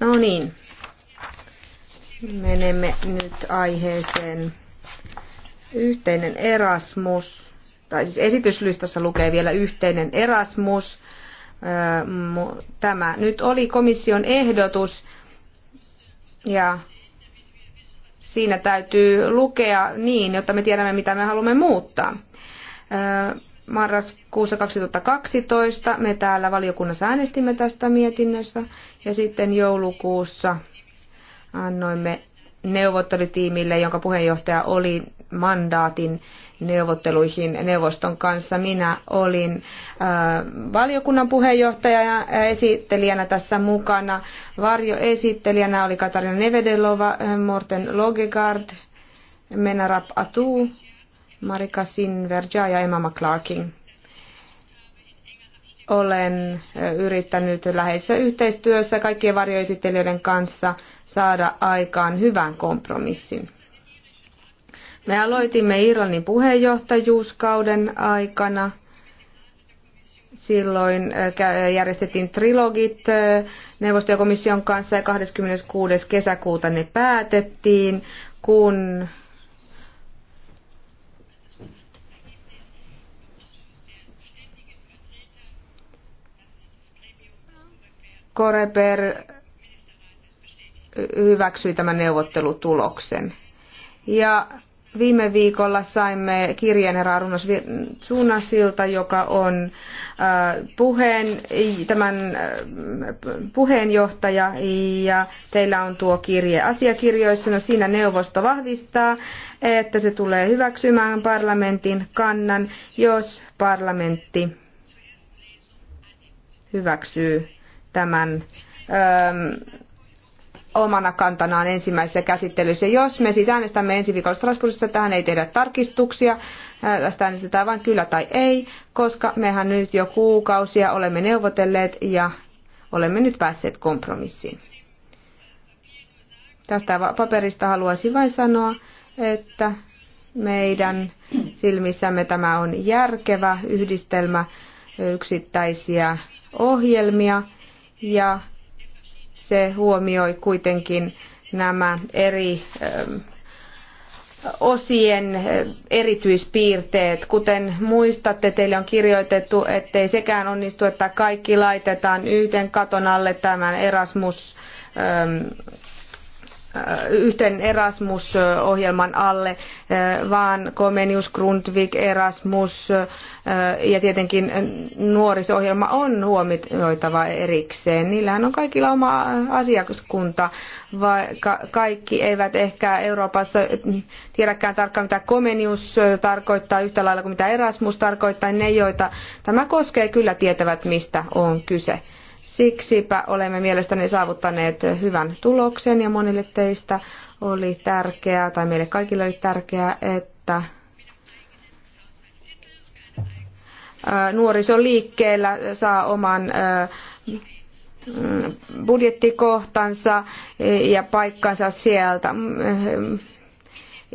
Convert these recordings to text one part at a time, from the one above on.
No niin, menemme nyt aiheeseen. Yhteinen Erasmus, tai siis esityslistassa lukee vielä yhteinen Erasmus. Tämä nyt oli komission ehdotus ja siinä täytyy lukea niin, jotta me tiedämme, mitä me haluamme muuttaa marraskuussa 2012 me täällä valiokunnassa äänestimme tästä mietinnöstä ja sitten joulukuussa annoimme neuvottelutiimille, jonka puheenjohtaja oli mandaatin neuvotteluihin neuvoston kanssa. Minä olin äh, valiokunnan puheenjohtaja ja esittelijänä tässä mukana. Varjoesittelijänä oli Katarina Nevedelova, äh, Morten Logegard, Menarap Atu Marika Sinverja ja Emma McClarkin. Olen yrittänyt läheisessä yhteistyössä kaikkien varjoesittelijöiden kanssa saada aikaan hyvän kompromissin. Me aloitimme Irlannin puheenjohtajuuskauden aikana. Silloin järjestettiin trilogit neuvostokomission kanssa ja 26. kesäkuuta ne päätettiin, kun Koreper hyväksyi tämän neuvottelutuloksen. Ja viime viikolla saimme kirjeen herra Arunos Suunasilta, joka on äh, puheen, tämän äh, puheenjohtaja ja teillä on tuo kirje No Siinä neuvosto vahvistaa, että se tulee hyväksymään parlamentin kannan, jos parlamentti hyväksyy tämän öö, omana kantanaan ensimmäisessä käsittelyssä. Jos me siis äänestämme ensi viikolla Strasbourgissa, tähän ei tehdä tarkistuksia, tästä äänestetään vain kyllä tai ei, koska mehän nyt jo kuukausia olemme neuvotelleet ja olemme nyt päässeet kompromissiin. Tästä paperista haluaisin vain sanoa, että meidän silmissämme tämä on järkevä yhdistelmä yksittäisiä ohjelmia – ja se huomioi kuitenkin nämä eri ähm, osien äh, erityispiirteet. Kuten muistatte, teille on kirjoitettu, ettei sekään onnistu, että kaikki laitetaan yhden katon alle tämän Erasmus ähm, yhteen Erasmus-ohjelman alle, vaan Comenius, Grundvik, Erasmus ja tietenkin nuorisohjelma on huomioitava erikseen. Niillähän on kaikilla oma asiakaskunta, vaikka kaikki eivät ehkä Euroopassa tiedäkään tarkkaan, mitä Comenius tarkoittaa yhtä lailla kuin mitä Erasmus tarkoittaa. Ne, joita tämä koskee, kyllä tietävät, mistä on kyse. Siksipä olemme mielestäni saavuttaneet hyvän tuloksen ja monille teistä oli tärkeää, tai meille kaikille oli tärkeää, että nuorisoliikkeellä saa oman budjettikohtansa ja paikkansa sieltä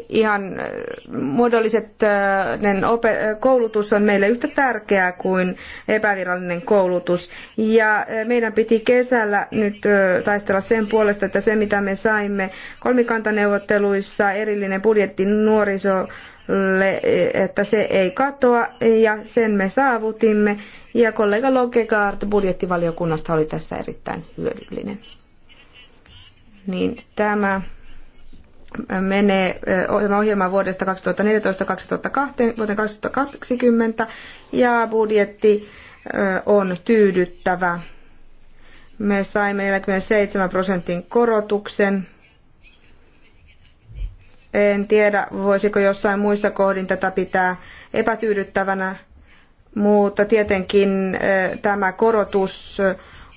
ihan äh, muodolliset äh, äh, koulutus on meille yhtä tärkeää kuin epävirallinen koulutus. Ja meidän piti kesällä nyt taistella sen puolesta, että se mitä me saimme kolmikantaneuvotteluissa, erillinen budjetti nuoriso että se ei katoa ja sen me saavutimme. Ja kollega Lokegaard budjettivaliokunnasta oli tässä erittäin hyödyllinen. Niin tämä menee ohjelma vuodesta 2014 vuoteen 2020 ja budjetti on tyydyttävä. Me saimme 47 prosentin korotuksen. En tiedä, voisiko jossain muissa kohdin tätä pitää epätyydyttävänä, mutta tietenkin tämä korotus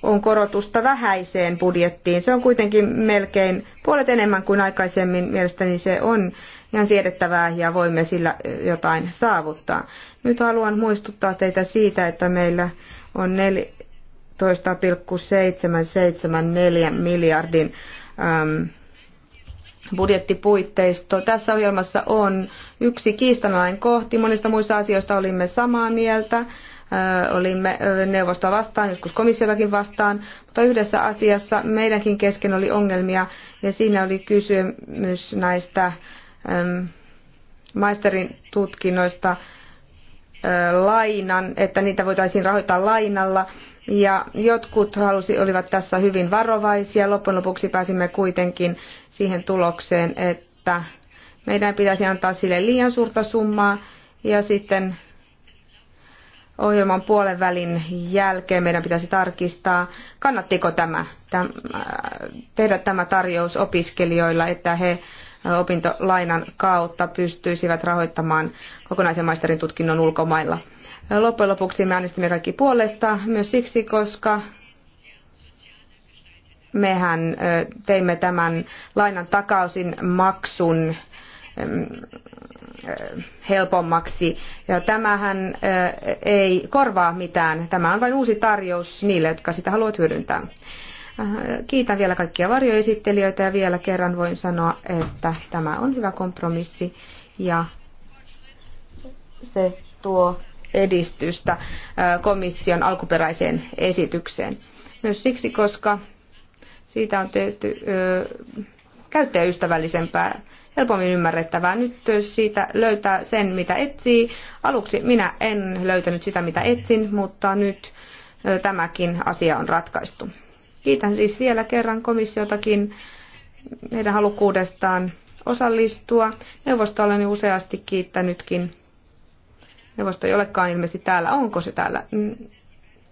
on korotusta vähäiseen budjettiin. Se on kuitenkin melkein puolet enemmän kuin aikaisemmin. Mielestäni se on ihan siedettävää ja voimme sillä jotain saavuttaa. Nyt haluan muistuttaa teitä siitä, että meillä on 14,774 miljardin äm, budjettipuitteisto. Tässä ohjelmassa on yksi kiistanalainen kohti. Monista muista asioista olimme samaa mieltä. Olimme neuvostoa vastaan, joskus komissiotakin vastaan, mutta yhdessä asiassa meidänkin kesken oli ongelmia ja siinä oli kysymys näistä maisterin tutkinnoista lainan, että niitä voitaisiin rahoittaa lainalla. Ja jotkut halusi, olivat tässä hyvin varovaisia. Loppujen lopuksi pääsimme kuitenkin siihen tulokseen, että meidän pitäisi antaa sille liian suurta summaa ja sitten ohjelman puolen välin jälkeen meidän pitäisi tarkistaa, kannattiko tämä, äh, tehdä tämä tarjous opiskelijoilla, että he äh, opintolainan kautta pystyisivät rahoittamaan kokonaisen maisterin tutkinnon ulkomailla. Äh, loppujen lopuksi me äänestimme kaikki puolesta myös siksi, koska mehän teimme tämän lainan takausin maksun helpommaksi. Ja tämähän ei korvaa mitään. Tämä on vain uusi tarjous niille, jotka sitä haluavat hyödyntää. Äh, kiitän vielä kaikkia varjoesittelijöitä ja vielä kerran voin sanoa, että tämä on hyvä kompromissi ja se tuo edistystä komission alkuperäiseen esitykseen. Myös siksi, koska siitä on tehty käyttäjäystävällisempää helpommin ymmärrettävää. Nyt siitä löytää sen, mitä etsii. Aluksi minä en löytänyt sitä, mitä etsin, mutta nyt tämäkin asia on ratkaistu. Kiitän siis vielä kerran komissiotakin heidän halukkuudestaan osallistua. Neuvosto olen useasti kiittänytkin. Neuvosto ei olekaan ilmeisesti täällä. Onko se täällä? Mm.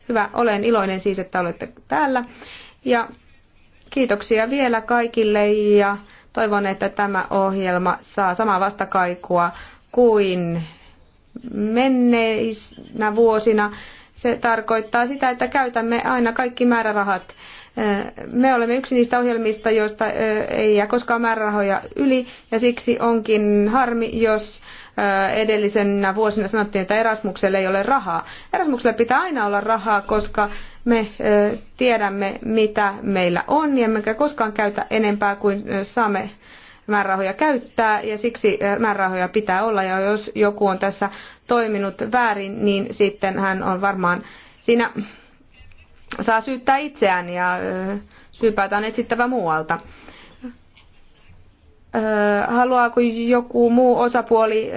Hyvä, olen iloinen siis, että olette täällä. Ja kiitoksia vielä kaikille ja Toivon, että tämä ohjelma saa samaa vastakaikua kuin menneinä vuosina. Se tarkoittaa sitä, että käytämme aina kaikki määrärahat. Me olemme yksi niistä ohjelmista, joista ei jää koskaan määrärahoja yli, ja siksi onkin harmi, jos edellisenä vuosina sanottiin, että Erasmukselle ei ole rahaa. Erasmukselle pitää aina olla rahaa, koska me tiedämme, mitä meillä on, niin emmekä koskaan käytä enempää kuin saamme määrärahoja käyttää ja siksi määrärahoja pitää olla ja jos joku on tässä toiminut väärin, niin sitten hän on varmaan siinä saa syyttää itseään ja syypäitä on etsittävä muualta. Haluaako joku muu osapuoli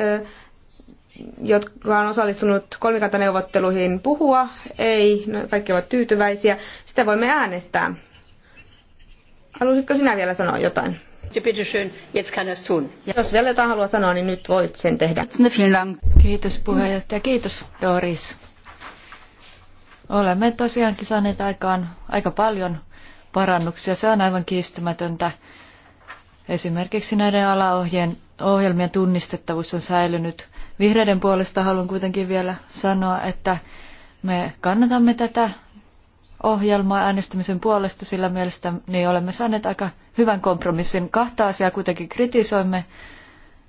jotka on osallistunut kolmikantaneuvotteluihin, puhua. Ei, no, kaikki ovat tyytyväisiä. Sitä voimme äänestää. Halusitko sinä vielä sanoa jotain? Jos vielä jotain haluaa sanoa, niin nyt voit sen tehdä. No, Kiitos puheenjohtaja. Kiitos Doris. Olemme tosiaankin saaneet aikaan aika paljon parannuksia. Se on aivan kiistämätöntä. Esimerkiksi näiden ohjelmien tunnistettavuus on säilynyt. Vihreiden puolesta haluan kuitenkin vielä sanoa, että me kannatamme tätä ohjelmaa äänestämisen puolesta, sillä mielestäni niin olemme saaneet aika hyvän kompromissin. Kahta asiaa kuitenkin kritisoimme.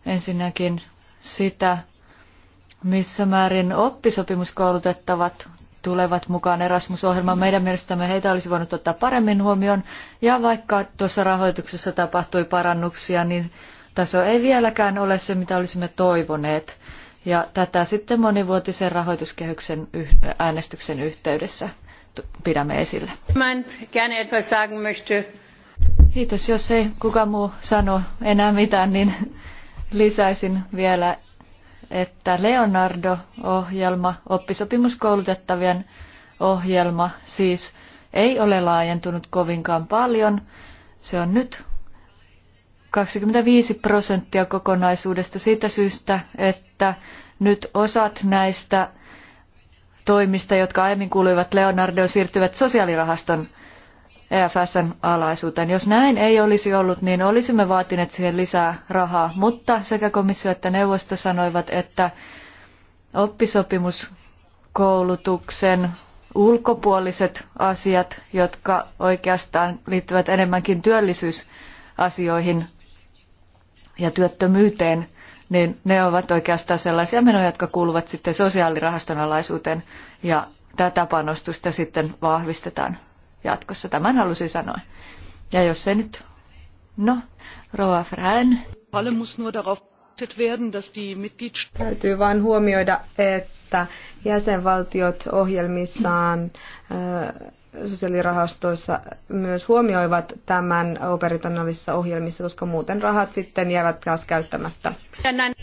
Ensinnäkin sitä, missä määrin oppisopimuskoulutettavat tulevat mukaan Erasmus-ohjelmaan. Meidän mielestämme heitä olisi voinut ottaa paremmin huomioon. Ja vaikka tuossa rahoituksessa tapahtui parannuksia, niin taso ei vieläkään ole se, mitä olisimme toivoneet. Ja tätä sitten monivuotisen rahoituskehyksen äänestyksen yhteydessä pidämme esillä. Kiitos. Jos ei kukaan muu sano enää mitään, niin lisäisin vielä, että Leonardo-ohjelma, oppisopimuskoulutettavien ohjelma, siis ei ole laajentunut kovinkaan paljon. Se on nyt 25 prosenttia kokonaisuudesta siitä syystä, että nyt osat näistä toimista, jotka aiemmin kuuluivat Leonardoon, siirtyvät sosiaalirahaston EFSn alaisuuteen. Jos näin ei olisi ollut, niin olisimme vaatineet siihen lisää rahaa, mutta sekä komissio että neuvosto sanoivat, että oppisopimuskoulutuksen ulkopuoliset asiat, jotka oikeastaan liittyvät enemmänkin työllisyysasioihin ja työttömyyteen, niin ne ovat oikeastaan sellaisia menoja, jotka kuuluvat sitten sosiaalirahaston alaisuuteen ja tätä panostusta sitten vahvistetaan jatkossa. Tämän halusin sanoa. Ja jos se nyt... No, Roa Frän. Täytyy vain huomioida, että jäsenvaltiot ohjelmissaan äh, sosiaalirahastoissa myös huomioivat tämän operitonnollisissa ohjelmissa, koska muuten rahat sitten jäävät taas käyttämättä.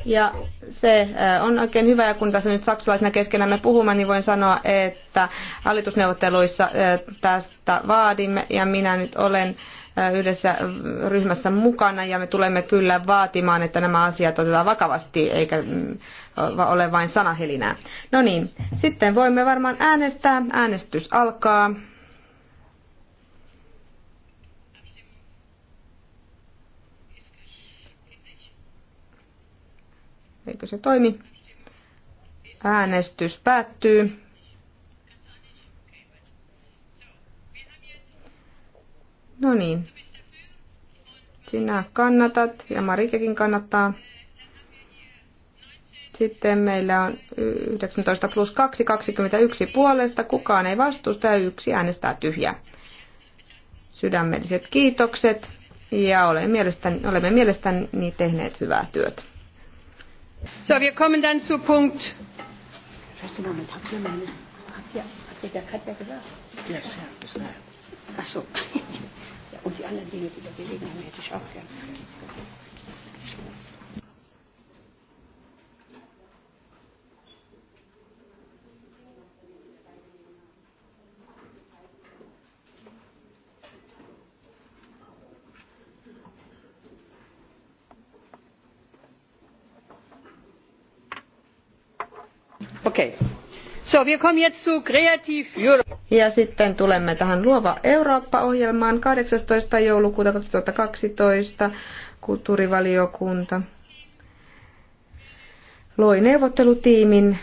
Ja se äh, on oikein hyvä, ja kun tässä nyt saksalaisena keskenämme puhumme, niin voin sanoa, että hallitusneuvotteluissa äh, tästä vaadimme, ja minä nyt olen äh, yhdessä ryhmässä mukana ja me tulemme kyllä vaatimaan, että nämä asiat otetaan vakavasti eikä mm, ole vain sanahelinää. No niin, sitten voimme varmaan äänestää. Äänestys alkaa. Eikö se toimi? Äänestys päättyy. No niin. Sinä kannatat ja Marikekin kannattaa. Sitten meillä on 19 plus 2, 21 puolesta. Kukaan ei vastusta ja yksi äänestää tyhjää. Sydämelliset kiitokset ja olemme mielestäni, olemme mielestäni tehneet hyvää työtä. So, wir kommen dann zu Punkt. Moment, habt ihr meine? Habt ihr, Katja gesagt? Yes, ja, bis Ach so. und die anderen Dinge, die wir gelegen haben, hätte ich auch gerne. Okay. So, wir kommen jetzt zu Creative Europe. Ja sitten tulemme tähän Luova Eurooppa-ohjelmaan 18. joulukuuta 2012 kulttuurivaliokunta loi neuvottelutiimin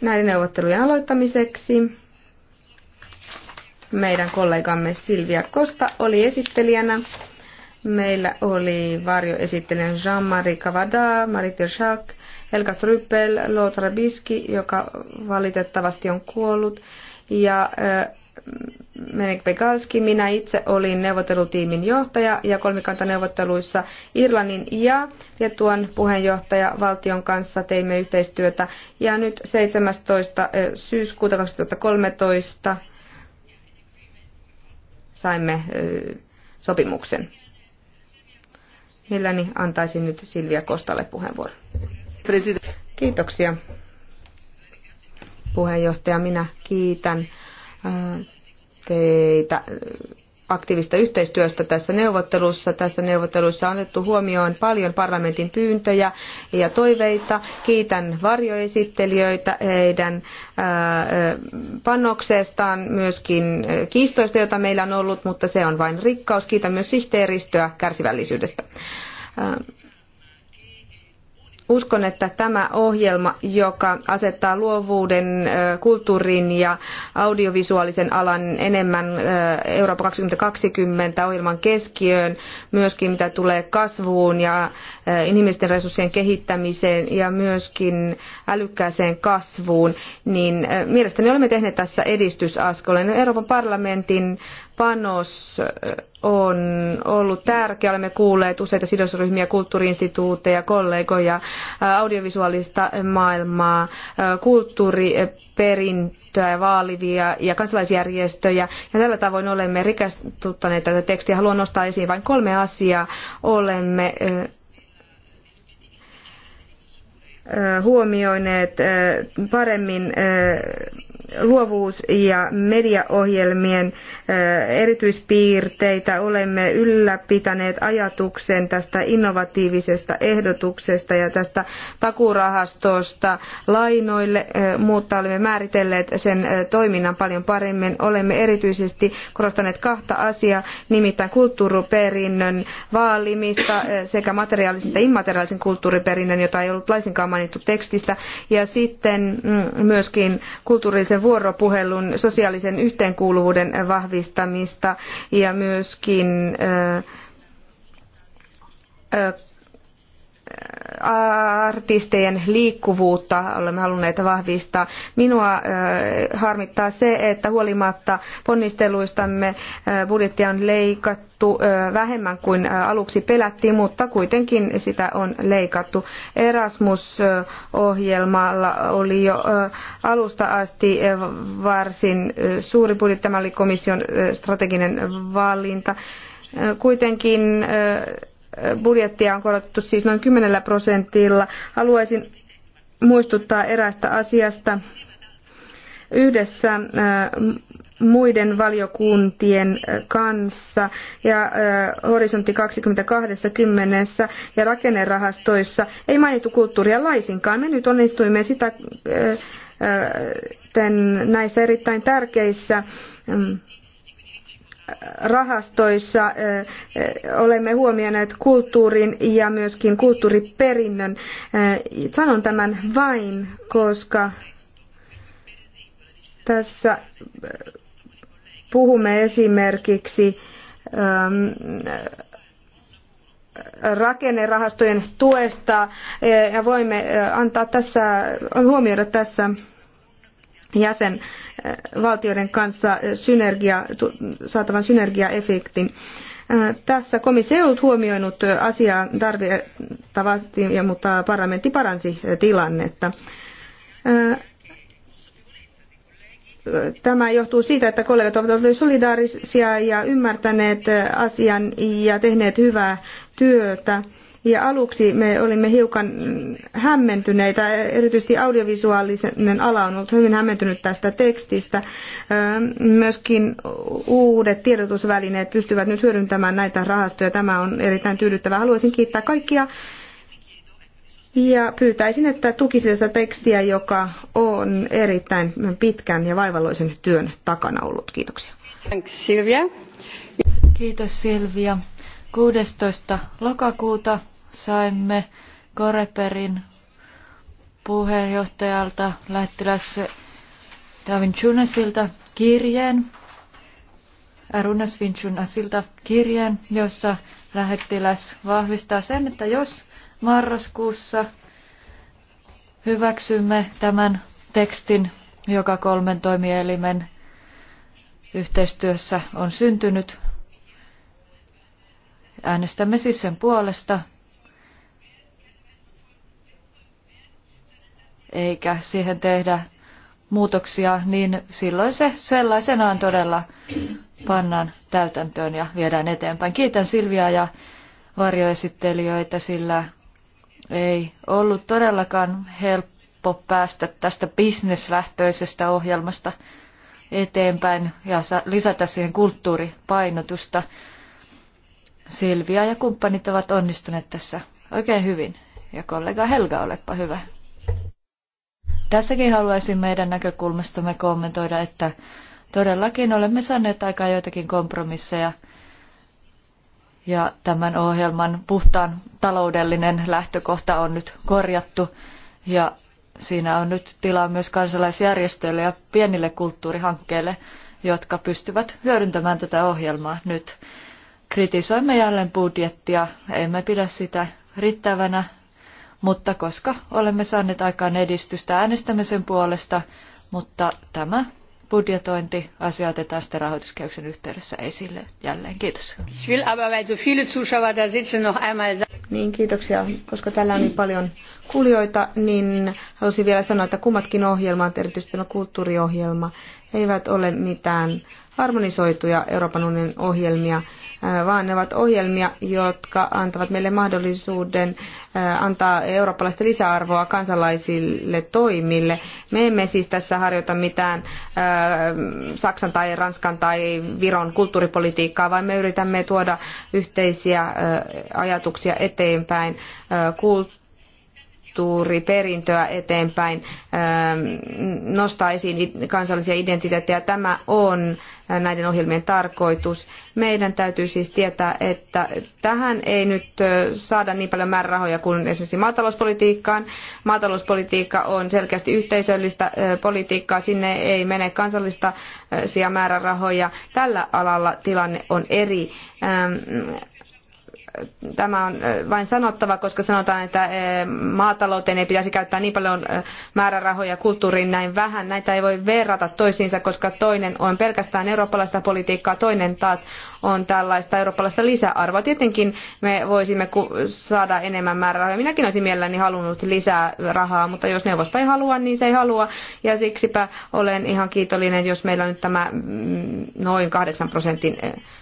näiden neuvottelujen aloittamiseksi. Meidän kollegamme Silvia Kosta oli esittelijänä. Meillä oli varjoesittelijän Jean-Marie Cavada, Marie Tirchak, Helga Tryppel, Lothar Biski, joka valitettavasti on kuollut, ja Menek Begalski, minä itse olin neuvottelutiimin johtaja ja kolmikantaneuvotteluissa Irlannin ja Tietuan puheenjohtaja valtion kanssa teimme yhteistyötä. Ja nyt 17. syyskuuta 2013 saimme sopimuksen. Mielelläni antaisin nyt Silvia Kostalle puheenvuoron. Kiitoksia puheenjohtaja. Minä kiitän äh, teitä aktiivista yhteistyöstä tässä neuvottelussa. Tässä neuvottelussa on otettu huomioon paljon parlamentin pyyntöjä ja toiveita. Kiitän varjoesittelijöitä heidän panoksestaan, myöskin kiistoista, joita meillä on ollut, mutta se on vain rikkaus. Kiitän myös sihteeristöä kärsivällisyydestä uskon, että tämä ohjelma, joka asettaa luovuuden, kulttuurin ja audiovisuaalisen alan enemmän Eurooppa 2020 ohjelman keskiöön, myöskin mitä tulee kasvuun ja inhimillisten resurssien kehittämiseen ja myöskin älykkääseen kasvuun, niin mielestäni olemme tehneet tässä edistysaskeleen. Euroopan parlamentin panos on ollut tärkeä. Olemme kuulleet useita sidosryhmiä, kulttuuriinstituutteja, kollegoja, audiovisuaalista maailmaa, kulttuuriperintöä ja vaalivia ja kansalaisjärjestöjä. Ja tällä tavoin olemme rikastuttaneet tätä tekstiä. Haluan nostaa esiin vain kolme asiaa. Olemme huomioineet paremmin luovuus- ja mediaohjelmien erityispiirteitä. Olemme ylläpitäneet ajatuksen tästä innovatiivisesta ehdotuksesta ja tästä takurahastosta lainoille, mutta olemme määritelleet sen toiminnan paljon paremmin. Olemme erityisesti korostaneet kahta asiaa, nimittäin kulttuuriperinnön vaalimista sekä materiaalisen että immateriaalisen kulttuuriperinnön, jota ei ollut laisinkaan mainittu tekstistä, ja sitten mm, myöskin kulttuurisen sosiaalisen vuoropuhelun, sosiaalisen yhteenkuuluvuuden vahvistamista ja myöskin artistien liikkuvuutta olemme halunneet vahvistaa. Minua äh, harmittaa se, että huolimatta ponnisteluistamme äh, budjettia on leikattu äh, vähemmän kuin aluksi pelättiin, mutta kuitenkin sitä on leikattu. Erasmus-ohjelmalla oli jo alusta asti varsin suuri budjetti, tämä oli komission strateginen valinta. Kuitenkin budjettia on korotettu siis noin 10 prosentilla. Haluaisin muistuttaa eräästä asiasta. Yhdessä muiden valiokuntien kanssa ja horisontti 2020 ja rakennerahastoissa ei mainittu kulttuuria laisinkaan. Me nyt onnistuimme sitä näissä erittäin tärkeissä rahastoissa olemme huomioineet kulttuurin ja myöskin kulttuuriperinnön. Sanon tämän vain, koska tässä puhumme esimerkiksi rakennerahastojen tuesta ja voimme antaa tässä, huomioida tässä jäsenvaltioiden äh, kanssa synergia, saatavan synergiaefektin. Äh, tässä komissio ei ollut huomioinut äh, asiaa tarvittavasti, mutta parlamentti paransi tilannetta. Tämä johtuu siitä, että kollegat ovat olleet solidaarisia ja ymmärtäneet asian ja tehneet hyvää työtä ja aluksi me olimme hiukan hämmentyneitä, erityisesti audiovisuaalinen ala on ollut hyvin hämmentynyt tästä tekstistä. Myöskin uudet tiedotusvälineet pystyvät nyt hyödyntämään näitä rahastoja. Tämä on erittäin tyydyttävää. Haluaisin kiittää kaikkia ja pyytäisin, että tukisitte tätä tekstiä, joka on erittäin pitkän ja vaivalloisen työn takana ollut. Kiitoksia. Silvia. Kiitos Silvia. 16. lokakuuta saimme Koreperin puheenjohtajalta lähettiläs Davin Chunesilta kirjeen, Arunas Vinchunasilta kirjeen, jossa lähettiläs vahvistaa sen, että jos marraskuussa hyväksymme tämän tekstin, joka kolmen toimielimen yhteistyössä on syntynyt, äänestämme siis sen puolesta eikä siihen tehdä muutoksia, niin silloin se sellaisenaan todella pannaan täytäntöön ja viedään eteenpäin. Kiitän Silviaa ja varjoesittelijöitä, sillä ei ollut todellakaan helppo päästä tästä bisneslähtöisestä ohjelmasta eteenpäin ja lisätä siihen kulttuuripainotusta. Silvia ja kumppanit ovat onnistuneet tässä oikein hyvin. Ja kollega Helga, olepa hyvä. Tässäkin haluaisin meidän näkökulmastamme kommentoida, että todellakin olemme saaneet aikaa joitakin kompromisseja ja tämän ohjelman puhtaan taloudellinen lähtökohta on nyt korjattu ja siinä on nyt tilaa myös kansalaisjärjestöille ja pienille kulttuurihankkeille, jotka pystyvät hyödyntämään tätä ohjelmaa nyt. Kritisoimme jälleen budjettia, emme pidä sitä riittävänä mutta koska olemme saaneet aikaan edistystä äänestämisen puolesta, mutta tämä asia otetaan sitten rahoituskehyksen yhteydessä esille jälleen. Kiitos. Niin, kiitoksia. Koska täällä on niin paljon kuulijoita, niin halusin vielä sanoa, että kummatkin ohjelmat, erityisesti tämä kulttuuriohjelma, eivät ole mitään harmonisoituja Euroopan unionin ohjelmia, vaan ne ovat ohjelmia, jotka antavat meille mahdollisuuden antaa eurooppalaista lisäarvoa kansalaisille toimille. Me emme siis tässä harjoita mitään Saksan tai Ranskan tai Viron kulttuuripolitiikkaa, vaan me yritämme tuoda yhteisiä ajatuksia eteenpäin kulttuuriin kulttuuriperintöä eteenpäin, ähm, nostaa esiin kansallisia identiteettejä. Tämä on äh, näiden ohjelmien tarkoitus. Meidän täytyy siis tietää, että tähän ei nyt äh, saada niin paljon määrärahoja kuin esimerkiksi maatalouspolitiikkaan. Maatalouspolitiikka on selkeästi yhteisöllistä äh, politiikkaa, sinne ei mene kansallista määrärahoja. Tällä alalla tilanne on eri ähm, tämä on vain sanottava, koska sanotaan, että maatalouteen ei pitäisi käyttää niin paljon määrärahoja kulttuuriin näin vähän. Näitä ei voi verrata toisiinsa, koska toinen on pelkästään eurooppalaista politiikkaa, toinen taas on tällaista eurooppalaista lisäarvoa. Tietenkin me voisimme saada enemmän määrärahoja. Minäkin olisin mielelläni halunnut lisää rahaa, mutta jos neuvosto ei halua, niin se ei halua. Ja siksipä olen ihan kiitollinen, jos meillä on nyt tämä mm, noin kahdeksan prosentin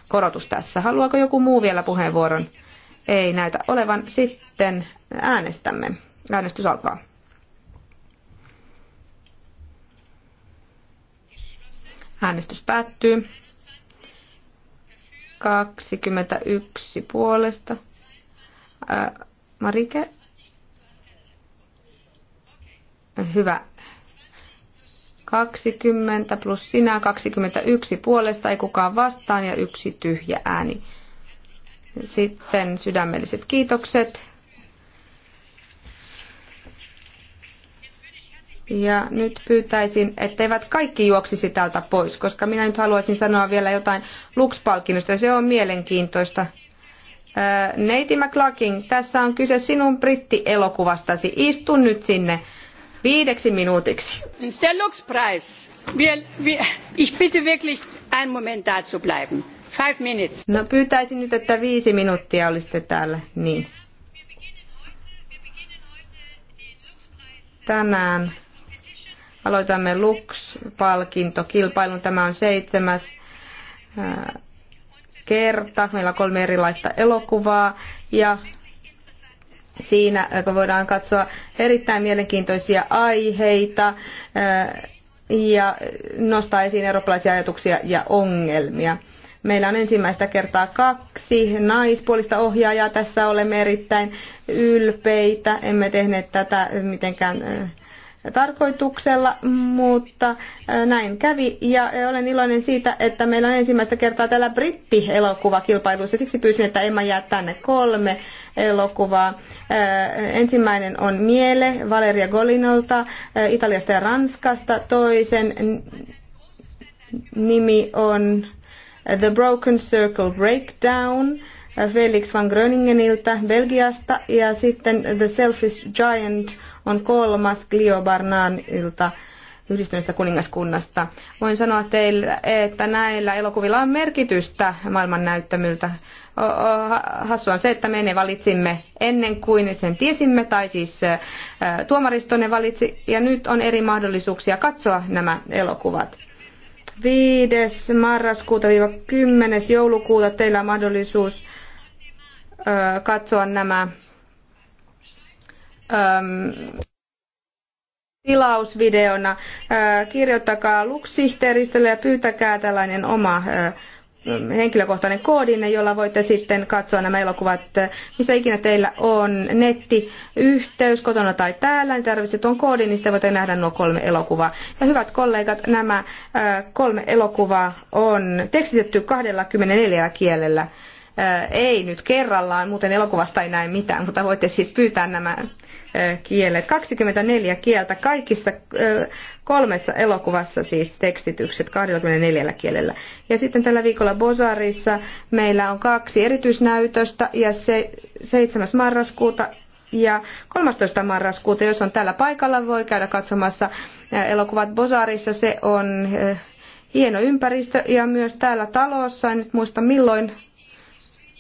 korotus tässä. Haluaako joku muu vielä puheenvuoron? ei näytä olevan. Sitten äänestämme. Äänestys alkaa. Äänestys päättyy. 21 puolesta. Ää, Marike. Hyvä. 20 plus sinä, 21 puolesta, ei kukaan vastaan ja yksi tyhjä ääni. Sitten sydämelliset kiitokset. Ja nyt pyytäisin, etteivät kaikki juoksisi täältä pois, koska minä nyt haluaisin sanoa vielä jotain Lux-palkinnosta. Se on mielenkiintoista. Neiti McLaughlin, tässä on kyse sinun brittielokuvastasi. Istu nyt sinne viideksi minuutiksi. Der Lux-Preis. Ich bitte wirklich einen Moment dazu bleiben Five minutes. No pyytäisin nyt, että viisi minuuttia olisitte täällä. Niin. Tänään aloitamme Lux-palkintokilpailun. Tämä on seitsemäs kerta. Meillä on kolme erilaista elokuvaa ja siinä voidaan katsoa erittäin mielenkiintoisia aiheita ja nostaa esiin eurooppalaisia ajatuksia ja ongelmia. Meillä on ensimmäistä kertaa kaksi naispuolista ohjaajaa. Tässä olemme erittäin ylpeitä. Emme tehneet tätä mitenkään äh, tarkoituksella, mutta äh, näin kävi. Ja äh, olen iloinen siitä, että meillä on ensimmäistä kertaa täällä britti Siksi pyysin, että Emma jää tänne kolme elokuvaa. Ensimmäinen on Miele Valeria Golinolta Italiasta ja Ranskasta. Toisen nimi on Uh, The Broken Circle Breakdown uh, Felix van Gröningeniltä Belgiasta ja sitten The Selfish Giant on kolmas Clio Barnanilta yhdistyneestä kuningaskunnasta. Voin sanoa teille, että näillä elokuvilla on merkitystä maailman näyttämyltä. Hassua on se, että me ne valitsimme ennen kuin sen tiesimme, tai siis tuomaristo ne valitsi, ja nyt on eri mahdollisuuksia katsoa nämä elokuvat. 5. marraskuuta-10. joulukuuta teillä on mahdollisuus katsoa nämä tilausvideona. Kirjoittakaa Luksihteeristölle ja pyytäkää tällainen oma henkilökohtainen koodinne, jolla voitte sitten katsoa nämä elokuvat, missä ikinä teillä on nettiyhteys kotona tai täällä, niin tarvitset tuon koodin, niin sitten voitte nähdä nuo kolme elokuvaa. Ja hyvät kollegat, nämä kolme elokuvaa on tekstitetty 24 kielellä ei nyt kerrallaan, muuten elokuvasta ei näe mitään, mutta voitte siis pyytää nämä kielet. 24 kieltä, kaikissa kolmessa elokuvassa siis tekstitykset 24 kielellä. Ja sitten tällä viikolla Bosarissa meillä on kaksi erityisnäytöstä ja se, 7. marraskuuta ja 13. marraskuuta, jos on tällä paikalla, voi käydä katsomassa elokuvat Bosarissa. Se on hieno ympäristö ja myös täällä talossa, en nyt muista milloin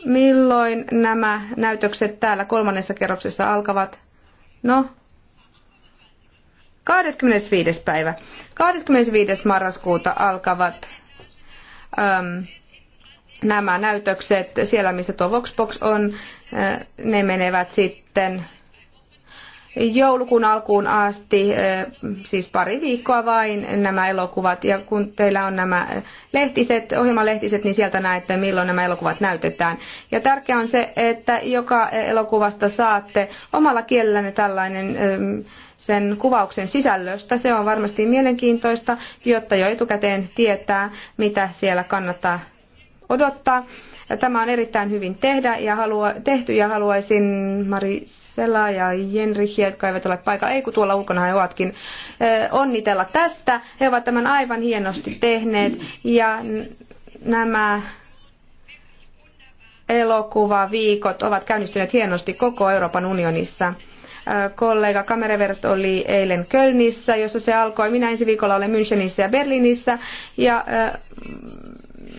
Milloin nämä näytökset täällä kolmannessa kerroksessa alkavat? No, 25. päivä. 25. marraskuuta alkavat äm, nämä näytökset siellä, missä tuo Voxbox on. Äh, ne menevät sitten joulukuun alkuun asti, eh, siis pari viikkoa vain nämä elokuvat. Ja kun teillä on nämä lehtiset, ohjelmalehtiset, niin sieltä näette, milloin nämä elokuvat näytetään. Ja tärkeää on se, että joka elokuvasta saatte omalla kielellänne tällainen eh, sen kuvauksen sisällöstä. Se on varmasti mielenkiintoista, jotta jo etukäteen tietää, mitä siellä kannattaa odottaa. Tämä on erittäin hyvin tehdä ja halua, tehty ja haluaisin Marisella ja Jenrihiä, jotka eivät ole paikalla, ei kun tuolla ulkona he ovatkin, onnitella tästä. He ovat tämän aivan hienosti tehneet ja nämä elokuvaviikot ovat käynnistyneet hienosti koko Euroopan unionissa kollega kameravert oli eilen Kölnissä, jossa se alkoi. Minä ensi viikolla olen Münchenissä ja Berliinissä ja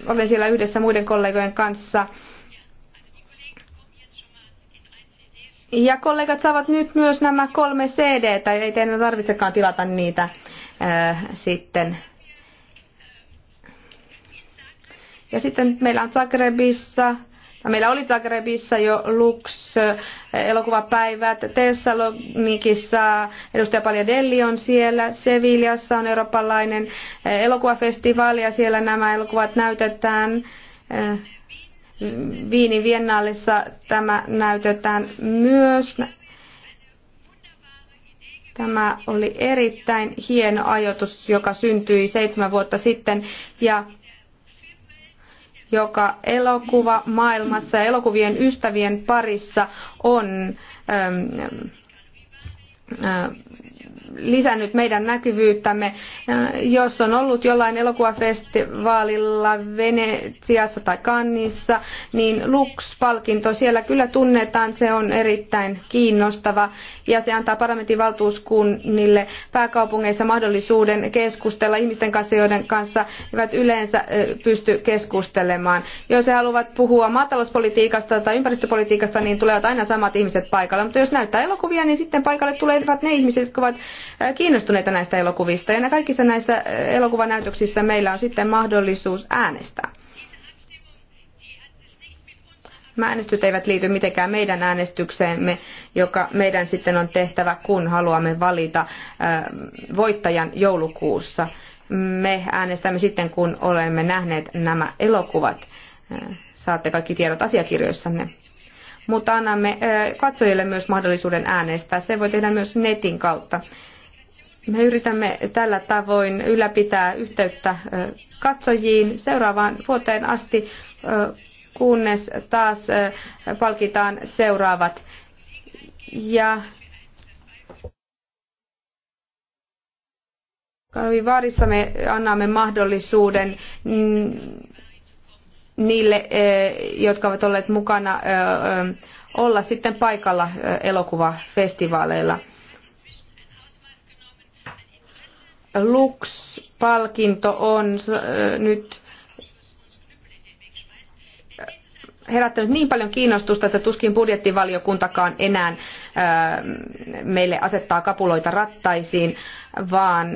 olen siellä yhdessä muiden kollegojen kanssa. Ja kollegat saavat nyt myös nämä kolme CD, tai ei teidän tarvitsekaan tilata niitä sitten. Ja sitten meillä on Zagrebissa Meillä oli Zagrebissa jo Lux eh, elokuvapäivät, Thessalonikissa edustaja Paljadelli on siellä, Sevillassa on eurooppalainen eh, elokuvafestivaali ja siellä nämä elokuvat näytetään. Eh, Viinin Viennaalissa tämä näytetään myös. Tämä oli erittäin hieno ajoitus, joka syntyi seitsemän vuotta sitten ja joka elokuva maailmassa ja elokuvien ystävien parissa on ähm, äh, lisännyt meidän näkyvyyttämme. Jos on ollut jollain elokuvafestivaalilla Venetsiassa tai Kannissa, niin Lux-palkinto siellä kyllä tunnetaan, se on erittäin kiinnostava ja se antaa parlamentin valtuuskunnille pääkaupungeissa mahdollisuuden keskustella ihmisten kanssa, joiden kanssa eivät yleensä pysty keskustelemaan. Jos he haluavat puhua maatalouspolitiikasta tai ympäristöpolitiikasta, niin tulevat aina samat ihmiset paikalle, mutta jos näyttää elokuvia, niin sitten paikalle tulevat ne ihmiset, jotka ovat kiinnostuneita näistä elokuvista. Ja kaikissa näissä elokuvanäytöksissä meillä on sitten mahdollisuus äänestää. Äänestyt eivät liity mitenkään meidän äänestykseemme, joka meidän sitten on tehtävä, kun haluamme valita voittajan joulukuussa. Me äänestämme sitten, kun olemme nähneet nämä elokuvat. Saatte kaikki tiedot asiakirjoissanne mutta annamme katsojille myös mahdollisuuden äänestää. Se voi tehdä myös netin kautta. Me yritämme tällä tavoin ylläpitää yhteyttä katsojiin seuraavaan vuoteen asti, kunnes taas palkitaan seuraavat. Ja Kalvivaarissa me annamme mahdollisuuden niille, jotka ovat olleet mukana, olla sitten paikalla elokuvafestivaaleilla. Lux-palkinto on äh, nyt äh, herättänyt niin paljon kiinnostusta, että tuskin budjettivaliokuntakaan enää äh, meille asettaa kapuloita rattaisiin, vaan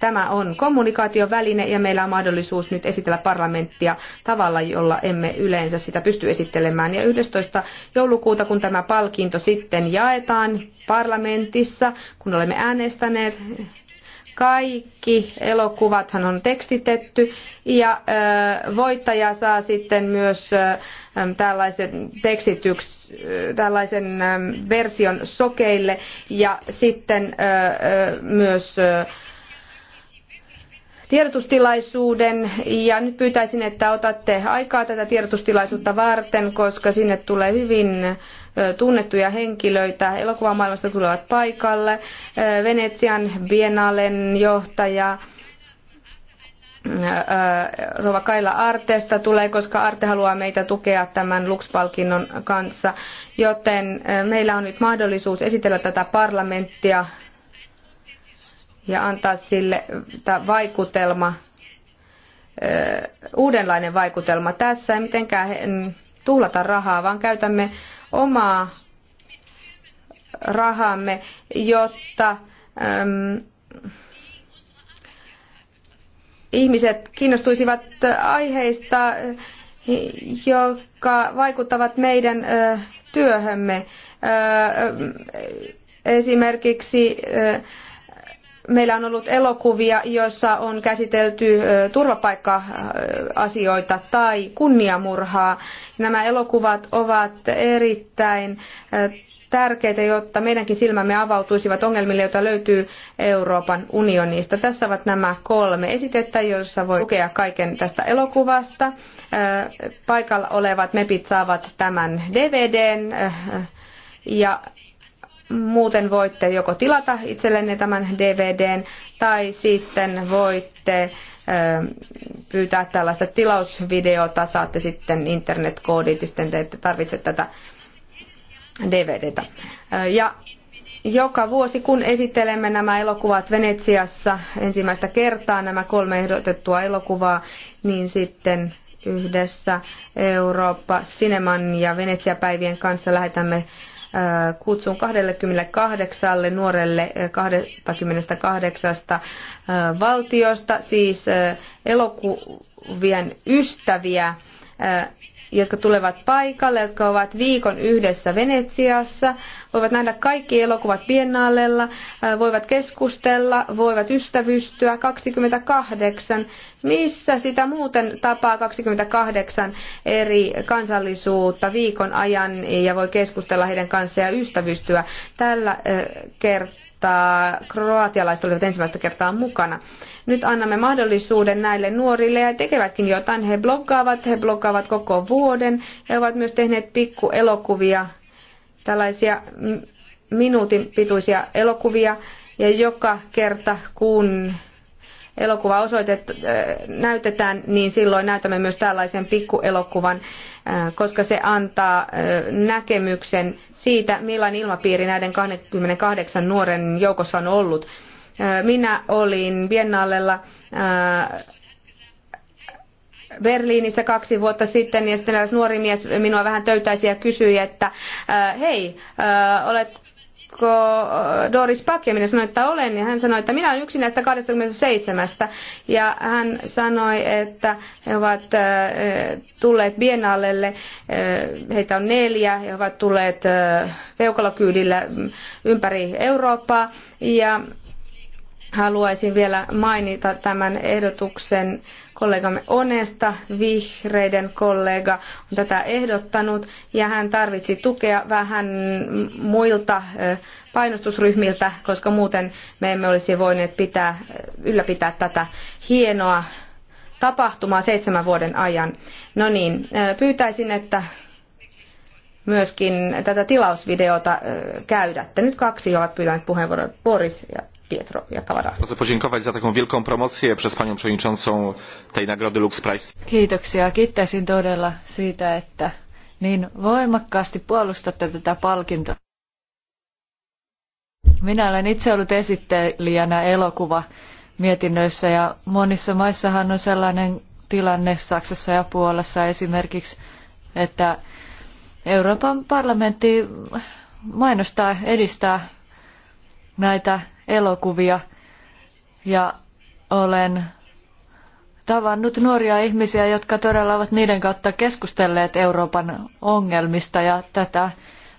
tämä on kommunikaatioväline ja meillä on mahdollisuus nyt esitellä parlamenttia tavalla, jolla emme yleensä sitä pysty esittelemään. Ja 11. joulukuuta, kun tämä palkinto sitten jaetaan parlamentissa, kun olemme äänestäneet kaikki elokuvathan on tekstitetty ja voittaja saa sitten myös tällaisen, tekstityks, tällaisen version sokeille ja sitten myös tiedotustilaisuuden ja nyt pyytäisin, että otatte aikaa tätä tiedotustilaisuutta varten, koska sinne tulee hyvin tunnettuja henkilöitä elokuvamaailmasta tulevat paikalle. Venetsian Biennalen johtaja Rova Kaila Artesta tulee, koska Arte haluaa meitä tukea tämän Lux-palkinnon kanssa. Joten meillä on nyt mahdollisuus esitellä tätä parlamenttia ja antaa sille vaikutelma, uudenlainen vaikutelma tässä. Ei mitenkään tuhlata rahaa, vaan käytämme omaa rahamme, jotta äm, ihmiset kiinnostuisivat aiheista, jotka vaikuttavat meidän ö, työhömme. Ö, esimerkiksi ö, Meillä on ollut elokuvia, joissa on käsitelty turvapaikka-asioita tai kunniamurhaa. Nämä elokuvat ovat erittäin tärkeitä, jotta meidänkin silmämme avautuisivat ongelmille, joita löytyy Euroopan unionista. Tässä ovat nämä kolme esitettä, joissa voi lukea kaiken tästä elokuvasta. Paikalla olevat mepit saavat tämän DVDn ja Muuten voitte joko tilata itsellenne tämän DVDn tai sitten voitte pyytää tällaista tilausvideota, saatte sitten internetkoodit ja sitten te ette tarvitse tätä DVDtä. Ja joka vuosi, kun esittelemme nämä elokuvat Venetsiassa ensimmäistä kertaa, nämä kolme ehdotettua elokuvaa, niin sitten yhdessä Eurooppa Sineman ja Venetsiapäivien kanssa lähetämme Äh, kutsun 28 nuorelle 28 äh, äh, valtiosta, siis elokuvien ystäviä jotka tulevat paikalle, jotka ovat viikon yhdessä Venetsiassa, voivat nähdä kaikki elokuvat Biennaalella, äh, voivat keskustella, voivat ystävystyä 28. Missä sitä muuten tapaa 28 eri kansallisuutta viikon ajan ja voi keskustella heidän kanssaan ja ystävystyä? Tällä äh, kertaa kertaa kroatialaiset olivat ensimmäistä kertaa mukana. Nyt annamme mahdollisuuden näille nuorille ja tekevätkin jotain. He bloggaavat, he bloggaavat koko vuoden. He ovat myös tehneet pikkuelokuvia, tällaisia minuutin pituisia elokuvia. Ja joka kerta kun elokuva osoitet, äh, näytetään, niin silloin näytämme myös tällaisen pikkuelokuvan, äh, koska se antaa äh, näkemyksen siitä, millainen ilmapiiri näiden 28 nuoren joukossa on ollut. Minä olin Biennallella Berliinissä kaksi vuotta sitten ja sitten eräs nuori mies minua vähän töytäisi ja kysyi, että hei, olet Oletko äh, Doris Pakeminen sanoi, että olen. Ja hän sanoi, että minä olen yksi näistä 27. Ja hän sanoi, että he ovat äh, tulleet Biennallelle. Äh, heitä on neljä. He ovat tulleet peukalokyydillä mm, ympäri Eurooppaa. Ja haluaisin vielä mainita tämän ehdotuksen kollegamme Onesta, vihreiden kollega, on tätä ehdottanut ja hän tarvitsi tukea vähän muilta painostusryhmiltä, koska muuten me emme olisi voineet pitää, ylläpitää tätä hienoa tapahtumaa seitsemän vuoden ajan. No niin, pyytäisin, että myöskin tätä tilausvideota käydätte. Nyt kaksi ovat pyytäneet puheenvuoron, Boris ja Pietro Jakavara. Chcę podziękować za taką wielką promocję przez panią przewodniczącą tej nagrody Lux Prize. Kiitoksia. Kiittäisin todella siitä, että niin voimakkaasti puolustatte tätä palkintoa. Minä olen itse ollut esittelijänä elokuva mietinnöissä ja monissa maissahan on sellainen tilanne Saksassa ja Puolassa esimerkiksi, että Euroopan parlamentti mainostaa, edistää näitä elokuvia ja olen tavannut nuoria ihmisiä, jotka todella ovat niiden kautta keskustelleet Euroopan ongelmista ja tätä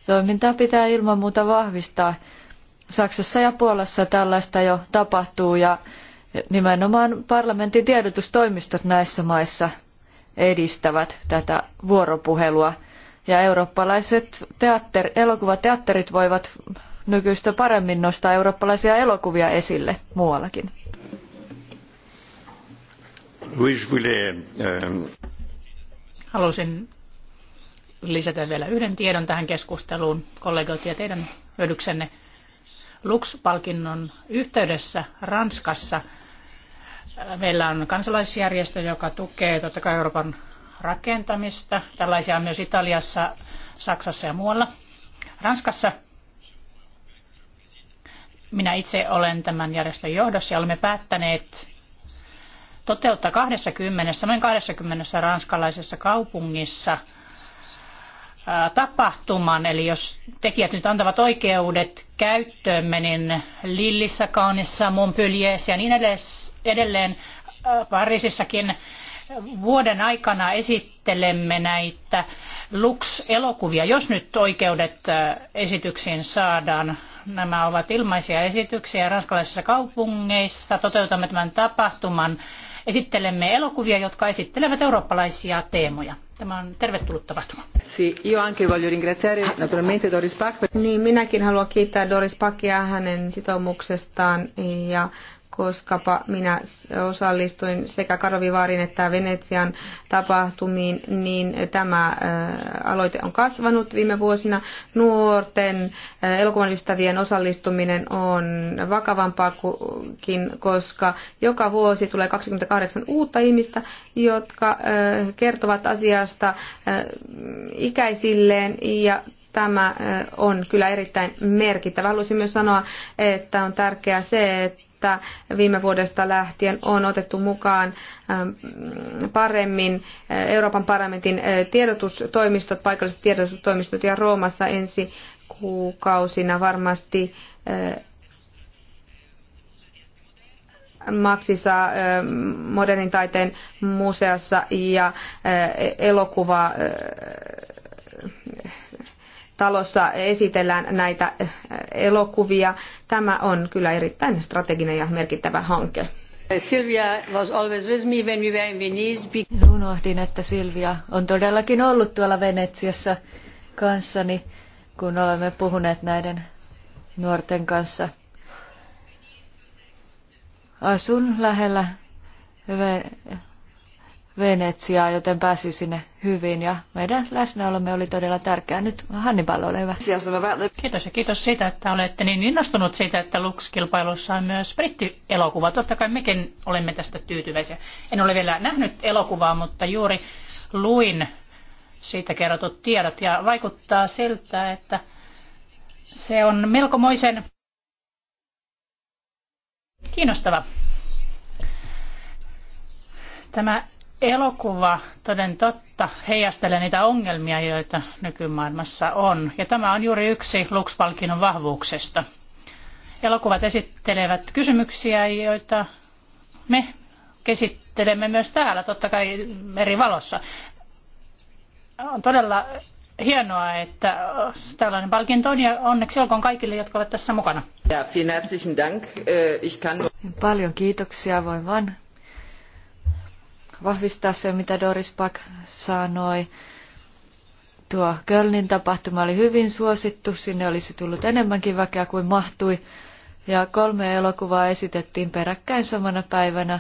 toimintaa pitää ilman muuta vahvistaa. Saksassa ja Puolassa tällaista jo tapahtuu ja nimenomaan parlamentin tiedotustoimistot näissä maissa edistävät tätä vuoropuhelua. Ja eurooppalaiset teatter, elokuvateatterit voivat nykyistä paremmin nostaa eurooppalaisia elokuvia esille muuallakin. Euh, Halusin lisätä vielä yhden tiedon tähän keskusteluun kollegoit ja teidän hyödyksenne. Lux-palkinnon yhteydessä Ranskassa äh, meillä on kansalaisjärjestö, joka tukee totta kai Euroopan rakentamista. Tällaisia on myös Italiassa, Saksassa ja muualla. Ranskassa minä itse olen tämän järjestön johdossa ja olemme päättäneet toteuttaa 20, noin 20 ranskalaisessa kaupungissa tapahtuman. Eli jos tekijät nyt antavat oikeudet käyttöömme, niin Lillissä, Kaunissa, Montpellierissä ja niin edelleen Pariisissakin vuoden aikana esittelemme näitä Lux-elokuvia, jos nyt oikeudet esityksiin saadaan Nämä ovat ilmaisia esityksiä ranskalaisissa kaupungeissa. Toteutamme tämän tapahtuman. Esittelemme elokuvia, jotka esittelevät eurooppalaisia teemoja. Tämä on tervetullut tapahtuma. Io anche voglio ringraziare naturalmente Doris Pack. Niin, minäkin haluan kiittää Doris Packia hänen sitoumuksestaan ja koskapa minä osallistuin sekä Karovivaarin että Venetsian tapahtumiin, niin tämä aloite on kasvanut viime vuosina. Nuorten elokuvan ystävien osallistuminen on vakavampaakin, koska joka vuosi tulee 28 uutta ihmistä, jotka kertovat asiasta ikäisilleen ja tämä on kyllä erittäin merkittävä. Haluaisin myös sanoa, että on tärkeää se, että että viime vuodesta lähtien on otettu mukaan ähm, paremmin äh, Euroopan parlamentin äh, tiedotustoimistot, paikalliset tiedotustoimistot ja Roomassa ensi kuukausina varmasti äh, Maksissa modernin taiteen museossa ja elokuva talossa esitellään näitä eh, elokuvia. Tämä on kyllä erittäin strateginen ja merkittävä hanke. Silvia was always with me when we were in Venice. Unohdin, että Silvia on todellakin ollut tuolla Venetsiassa kanssani, kun olemme puhuneet näiden nuorten kanssa. Asun lähellä Venetsiaa, joten pääsi sinne hyvin ja meidän läsnäolomme oli todella tärkeää. Nyt Hannibal, ole hyvä. Kiitos ja kiitos siitä, että olette niin innostunut siitä, että Lux-kilpailussa on myös brittielokuva. Totta kai mekin olemme tästä tyytyväisiä. En ole vielä nähnyt elokuvaa, mutta juuri luin siitä kerrotut tiedot ja vaikuttaa siltä, että se on melkomoisen kiinnostava. Tämä elokuva toden totta heijastelee niitä ongelmia, joita nykymaailmassa on. Ja tämä on juuri yksi Lux-palkinnon vahvuuksesta. Elokuvat esittelevät kysymyksiä, joita me käsittelemme myös täällä, totta kai eri valossa. On todella hienoa, että tällainen palkinto on ja onneksi olkoon kaikille, jotka ovat tässä mukana. vielen herzlichen Dank. Äh, ich kann... Paljon kiitoksia. Voin vain vahvistaa se, mitä Doris Pack sanoi. Tuo Kölnin tapahtuma oli hyvin suosittu, sinne olisi tullut enemmänkin väkeä kuin mahtui. Ja kolme elokuvaa esitettiin peräkkäin samana päivänä.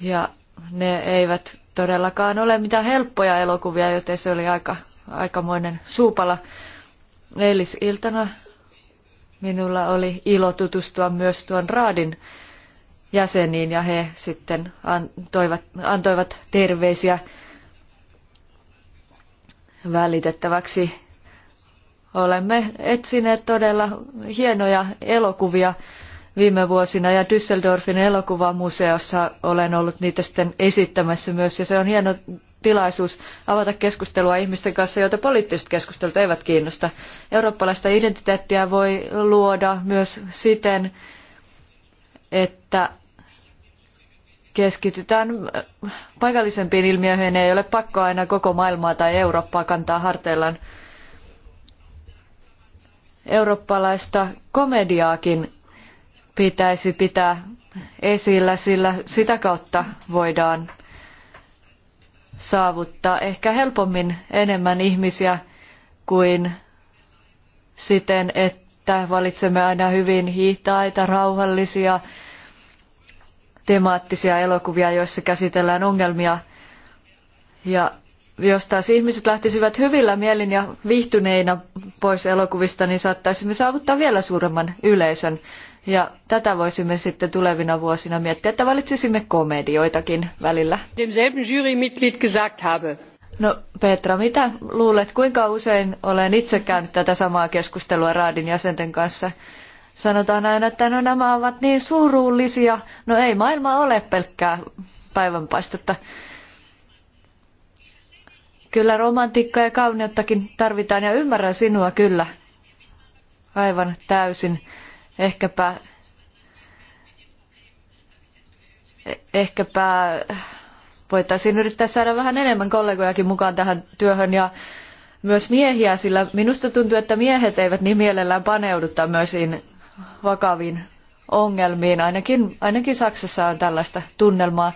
Ja ne eivät todellakaan ole mitään helppoja elokuvia, joten se oli aika, aikamoinen suupala. Eilisiltana minulla oli ilo tutustua myös tuon Raadin jäseniin ja he sitten antoivat, antoivat terveisiä välitettäväksi. Olemme etsineet todella hienoja elokuvia viime vuosina ja Düsseldorfin elokuvamuseossa olen ollut niitä sitten esittämässä myös ja se on hieno tilaisuus avata keskustelua ihmisten kanssa, joita poliittiset keskustelut eivät kiinnosta. Eurooppalaista identiteettiä voi luoda myös siten, että keskitytään äh, paikallisempiin ilmiöihin, ei ole pakko aina koko maailmaa tai Eurooppaa kantaa harteillaan. Eurooppalaista komediaakin pitäisi pitää esillä, sillä sitä kautta voidaan saavuttaa ehkä helpommin enemmän ihmisiä kuin siten, että valitsemme aina hyvin hitaita, rauhallisia, temaattisia elokuvia, joissa käsitellään ongelmia. Ja jos taas ihmiset lähtisivät hyvillä mielin ja viihtyneinä pois elokuvista, niin saattaisimme saavuttaa vielä suuremman yleisön. Ja tätä voisimme sitten tulevina vuosina miettiä, että valitsisimme komedioitakin välillä. No Petra, mitä luulet, kuinka usein olen itse käynyt tätä samaa keskustelua raadin jäsenten kanssa? Sanotaan aina, että no nämä ovat niin surullisia. No ei maailma ole pelkkää päivänpaistetta. Kyllä romantiikkaa ja kauneuttakin tarvitaan ja ymmärrän sinua kyllä. Aivan täysin. Ehkäpä, ehkäpä voitaisiin yrittää saada vähän enemmän kollegojakin mukaan tähän työhön ja myös miehiä, sillä minusta tuntuu, että miehet eivät niin mielellään paneudu tämmöisiin vakaviin ongelmiin. Ainakin, ainakin Saksassa on tällaista tunnelmaa.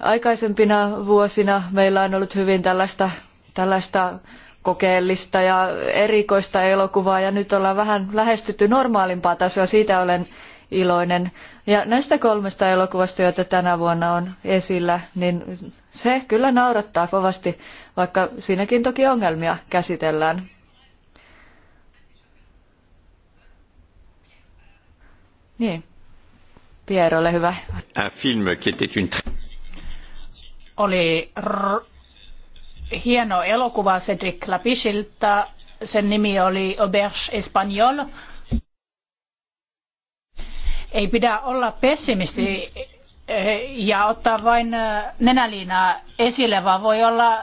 Aikaisempina vuosina meillä on ollut hyvin tällaista, tällaista kokeellista ja erikoista elokuvaa ja nyt ollaan vähän lähestytty normaalimpaa tasoa. Siitä olen iloinen. Ja näistä kolmesta elokuvasta, joita tänä vuonna on esillä, niin se kyllä naurattaa kovasti, vaikka siinäkin toki ongelmia käsitellään. Niin. Pierre, ole hyvä. Un film qui était une... Oli rrr, hieno elokuva Cedric Lapichilta. Sen nimi oli Auberge Espagnol. Ei pidä olla pessimisti eh, ja ottaa vain eh, nenäliinaa esille, vaan voi olla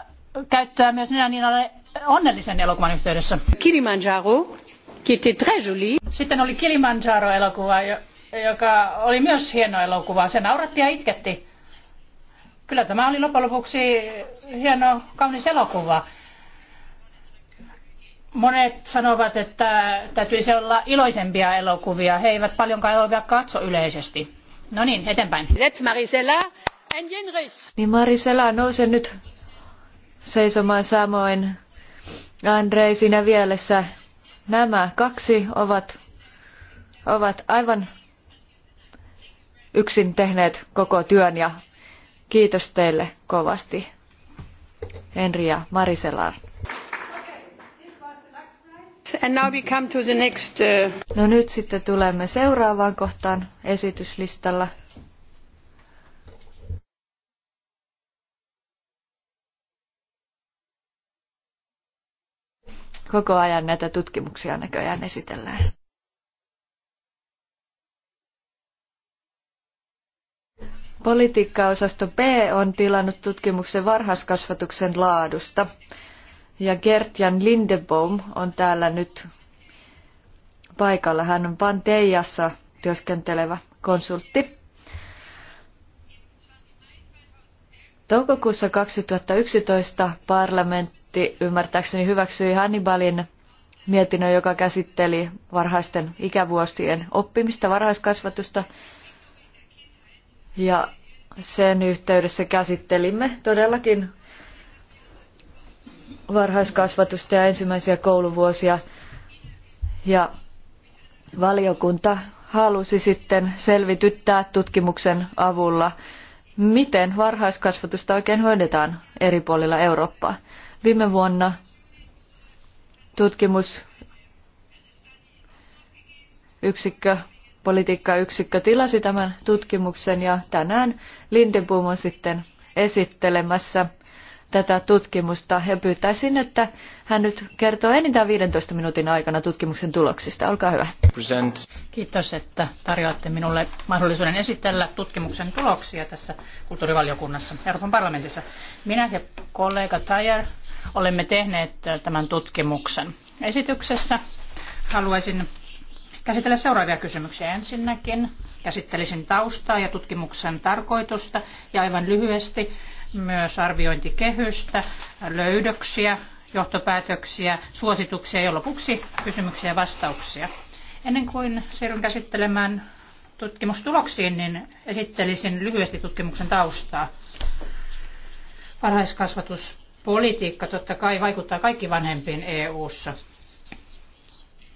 käyttöä myös nenäliinalle onnellisen elokuvan yhteydessä. Kilimanjaro, qui était très joli. Sitten oli Kilimanjaro-elokuva, joka oli myös hieno elokuva. Se nauratti ja itketti. Kyllä tämä oli loppujen lopuksi hieno, kaunis elokuva. Monet sanovat, että täytyisi olla iloisempia elokuvia. He eivät paljonkaan elokuvia katso yleisesti. No niin, eteenpäin. Let's Marisela and Jenrich. Niin Marisela, nouse nyt seisomaan samoin. Andrei, sinä vielessä. Nämä kaksi ovat, ovat aivan yksin tehneet koko työn ja kiitos teille kovasti. Henri ja Mariselar. Next, uh... No nyt sitten tulemme seuraavaan kohtaan esityslistalla. Koko ajan näitä tutkimuksia näköjään esitellään. Politiikkaosasto B on tilannut tutkimuksen varhaiskasvatuksen laadusta. Ja Gertjan Lindebaum on täällä nyt paikalla. Hän on Panteijassa työskentelevä konsultti. Toukokuussa 2011 parlamentti ymmärtääkseni hyväksyi Hannibalin mietinnön, joka käsitteli varhaisten ikävuosien oppimista, varhaiskasvatusta ja sen yhteydessä käsittelimme todellakin varhaiskasvatusta ja ensimmäisiä kouluvuosia. Ja valiokunta halusi sitten selvityttää tutkimuksen avulla, miten varhaiskasvatusta oikein hoidetaan eri puolilla Eurooppaa. Viime vuonna tutkimusyksikkö politiikkayksikkö tilasi tämän tutkimuksen ja tänään Lindenboom on sitten esittelemässä tätä tutkimusta ja pyytäisin, että hän nyt kertoo enintään 15 minuutin aikana tutkimuksen tuloksista. Olkaa hyvä. Present. Kiitos, että tarjoatte minulle mahdollisuuden esitellä tutkimuksen tuloksia tässä kulttuurivaliokunnassa Euroopan parlamentissa. Minä ja kollega Tajer olemme tehneet tämän tutkimuksen. Esityksessä haluaisin käsitellä seuraavia kysymyksiä. Ensinnäkin käsittelisin taustaa ja tutkimuksen tarkoitusta ja aivan lyhyesti myös arviointikehystä, löydöksiä, johtopäätöksiä, suosituksia ja lopuksi kysymyksiä ja vastauksia. Ennen kuin siirryn käsittelemään tutkimustuloksiin, niin esittelisin lyhyesti tutkimuksen taustaa. Varhaiskasvatuspolitiikka totta kai vaikuttaa kaikki vanhempiin EU-ssa.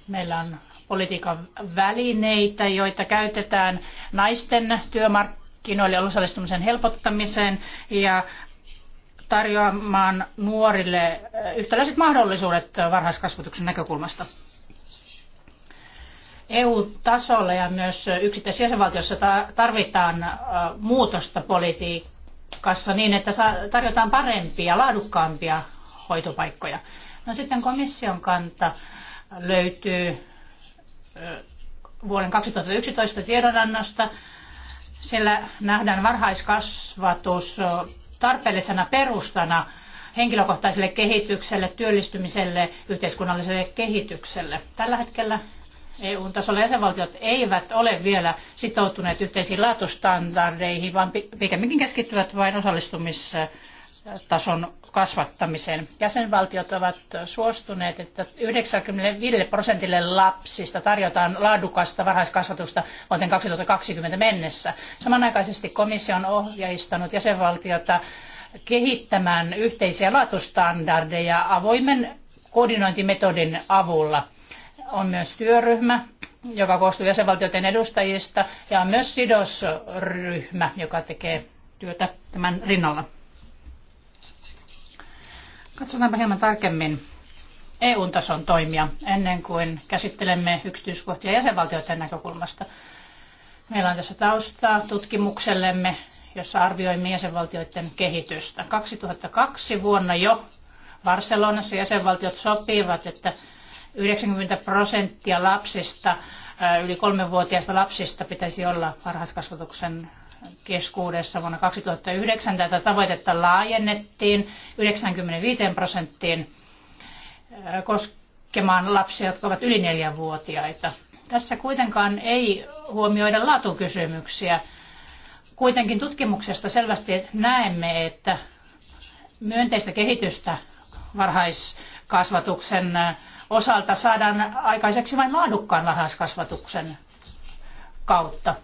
Meillä on politiikan välineitä, joita käytetään naisten työmarkkinoille osallistumisen helpottamiseen ja tarjoamaan nuorille eh, yhtäläiset mahdollisuudet varhaiskasvatuksen näkökulmasta. EU-tasolla ja myös yksittäisissä jäsenvaltioissa tarvitaan eh, muutosta politiikassa niin, että tarjotaan parempia, laadukkaampia hoitopaikkoja. No sitten komission kanta löytyy vuoden 2011 tiedonannosta. Siellä nähdään varhaiskasvatus tarpeellisena perustana henkilökohtaiselle kehitykselle, työllistymiselle, yhteiskunnalliselle kehitykselle. Tällä hetkellä EU-tasolla jäsenvaltiot eivät ole vielä sitoutuneet yhteisiin laatustandardeihin, vaan pikemminkin keskittyvät vain osallistumistason kasvattamiseen. Jäsenvaltiot ovat suostuneet, että 95 prosentille lapsista tarjotaan laadukasta varhaiskasvatusta vuoteen 2020 mennessä. Samanaikaisesti komissio on ohjeistanut jäsenvaltiota kehittämään yhteisiä laatustandardeja avoimen koordinointimetodin avulla. On myös työryhmä, joka koostuu jäsenvaltioiden edustajista, ja on myös sidosryhmä, joka tekee työtä tämän rinnalla. Katsotaanpa hieman tarkemmin EU-tason toimia ennen kuin käsittelemme yksityiskohtia jäsenvaltioiden näkökulmasta. Meillä on tässä taustaa tutkimuksellemme, jossa arvioimme jäsenvaltioiden kehitystä. 2002 vuonna jo Barcelonassa jäsenvaltiot sopivat, että 90 prosenttia lapsista, yli kolmenvuotiaista lapsista pitäisi olla varhaiskasvatuksen keskuudessa vuonna 2009 tätä tavoitetta laajennettiin 95 prosenttiin koskemaan lapsia, jotka ovat yli vuotiaita. Tässä kuitenkaan ei huomioida laatukysymyksiä. Kuitenkin tutkimuksesta selvästi näemme, että myönteistä kehitystä varhaiskasvatuksen osalta saadaan aikaiseksi vain laadukkaan varhaiskasvatuksen kautta.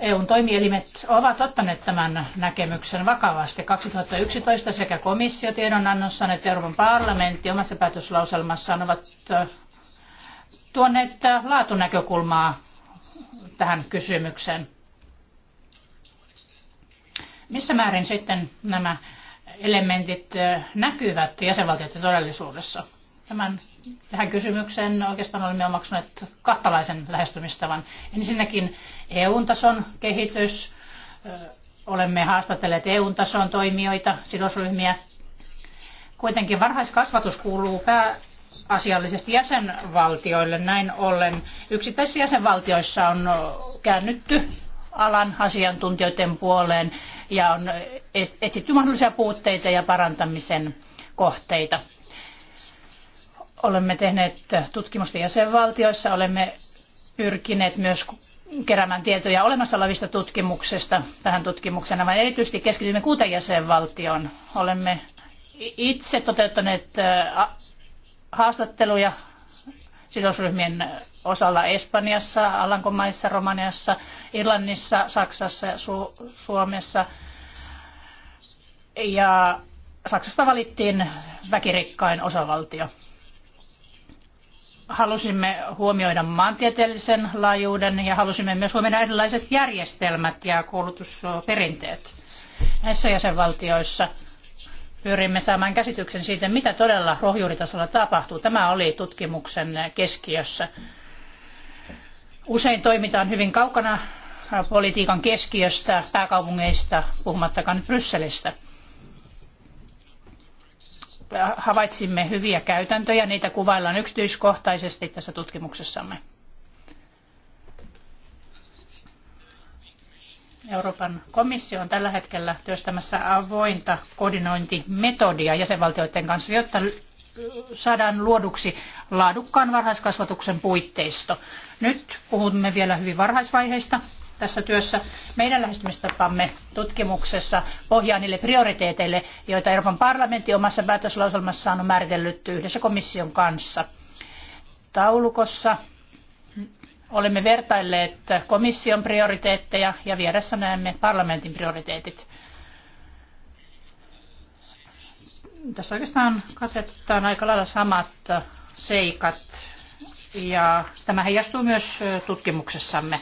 EUn toimielimet ovat ottaneet tämän näkemyksen vakavasti. 2011 sekä komissio tiedonannossaan että Euroopan parlamentti omassa päätöslauselmassaan ovat tuoneet laatunäkökulmaa tähän kysymykseen. Missä määrin sitten nämä elementit näkyvät jäsenvaltioiden todellisuudessa? Tämän, tähän kysymykseen oikeastaan olemme omaksuneet kahtalaisen lähestymistavan. Ensinnäkin EU-tason kehitys. Olemme haastatelleet EU-tason toimijoita, sidosryhmiä. Kuitenkin varhaiskasvatus kuuluu pääasiallisesti jäsenvaltioille. Näin ollen yksittäisissä jäsenvaltioissa on käännytty alan asiantuntijoiden puoleen ja on etsitty mahdollisia puutteita ja parantamisen kohteita. Olemme tehneet tutkimusta jäsenvaltioissa, olemme pyrkineet myös keräämään tietoja olemassa olevista tutkimuksista tähän tutkimukseen. vaan erityisesti keskitymme kuuteen jäsenvaltioon. Olemme itse toteuttaneet haastatteluja sidosryhmien osalla Espanjassa, Alankomaissa, Romaniassa, Irlannissa, Saksassa ja Su- Suomessa. Ja Saksasta valittiin väkirikkain osavaltio halusimme huomioida maantieteellisen laajuuden ja halusimme myös huomioida erilaiset järjestelmät ja koulutusperinteet. Näissä jäsenvaltioissa pyrimme saamaan käsityksen siitä, mitä todella rohjuuritasolla tapahtuu. Tämä oli tutkimuksen keskiössä. Usein toimitaan hyvin kaukana politiikan keskiöstä, pääkaupungeista, puhumattakaan Brysselistä havaitsimme hyviä käytäntöjä, niitä kuvaillaan yksityiskohtaisesti tässä tutkimuksessamme. Euroopan komissio on tällä hetkellä työstämässä avointa koordinointimetodia jäsenvaltioiden kanssa, jotta saadaan luoduksi laadukkaan varhaiskasvatuksen puitteisto. Nyt puhumme vielä hyvin varhaisvaiheista, tässä työssä. Meidän lähestymistapamme tutkimuksessa pohjaa niille prioriteeteille, joita Euroopan parlamentti omassa päätöslauselmassaan on määritellyt yhdessä komission kanssa. Taulukossa olemme vertailleet komission prioriteetteja ja vieressä näemme parlamentin prioriteetit. Tässä oikeastaan katetaan aika lailla samat seikat ja tämä heijastuu myös tutkimuksessamme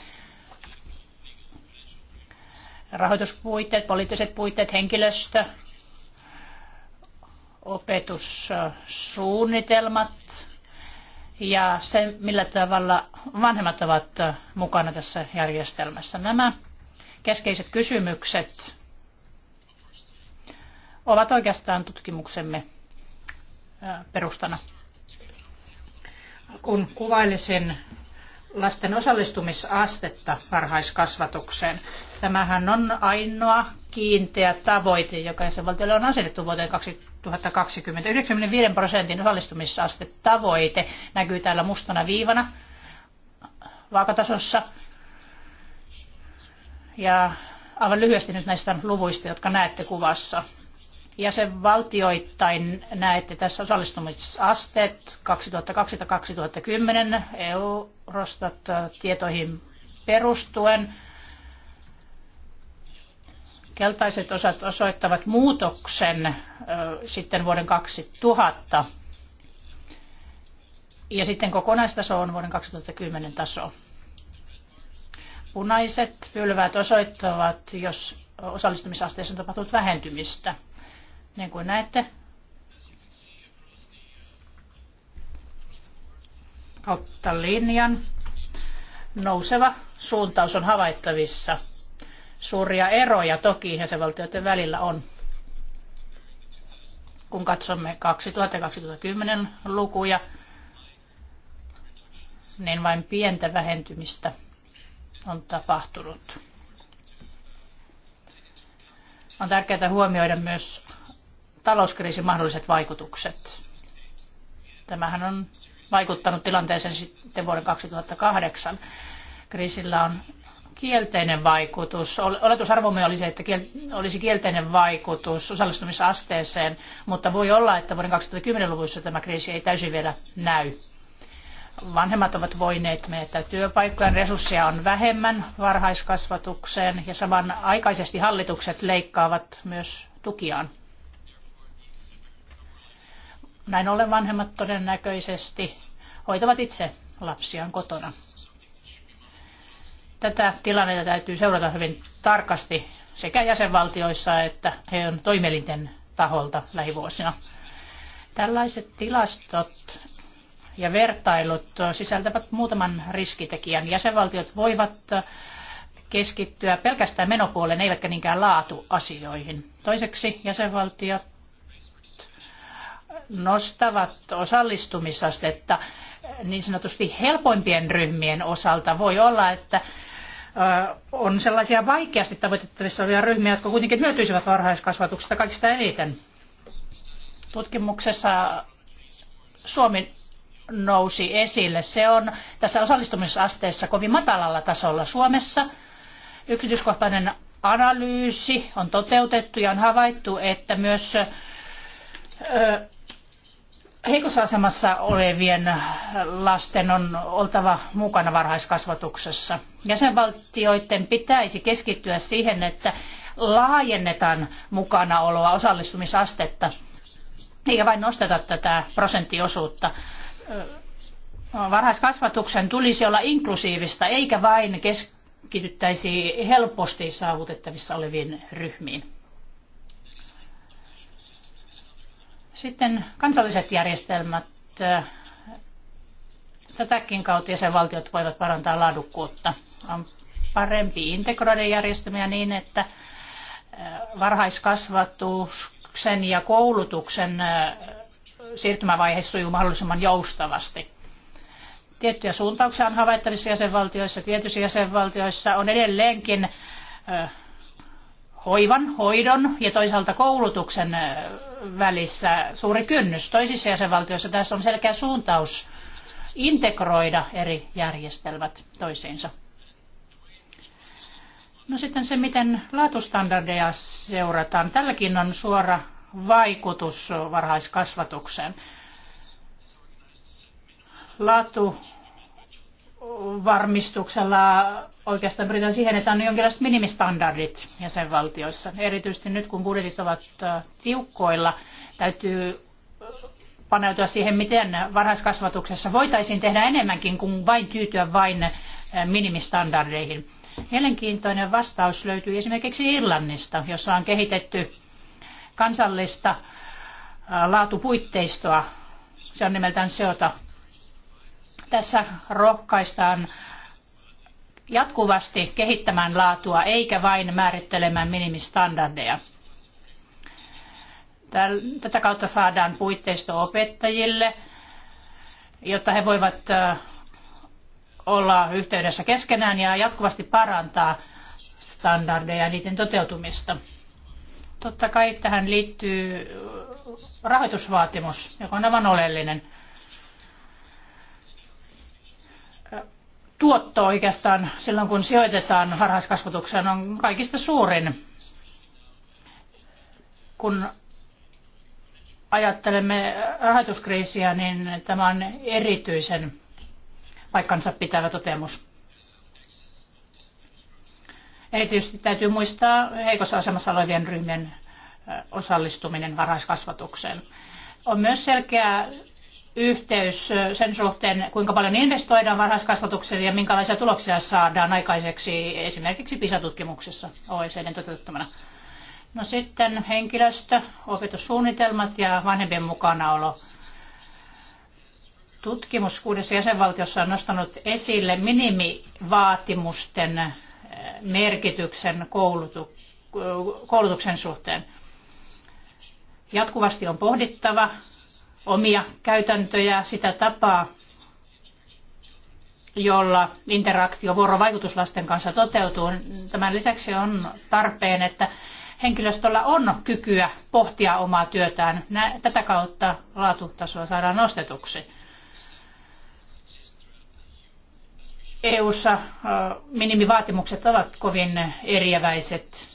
rahoituspuitteet, poliittiset puitteet, henkilöstö, opetussuunnitelmat ja se, millä tavalla vanhemmat ovat mukana tässä järjestelmässä. Nämä keskeiset kysymykset ovat oikeastaan tutkimuksemme perustana. Kun kuvailisin lasten osallistumisastetta varhaiskasvatukseen, Tämähän on ainoa kiinteä tavoite, joka jäsenvaltiolle on asetettu vuoteen 2020. 95 prosentin osallistumisaste tavoite näkyy täällä mustana viivana vaakatasossa. Ja aivan lyhyesti nyt näistä luvuista, jotka näette kuvassa. Jäsenvaltioittain näette tässä osallistumisasteet 2020 2010 Eurostat tietoihin perustuen. Keltaiset osat osoittavat muutoksen sitten vuoden 2000 ja sitten kokonaistaso on vuoden 2010 taso. Punaiset pylväät osoittavat, jos osallistumisasteessa on tapahtunut vähentymistä. Niin kuin näette, kautta linjan nouseva suuntaus on havaittavissa – Suuria eroja toki jäsenvaltioiden välillä on. Kun katsomme 2000-2010 lukuja, niin vain pientä vähentymistä on tapahtunut. On tärkeää huomioida myös talouskriisin mahdolliset vaikutukset. Tämähän on vaikuttanut tilanteeseen sitten vuoden 2008. Kriisillä on kielteinen vaikutus. Oletusarvomme oli se, että olisi kielteinen vaikutus osallistumisasteeseen, mutta voi olla, että vuoden 2010-luvussa tämä kriisi ei täysin vielä näy. Vanhemmat ovat voineet menettää työpaikkojen resursseja on vähemmän varhaiskasvatukseen ja samanaikaisesti hallitukset leikkaavat myös tukiaan. Näin ollen vanhemmat todennäköisesti hoitavat itse lapsiaan kotona. Tätä tilannetta täytyy seurata hyvin tarkasti sekä jäsenvaltioissa että heidän toimielinten taholta lähivuosina. Tällaiset tilastot ja vertailut sisältävät muutaman riskitekijän. Jäsenvaltiot voivat keskittyä pelkästään menopuoleen eivätkä niinkään laatuasioihin. Toiseksi jäsenvaltiot nostavat osallistumisastetta niin sanotusti helpoimpien ryhmien osalta. Voi olla, että on sellaisia vaikeasti tavoitettavissa olevia ryhmiä, jotka kuitenkin hyötyisivät varhaiskasvatuksesta kaikista eniten. Tutkimuksessa Suomi nousi esille. Se on tässä osallistumisasteessa kovin matalalla tasolla Suomessa. Yksityiskohtainen analyysi on toteutettu ja on havaittu, että myös heikossa asemassa olevien lasten on oltava mukana varhaiskasvatuksessa. Jäsenvaltioiden pitäisi keskittyä siihen, että laajennetaan mukanaoloa, osallistumisastetta, eikä vain nosteta tätä prosenttiosuutta. Varhaiskasvatuksen tulisi olla inklusiivista, eikä vain keskityttäisi helposti saavutettavissa oleviin ryhmiin. Sitten kansalliset järjestelmät. Tätäkin kautta jäsenvaltiot voivat parantaa laadukkuutta. On parempi integroida järjestelmiä niin, että varhaiskasvatuksen ja koulutuksen siirtymävaihe sujuu mahdollisimman joustavasti. Tiettyjä suuntauksia on havaittavissa jäsenvaltioissa. Tietyissä jäsenvaltioissa on edelleenkin hoivan, hoidon ja toisaalta koulutuksen välissä suuri kynnys. Toisissa jäsenvaltioissa tässä on selkeä suuntaus integroida eri järjestelmät toisiinsa. No sitten se, miten laatustandardeja seurataan. Tälläkin on suora vaikutus varhaiskasvatukseen. Laatu varmistuksella Oikeastaan pyritään siihen, että on jonkinlaiset minimistandardit jäsenvaltioissa. Erityisesti nyt, kun budjetit ovat tiukkoilla, täytyy paneutua siihen, miten varhaiskasvatuksessa voitaisiin tehdä enemmänkin kuin vain tyytyä vain minimistandardeihin. Mielenkiintoinen vastaus löytyy esimerkiksi Irlannista, jossa on kehitetty kansallista laatupuitteistoa. Se on nimeltään SEOTA. Tässä rohkaistaan jatkuvasti kehittämään laatua eikä vain määrittelemään minimistandardeja. Tätä kautta saadaan puitteisto opettajille, jotta he voivat olla yhteydessä keskenään ja jatkuvasti parantaa standardeja ja niiden toteutumista. Totta kai tähän liittyy rahoitusvaatimus, joka on aivan oleellinen. tuotto oikeastaan silloin, kun sijoitetaan varhaiskasvatukseen, on kaikista suurin. Kun ajattelemme rahoituskriisiä, niin tämä on erityisen paikkansa pitävä toteamus. Erityisesti täytyy muistaa heikossa asemassa olevien ryhmien osallistuminen varhaiskasvatukseen. On myös selkeää yhteys sen suhteen, kuinka paljon investoidaan varhaiskasvatukseen ja minkälaisia tuloksia saadaan aikaiseksi esimerkiksi PISA-tutkimuksessa OECDn toteuttamana. No sitten henkilöstö, opetussuunnitelmat ja vanhempien mukanaolo. Tutkimus kuudessa jäsenvaltiossa on nostanut esille minimivaatimusten merkityksen koulutu, koulutuksen suhteen. Jatkuvasti on pohdittava, omia käytäntöjä, sitä tapaa, jolla interaktio, vuorovaikutus lasten kanssa toteutuu. Tämän lisäksi on tarpeen, että henkilöstöllä on kykyä pohtia omaa työtään. Tätä kautta laatutasoa saadaan nostetuksi. EU-ssa minimivaatimukset ovat kovin eriäväiset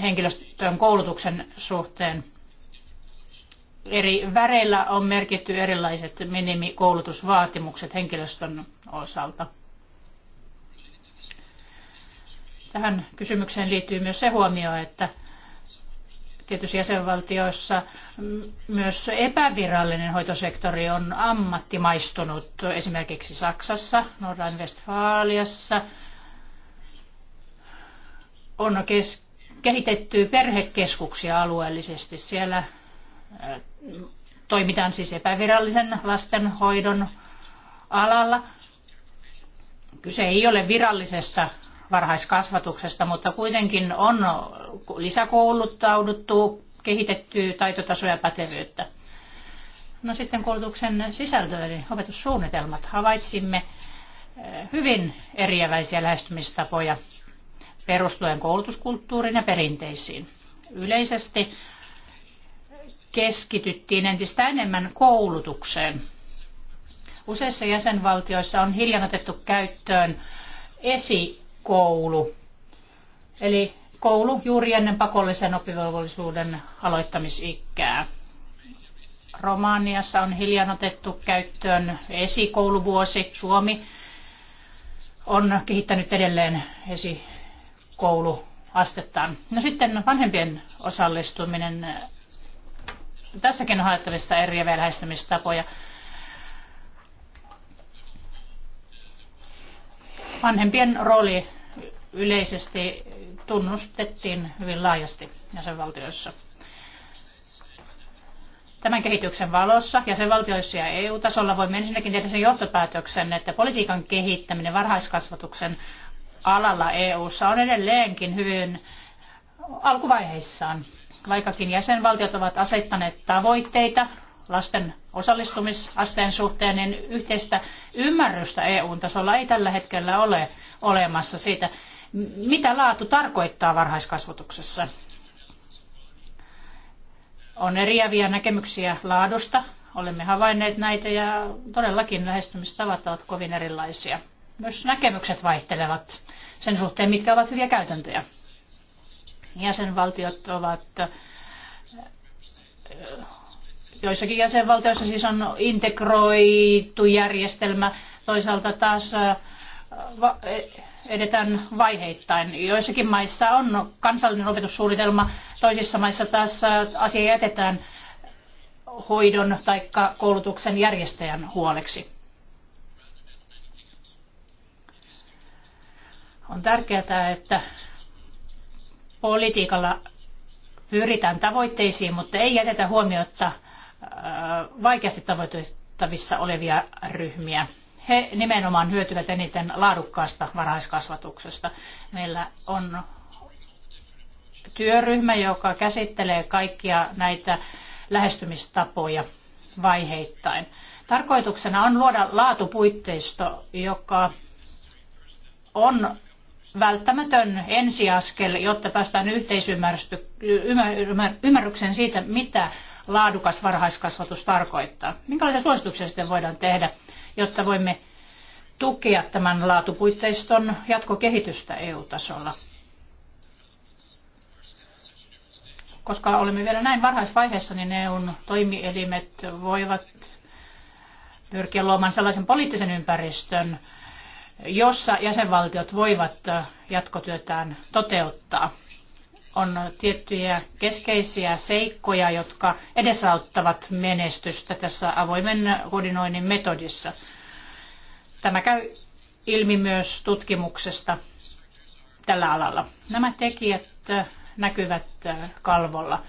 henkilöstön koulutuksen suhteen eri väreillä on merkitty erilaiset minimikoulutusvaatimukset henkilöstön osalta. Tähän kysymykseen liittyy myös se huomio, että tietysti jäsenvaltioissa myös epävirallinen hoitosektori on ammattimaistunut esimerkiksi Saksassa, Nordrhein-Westfaliassa. On kehitetty perhekeskuksia alueellisesti. Siellä Toimitaan siis epävirallisen lastenhoidon alalla. Kyse ei ole virallisesta varhaiskasvatuksesta, mutta kuitenkin on lisäkouluttauduttu, kehitetty taitotasoja ja pätevyyttä. No sitten koulutuksen sisältö eli opetussuunnitelmat. Havaitsimme hyvin eriäväisiä lähestymistapoja perustuen koulutuskulttuuriin ja perinteisiin. Yleisesti keskityttiin entistä enemmän koulutukseen. Useissa jäsenvaltioissa on hiljan otettu käyttöön esikoulu, eli koulu juuri ennen pakollisen oppivelvollisuuden aloittamisikää. Romaniassa on hiljan otettu käyttöön esikouluvuosi. Suomi on kehittänyt edelleen esikouluastettaan. No sitten vanhempien osallistuminen tässäkin on haettavissa eriäviä lähestymistapoja. Vanhempien rooli yleisesti tunnustettiin hyvin laajasti jäsenvaltioissa. Tämän kehityksen valossa jäsenvaltioissa ja EU-tasolla voimme ensinnäkin tehdä sen johtopäätöksen, että politiikan kehittäminen varhaiskasvatuksen alalla EU:ssa on edelleenkin hyvin alkuvaiheissaan. Vaikkakin jäsenvaltiot ovat asettaneet tavoitteita lasten osallistumisasteen suhteen, niin yhteistä ymmärrystä EU-tasolla ei tällä hetkellä ole olemassa siitä, mitä laatu tarkoittaa varhaiskasvatuksessa. On eriäviä näkemyksiä laadusta. Olemme havainneet näitä ja todellakin lähestymistavat ovat kovin erilaisia. Myös näkemykset vaihtelevat sen suhteen, mitkä ovat hyviä käytäntöjä. Jäsenvaltiot ovat joissakin jäsenvaltioissa siis on integroitu järjestelmä, toisaalta taas e, edetään vaiheittain. Joissakin maissa on kansallinen opetussuunnitelma, toisissa maissa taas asia jätetään hoidon tai koulutuksen järjestäjän huoleksi. On tärkeää, että politiikalla pyritään tavoitteisiin, mutta ei jätetä huomiota äh, vaikeasti tavoitettavissa olevia ryhmiä. He nimenomaan hyötyvät eniten laadukkaasta varhaiskasvatuksesta. Meillä on työryhmä, joka käsittelee kaikkia näitä lähestymistapoja vaiheittain. Tarkoituksena on luoda laatupuitteisto, joka on välttämätön ensiaskel, jotta päästään yhteisymmärrykseen siitä, mitä laadukas varhaiskasvatus tarkoittaa. Minkälaisia suosituksia sitten voidaan tehdä, jotta voimme tukea tämän laatupuitteiston jatkokehitystä EU-tasolla? Koska olemme vielä näin varhaisvaiheessa, niin EUn toimielimet voivat pyrkiä luomaan sellaisen poliittisen ympäristön, jossa jäsenvaltiot voivat äh, jatkotyötään toteuttaa. On tiettyjä keskeisiä seikkoja, jotka edesauttavat menestystä tässä avoimen koordinoinnin metodissa. Tämä käy ilmi myös tutkimuksesta tällä alalla. Nämä tekijät äh, näkyvät äh, kalvolla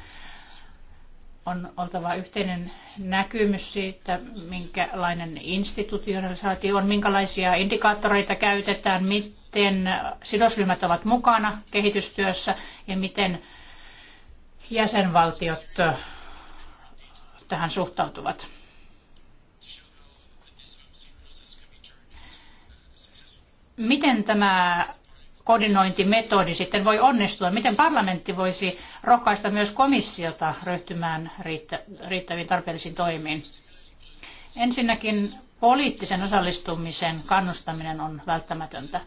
on oltava yhteinen näkymys siitä, minkälainen institutionalisaatio on, minkälaisia indikaattoreita käytetään, miten sidosryhmät ovat mukana kehitystyössä ja miten jäsenvaltiot tähän suhtautuvat. Miten tämä koordinointimetodi sitten voi onnistua? Miten parlamentti voisi rohkaista myös komissiota ryhtymään riittäviin tarpeellisiin toimiin? Ensinnäkin poliittisen osallistumisen kannustaminen on välttämätöntä.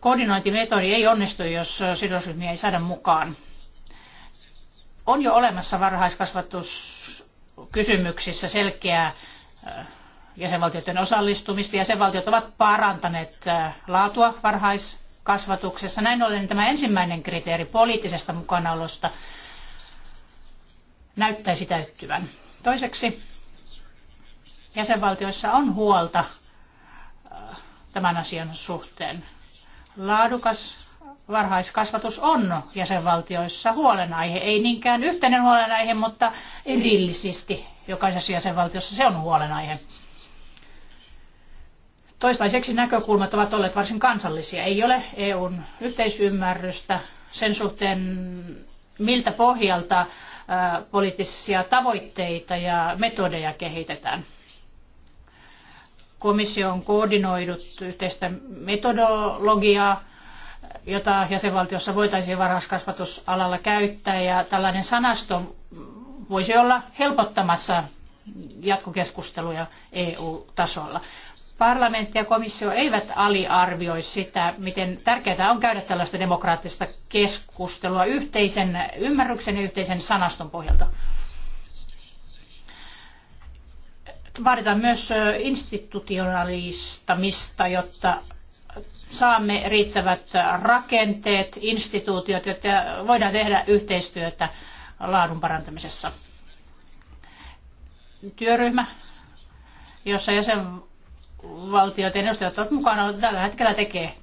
Koordinointimetodi ei onnistu, jos sidosryhmiä ei saada mukaan. On jo olemassa varhaiskasvatuskysymyksissä selkeä. Äh, jäsenvaltioiden osallistumista. Jäsenvaltiot ovat parantaneet laatua varhaiskasvatuksessa. Näin ollen tämä ensimmäinen kriteeri poliittisesta mukanaolosta näyttäisi täyttyvän. Toiseksi jäsenvaltioissa on huolta tämän asian suhteen. Laadukas varhaiskasvatus on jäsenvaltioissa huolenaihe. Ei niinkään yhteinen huolenaihe, mutta erillisesti jokaisessa jäsenvaltiossa se on huolenaihe. Toistaiseksi näkökulmat ovat olleet varsin kansallisia. Ei ole EUn yhteisymmärrystä sen suhteen, miltä pohjalta poliittisia tavoitteita ja metodeja kehitetään. Komissio on koordinoidut yhteistä metodologiaa, jota jäsenvaltiossa voitaisiin varhaiskasvatusalalla käyttää, ja tällainen sanasto voisi olla helpottamassa jatkokeskusteluja EU-tasolla parlamentti ja komissio eivät aliarvioi sitä, miten tärkeää on käydä tällaista demokraattista keskustelua yhteisen ymmärryksen ja yhteisen sanaston pohjalta. Vaaditaan myös institutionalistamista, jotta saamme riittävät rakenteet, instituutiot, jotta voidaan tehdä yhteistyötä laadun parantamisessa. Työryhmä, jossa jäsen valtiot ja edustajat ovat mukana tällä hetkellä tekee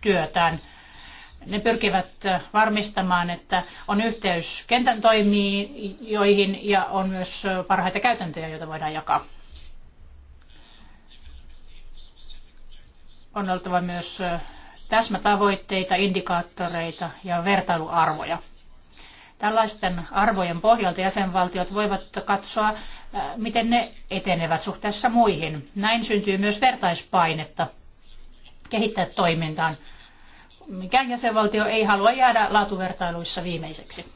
työtään. Ne pyrkivät varmistamaan, että on yhteys kentän toimijoihin ja on myös parhaita käytäntöjä, joita voidaan jakaa. On oltava myös täsmätavoitteita, indikaattoreita ja vertailuarvoja. Tällaisten arvojen pohjalta jäsenvaltiot voivat katsoa miten ne etenevät suhteessa muihin. Näin syntyy myös vertaispainetta kehittää toimintaan. Mikään jäsenvaltio ei halua jäädä laatuvertailuissa viimeiseksi.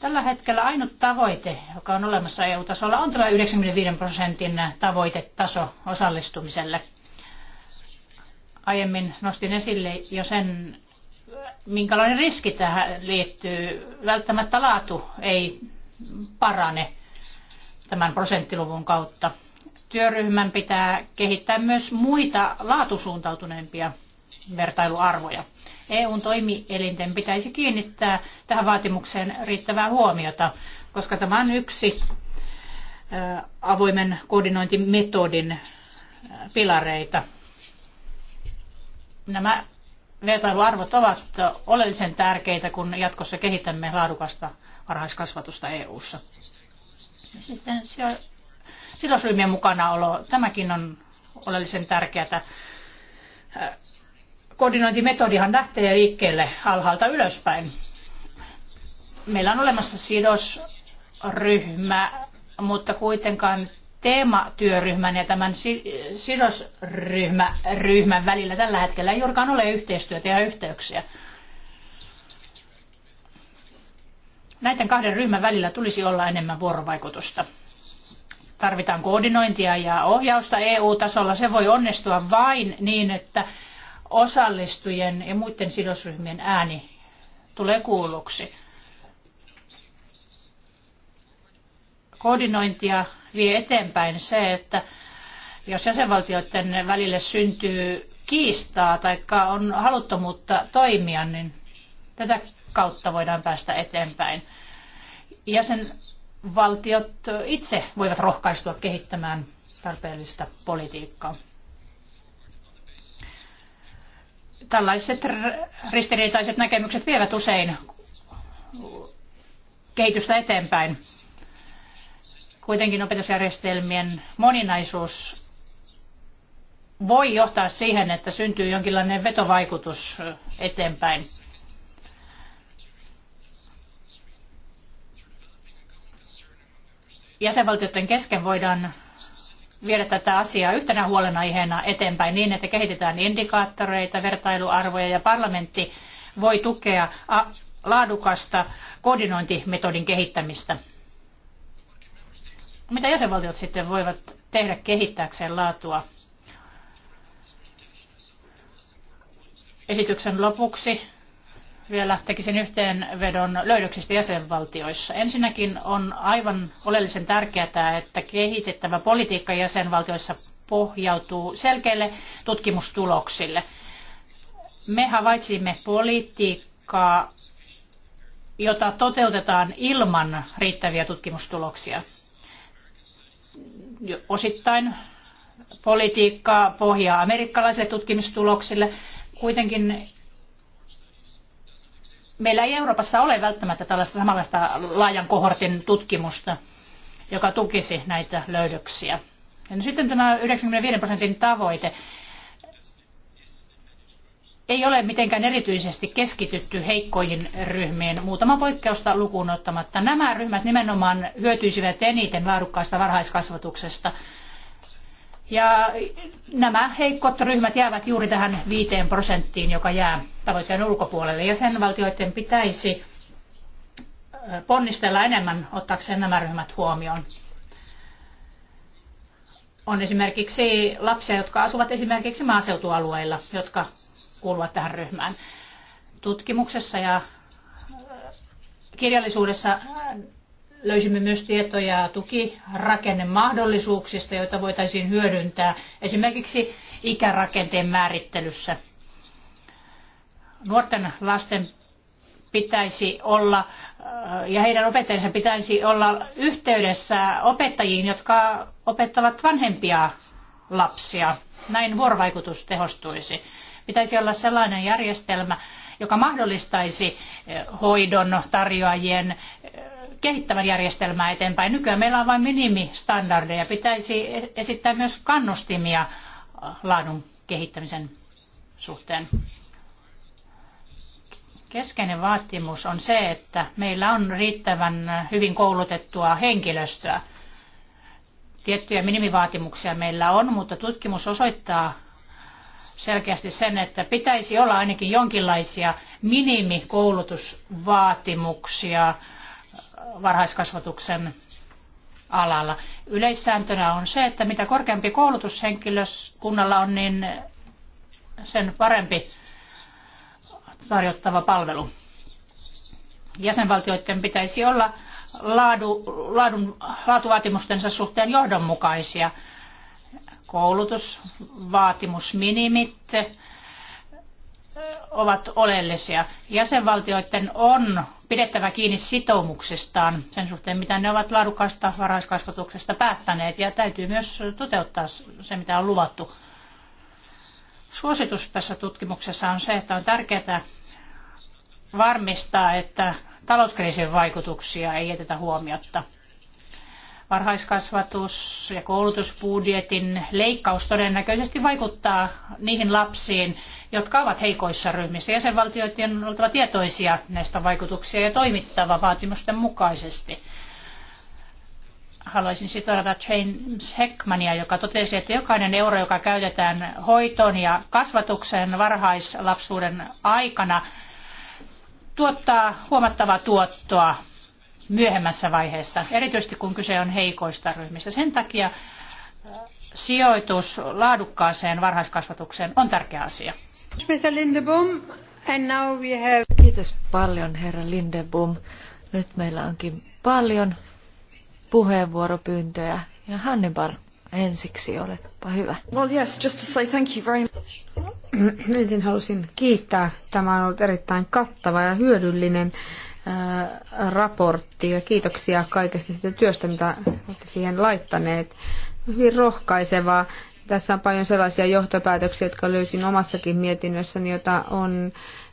Tällä hetkellä ainut tavoite, joka on olemassa EU-tasolla, on tämä 95 prosentin tavoitetaso osallistumiselle. Aiemmin nostin esille jo sen, minkälainen riski tähän liittyy. Välttämättä laatu ei parane tämän prosenttiluvun kautta. Työryhmän pitää kehittää myös muita laatusuuntautuneempia vertailuarvoja. EUn toimielinten pitäisi kiinnittää tähän vaatimukseen riittävää huomiota, koska tämä on yksi avoimen koordinointimetodin pilareita. Nämä vertailuarvot ovat oleellisen tärkeitä, kun jatkossa kehitämme laadukasta varhaiskasvatusta EU-ssa. Sitten sidosryhmien mukanaolo, tämäkin on oleellisen tärkeää. Äh, koordinointimetodihan lähtee liikkeelle alhaalta ylöspäin. Meillä on olemassa sidosryhmä, mutta kuitenkaan teematyöryhmän ja tämän sidosryhmän välillä tällä hetkellä ei juurikaan ole yhteistyötä ja yhteyksiä. näiden kahden ryhmän välillä tulisi olla enemmän vuorovaikutusta. Tarvitaan koordinointia ja ohjausta EU-tasolla. Se voi onnistua vain niin, että osallistujien ja muiden sidosryhmien ääni tulee kuulluksi. Koordinointia vie eteenpäin se, että jos jäsenvaltioiden välille syntyy kiistaa tai on haluttomuutta toimia, niin tätä kautta voidaan päästä eteenpäin. Jäsenvaltiot itse voivat rohkaistua kehittämään tarpeellista politiikkaa. Tällaiset ristiriitaiset näkemykset vievät usein kehitystä eteenpäin. Kuitenkin opetusjärjestelmien moninaisuus voi johtaa siihen, että syntyy jonkinlainen vetovaikutus eteenpäin. jäsenvaltioiden kesken voidaan viedä tätä asiaa yhtenä huolenaiheena eteenpäin niin, että kehitetään indikaattoreita, vertailuarvoja ja parlamentti voi tukea laadukasta koordinointimetodin kehittämistä. Mitä jäsenvaltiot sitten voivat tehdä kehittääkseen laatua? Esityksen lopuksi vielä tekisin yhteenvedon löydöksistä jäsenvaltioissa. Ensinnäkin on aivan oleellisen tärkeää, että kehitettävä politiikka jäsenvaltioissa pohjautuu selkeille tutkimustuloksille. Me havaitsimme politiikkaa, jota toteutetaan ilman riittäviä tutkimustuloksia. Osittain politiikka pohjaa amerikkalaisille tutkimustuloksille. Kuitenkin Meillä ei Euroopassa ole välttämättä tällaista samanlaista laajan kohortin tutkimusta, joka tukisi näitä löydöksiä. Ja no sitten tämä 95 prosentin tavoite ei ole mitenkään erityisesti keskitytty heikkoihin ryhmiin, muutama poikkeusta lukuun ottamatta. Nämä ryhmät nimenomaan hyötyisivät eniten laadukkaasta varhaiskasvatuksesta. Ja nämä heikot ryhmät jäävät juuri tähän viiteen prosenttiin, joka jää tavoitteen ulkopuolelle. Jäsenvaltioiden pitäisi ponnistella enemmän ottaakseen nämä ryhmät huomioon. On esimerkiksi lapsia, jotka asuvat esimerkiksi maaseutualueilla, jotka kuuluvat tähän ryhmään. Tutkimuksessa ja kirjallisuudessa löysimme myös tietoja tukirakennemahdollisuuksista, joita voitaisiin hyödyntää esimerkiksi ikärakenteen määrittelyssä. Nuorten lasten pitäisi olla äh, ja heidän opettajansa pitäisi olla yhteydessä opettajiin, jotka opettavat vanhempia lapsia. Näin vuorovaikutus tehostuisi. Pitäisi olla sellainen järjestelmä, joka mahdollistaisi äh, hoidon tarjoajien äh, kehittämään järjestelmää eteenpäin. Nykyään meillä on vain minimistandardeja. Pitäisi esittää myös kannustimia äh, laadun kehittämisen suhteen. Keskeinen vaatimus on se, että meillä on riittävän äh, hyvin koulutettua henkilöstöä. Tiettyjä minimivaatimuksia meillä on, mutta tutkimus osoittaa selkeästi sen, että pitäisi olla ainakin jonkinlaisia minimikoulutusvaatimuksia varhaiskasvatuksen alalla. Yleissääntönä on se, että mitä korkeampi koulutus henkilökunnalla on, niin sen parempi tarjottava palvelu. Jäsenvaltioiden pitäisi olla laadu, laadun, laatuvaatimustensa suhteen johdonmukaisia. Koulutusvaatimusminimit ovat oleellisia. Jäsenvaltioiden on pidettävä kiinni sitoumuksestaan sen suhteen, mitä ne ovat laadukasta varhaiskasvatuksesta päättäneet ja täytyy myös toteuttaa se, mitä on luvattu. Suositus tässä tutkimuksessa on se, että on tärkeää varmistaa, että talouskriisin vaikutuksia ei jätetä huomiotta varhaiskasvatus- ja koulutusbudjetin leikkaus todennäköisesti vaikuttaa niihin lapsiin, jotka ovat heikoissa ryhmissä. Jäsenvaltioiden on oltava tietoisia näistä vaikutuksista ja toimittava vaatimusten mukaisesti. Haluaisin sitoida James Heckmania, joka totesi, että jokainen euro, joka käytetään hoitoon ja kasvatukseen varhaislapsuuden aikana, tuottaa huomattavaa tuottoa myöhemmässä vaiheessa, erityisesti kun kyse on heikoista ryhmistä. Sen takia äh, sijoitus laadukkaaseen varhaiskasvatukseen on tärkeä asia. Kiitos paljon, herra Lindebom. Nyt meillä onkin paljon puheenvuoropyyntöjä. Ja Hannibal ensiksi olepa hyvä. Well, yes, just to say thank you very much. Ensin halusin kiittää. Tämä on ollut erittäin kattava ja hyödyllinen raportti ja kiitoksia kaikesta sitä työstä, mitä olette siihen laittaneet. Hyvin rohkaisevaa. Tässä on paljon sellaisia johtopäätöksiä, jotka löysin omassakin mietinnössäni, jota on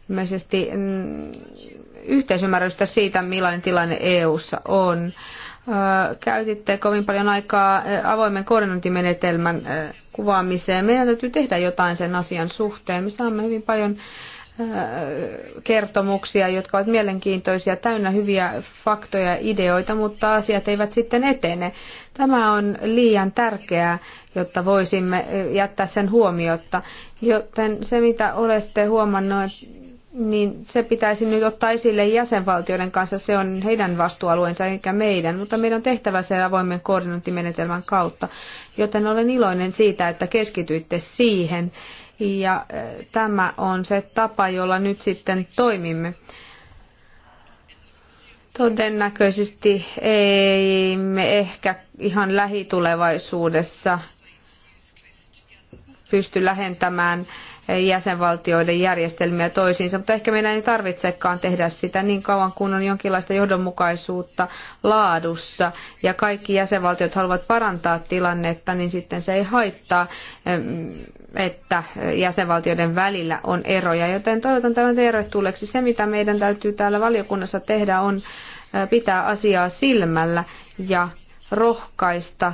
ilmeisesti mm, yhteisymmärrystä siitä, millainen tilanne EU:ssa on. Käytitte kovin paljon aikaa avoimen koordinointimenetelmän kuvaamiseen. Meidän täytyy tehdä jotain sen asian suhteen. Me saamme hyvin paljon kertomuksia, jotka ovat mielenkiintoisia, täynnä hyviä faktoja ja ideoita, mutta asiat eivät sitten etene. Tämä on liian tärkeää, jotta voisimme jättää sen huomiotta. Joten se, mitä olette huomannut, niin se pitäisi nyt ottaa esille jäsenvaltioiden kanssa. Se on heidän vastuualueensa eikä meidän, mutta meidän on tehtävä se avoimen koordinointimenetelmän kautta. Joten olen iloinen siitä, että keskityitte siihen ja eh, tämä on se tapa, jolla nyt sitten toimimme. Todennäköisesti ei me ehkä ihan lähitulevaisuudessa pysty lähentämään jäsenvaltioiden järjestelmiä toisiinsa, mutta ehkä meidän ei tarvitsekaan tehdä sitä niin kauan, kun on jonkinlaista johdonmukaisuutta laadussa ja kaikki jäsenvaltiot haluavat parantaa tilannetta, niin sitten se ei haittaa että jäsenvaltioiden välillä on eroja, joten toivotan tämän tervetulleeksi. Se, mitä meidän täytyy täällä valiokunnassa tehdä, on pitää asiaa silmällä ja rohkaista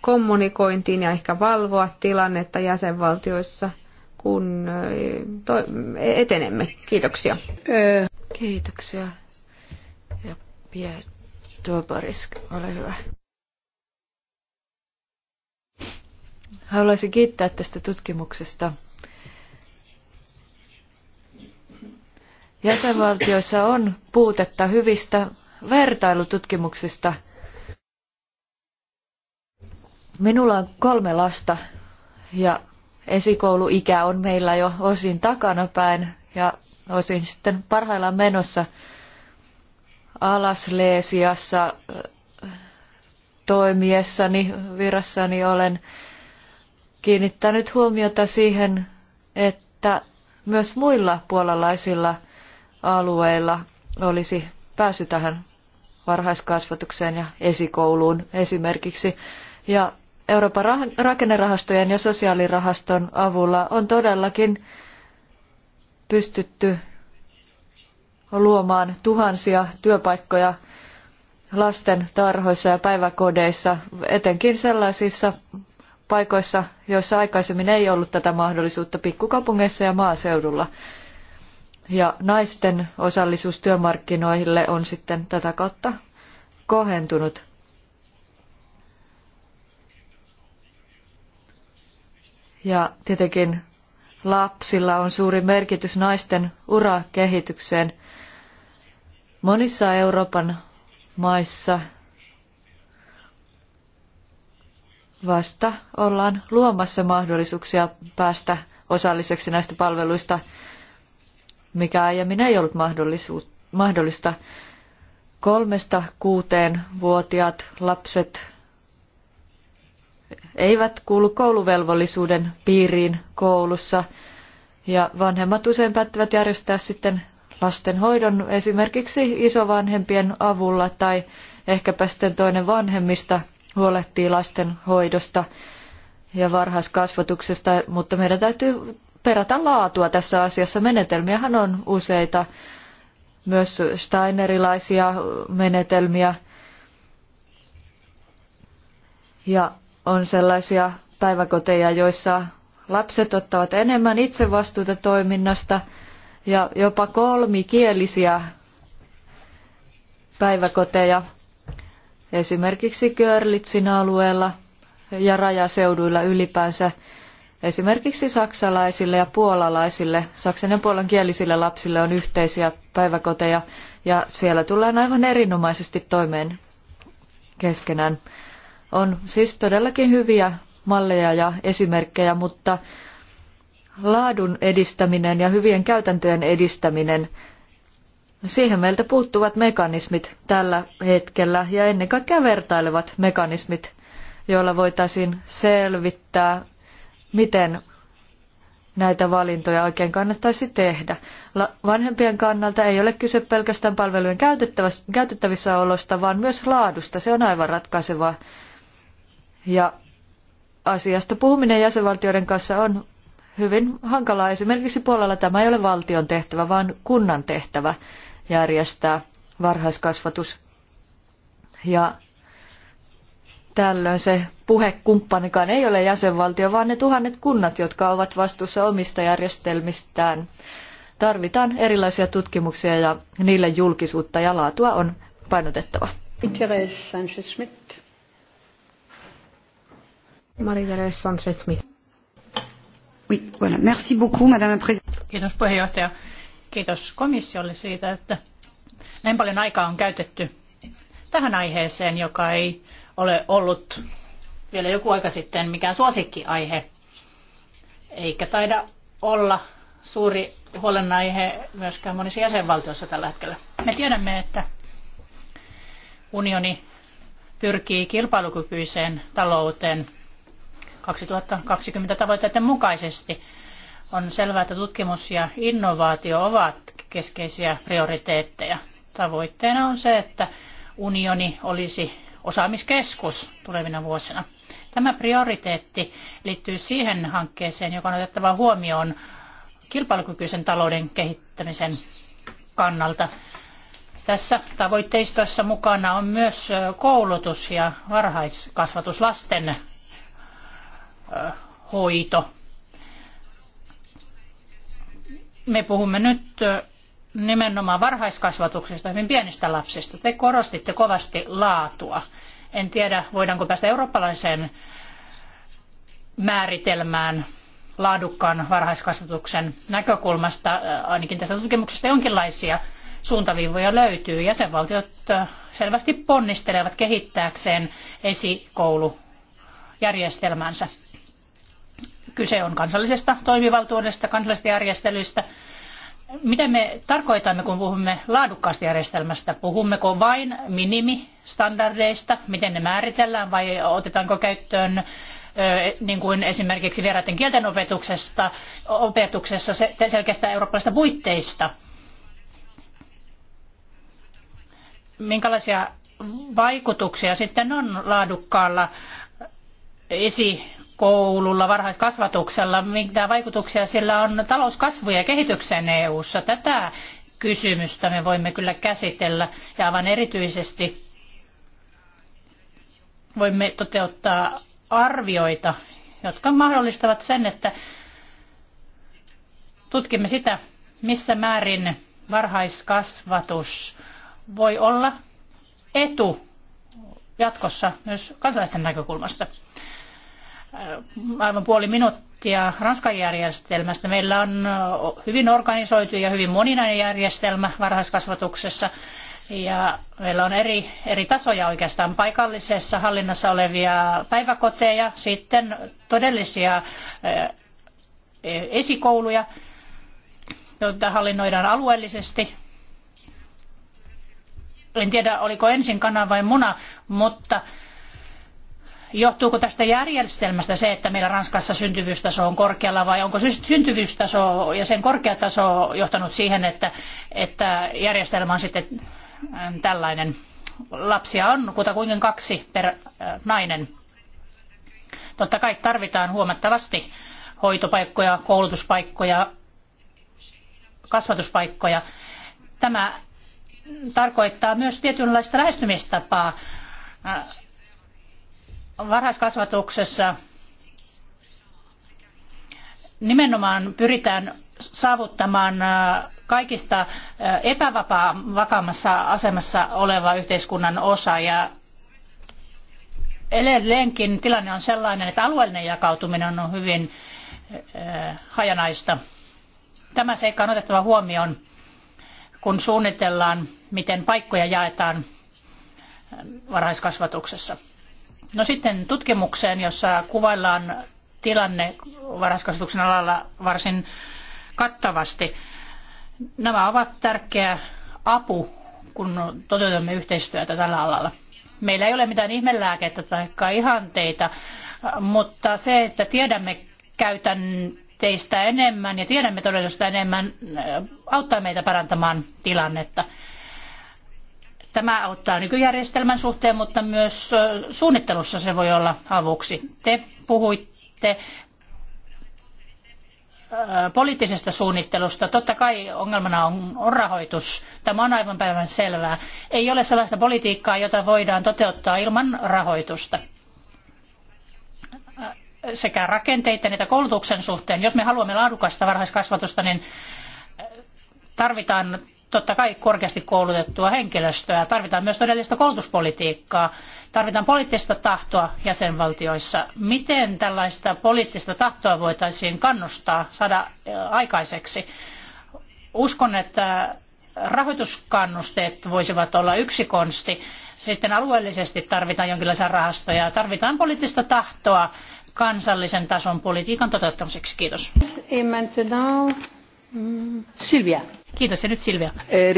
kommunikointiin ja ehkä valvoa tilannetta jäsenvaltioissa, kun etenemme. Kiitoksia. Kiitoksia. Ja Pierre Dobarisk, ole hyvä. Haluaisin kiittää tästä tutkimuksesta. Jäsenvaltioissa on puutetta hyvistä vertailututkimuksista. Minulla on kolme lasta ja esikouluikä on meillä jo osin takanapäin ja osin sitten parhaillaan menossa Alasleesiassa äh, toimiessani virassani olen kiinnittänyt huomiota siihen, että myös muilla puolalaisilla alueilla olisi pääsy tähän varhaiskasvatukseen ja esikouluun esimerkiksi. Ja Euroopan rakennerahastojen ja sosiaalirahaston avulla on todellakin pystytty luomaan tuhansia työpaikkoja lasten tarhoissa ja päiväkodeissa, etenkin sellaisissa paikoissa, joissa aikaisemmin ei ollut tätä mahdollisuutta pikkukaupungeissa ja maaseudulla. Ja naisten osallisuus työmarkkinoille on sitten tätä kautta kohentunut. Ja tietenkin lapsilla on suuri merkitys naisten urakehitykseen. Monissa Euroopan maissa vasta ollaan luomassa mahdollisuuksia päästä osalliseksi näistä palveluista, mikä aiemmin ei ollut mahdollista. Kolmesta kuuteen vuotiaat lapset eivät kuulu kouluvelvollisuuden piiriin koulussa ja vanhemmat usein päättävät järjestää sitten lastenhoidon esimerkiksi isovanhempien avulla tai ehkäpä sitten toinen vanhemmista – huolehtii lasten hoidosta ja varhaiskasvatuksesta, mutta meidän täytyy perätä laatua tässä asiassa. Menetelmiähän on useita, myös steinerilaisia menetelmiä. Ja on sellaisia päiväkoteja, joissa lapset ottavat enemmän itse vastuuta toiminnasta ja jopa kolmikielisiä päiväkoteja esimerkiksi Görlitsin alueella ja rajaseuduilla ylipäänsä esimerkiksi saksalaisille ja puolalaisille, saksan ja puolan kielisille lapsille on yhteisiä päiväkoteja ja siellä tullaan aivan erinomaisesti toimeen keskenään. On siis todellakin hyviä malleja ja esimerkkejä, mutta laadun edistäminen ja hyvien käytäntöjen edistäminen Siihen meiltä puuttuvat mekanismit tällä hetkellä ja ennen kaikkea vertailevat mekanismit, joilla voitaisiin selvittää, miten näitä valintoja oikein kannattaisi tehdä. vanhempien kannalta ei ole kyse pelkästään palvelujen käytettävissä olosta, vaan myös laadusta. Se on aivan ratkaisevaa. Ja asiasta puhuminen jäsenvaltioiden kanssa on hyvin hankalaa. Esimerkiksi Puolalla tämä ei ole valtion tehtävä, vaan kunnan tehtävä järjestää varhaiskasvatus. Ja tällöin se puhekumppanikaan ei ole jäsenvaltio, vaan ne tuhannet kunnat, jotka ovat vastuussa omista järjestelmistään. Tarvitaan erilaisia tutkimuksia ja niille julkisuutta ja laatua on painotettava. Marie-Thérèse Sanchez-Smith. Oui, voilà. Merci beaucoup, Madame la Présidente. Kiitos puheenjohtaja. Kiitos komissiolle siitä, että näin paljon aikaa on käytetty tähän aiheeseen, joka ei ole ollut vielä joku aika sitten mikään suosikkiaihe, eikä taida olla suuri huolenaihe myöskään monissa jäsenvaltioissa tällä hetkellä. Me tiedämme, että unioni pyrkii kilpailukykyiseen talouteen 2020 tavoitteiden mukaisesti – on selvää, että tutkimus ja innovaatio ovat keskeisiä prioriteetteja. Tavoitteena on se, että unioni olisi osaamiskeskus tulevina vuosina. Tämä prioriteetti liittyy siihen hankkeeseen, joka on otettava huomioon kilpailukykyisen talouden kehittämisen kannalta. Tässä tavoitteistossa mukana on myös koulutus ja varhaiskasvatus, lasten hoito. Me puhumme nyt nimenomaan varhaiskasvatuksesta, hyvin pienistä lapsista. Te korostitte kovasti laatua. En tiedä, voidaanko päästä eurooppalaiseen määritelmään laadukkaan varhaiskasvatuksen näkökulmasta, ainakin tästä tutkimuksesta jonkinlaisia suuntaviivoja löytyy. Jäsenvaltiot selvästi ponnistelevat kehittääkseen esikoulujärjestelmänsä. Kyse on kansallisesta toimivaltuudesta, kansallisesta järjestelyistä. Mitä me tarkoitamme, kun puhumme laadukkaasta järjestelmästä? Puhummeko vain minimistandardeista, miten ne määritellään vai otetaanko käyttöön niin kuin esimerkiksi vieraiden kielten opetuksesta, opetuksessa selkeästä eurooppalaisista puitteista? Minkälaisia vaikutuksia sitten on laadukkaalla esi- koululla, varhaiskasvatuksella, mitä vaikutuksia sillä on talouskasvu ja kehitykseen EU-ssa. Tätä kysymystä me voimme kyllä käsitellä ja aivan erityisesti voimme toteuttaa arvioita, jotka mahdollistavat sen, että tutkimme sitä, missä määrin varhaiskasvatus voi olla etu jatkossa myös kansalaisten näkökulmasta. Äh, aivan puoli minuuttia Ranskan järjestelmästä. Meillä on äh, hyvin organisoitu ja hyvin moninainen järjestelmä varhaiskasvatuksessa. Ja meillä on eri, eri tasoja oikeastaan paikallisessa hallinnassa olevia päiväkoteja, sitten todellisia äh, esikouluja, joita hallinnoidaan alueellisesti. En tiedä, oliko ensin kana vai muna, mutta johtuuko tästä järjestelmästä se, että meillä Ranskassa syntyvyystaso on korkealla vai onko syntyvyystaso ja sen korkea taso johtanut siihen, että, järjestelmä on sitten ähm, tällainen? Lapsia on kutakuinkin kaksi per äh, nainen. Totta kai tarvitaan huomattavasti hoitopaikkoja, koulutuspaikkoja, kasvatuspaikkoja. Tämä tarkoittaa myös tietynlaista lähestymistapaa äh, varhaiskasvatuksessa nimenomaan pyritään saavuttamaan äh, kaikista äh, epävakaammassa asemassa oleva yhteiskunnan osa ja edelleenkin tilanne on sellainen, että alueellinen jakautuminen on hyvin äh, hajanaista. Tämä seikka on otettava huomioon, kun suunnitellaan, miten paikkoja jaetaan varhaiskasvatuksessa. No sitten tutkimukseen, jossa kuvaillaan tilanne varhaiskasvatuksen alalla varsin kattavasti. Nämä ovat tärkeä apu, kun toteutamme yhteistyötä tällä alalla. Meillä ei ole mitään ihmelääkettä tai ihanteita, mutta se, että tiedämme käytän teistä enemmän ja tiedämme todellisuutta enemmän, auttaa meitä parantamaan tilannetta. Tämä auttaa nykyjärjestelmän suhteen, mutta myös suunnittelussa se voi olla avuksi. Te puhuitte poliittisesta suunnittelusta. Totta kai ongelmana on, rahoitus. Tämä on aivan päivän selvää. Ei ole sellaista politiikkaa, jota voidaan toteuttaa ilman rahoitusta sekä rakenteiden että koulutuksen suhteen. Jos me haluamme laadukasta varhaiskasvatusta, niin tarvitaan totta kai korkeasti koulutettua henkilöstöä. Tarvitaan myös todellista koulutuspolitiikkaa. Tarvitaan poliittista tahtoa jäsenvaltioissa. Miten tällaista poliittista tahtoa voitaisiin kannustaa, saada aikaiseksi? Uskon, että rahoituskannusteet voisivat olla yksi konsti. Sitten alueellisesti tarvitaan jonkinlaisia rahastoja. Tarvitaan poliittista tahtoa kansallisen tason politiikan toteuttamiseksi. Kiitos. Mm, Silvia. Kiitos ja nyt Silvia. Eh,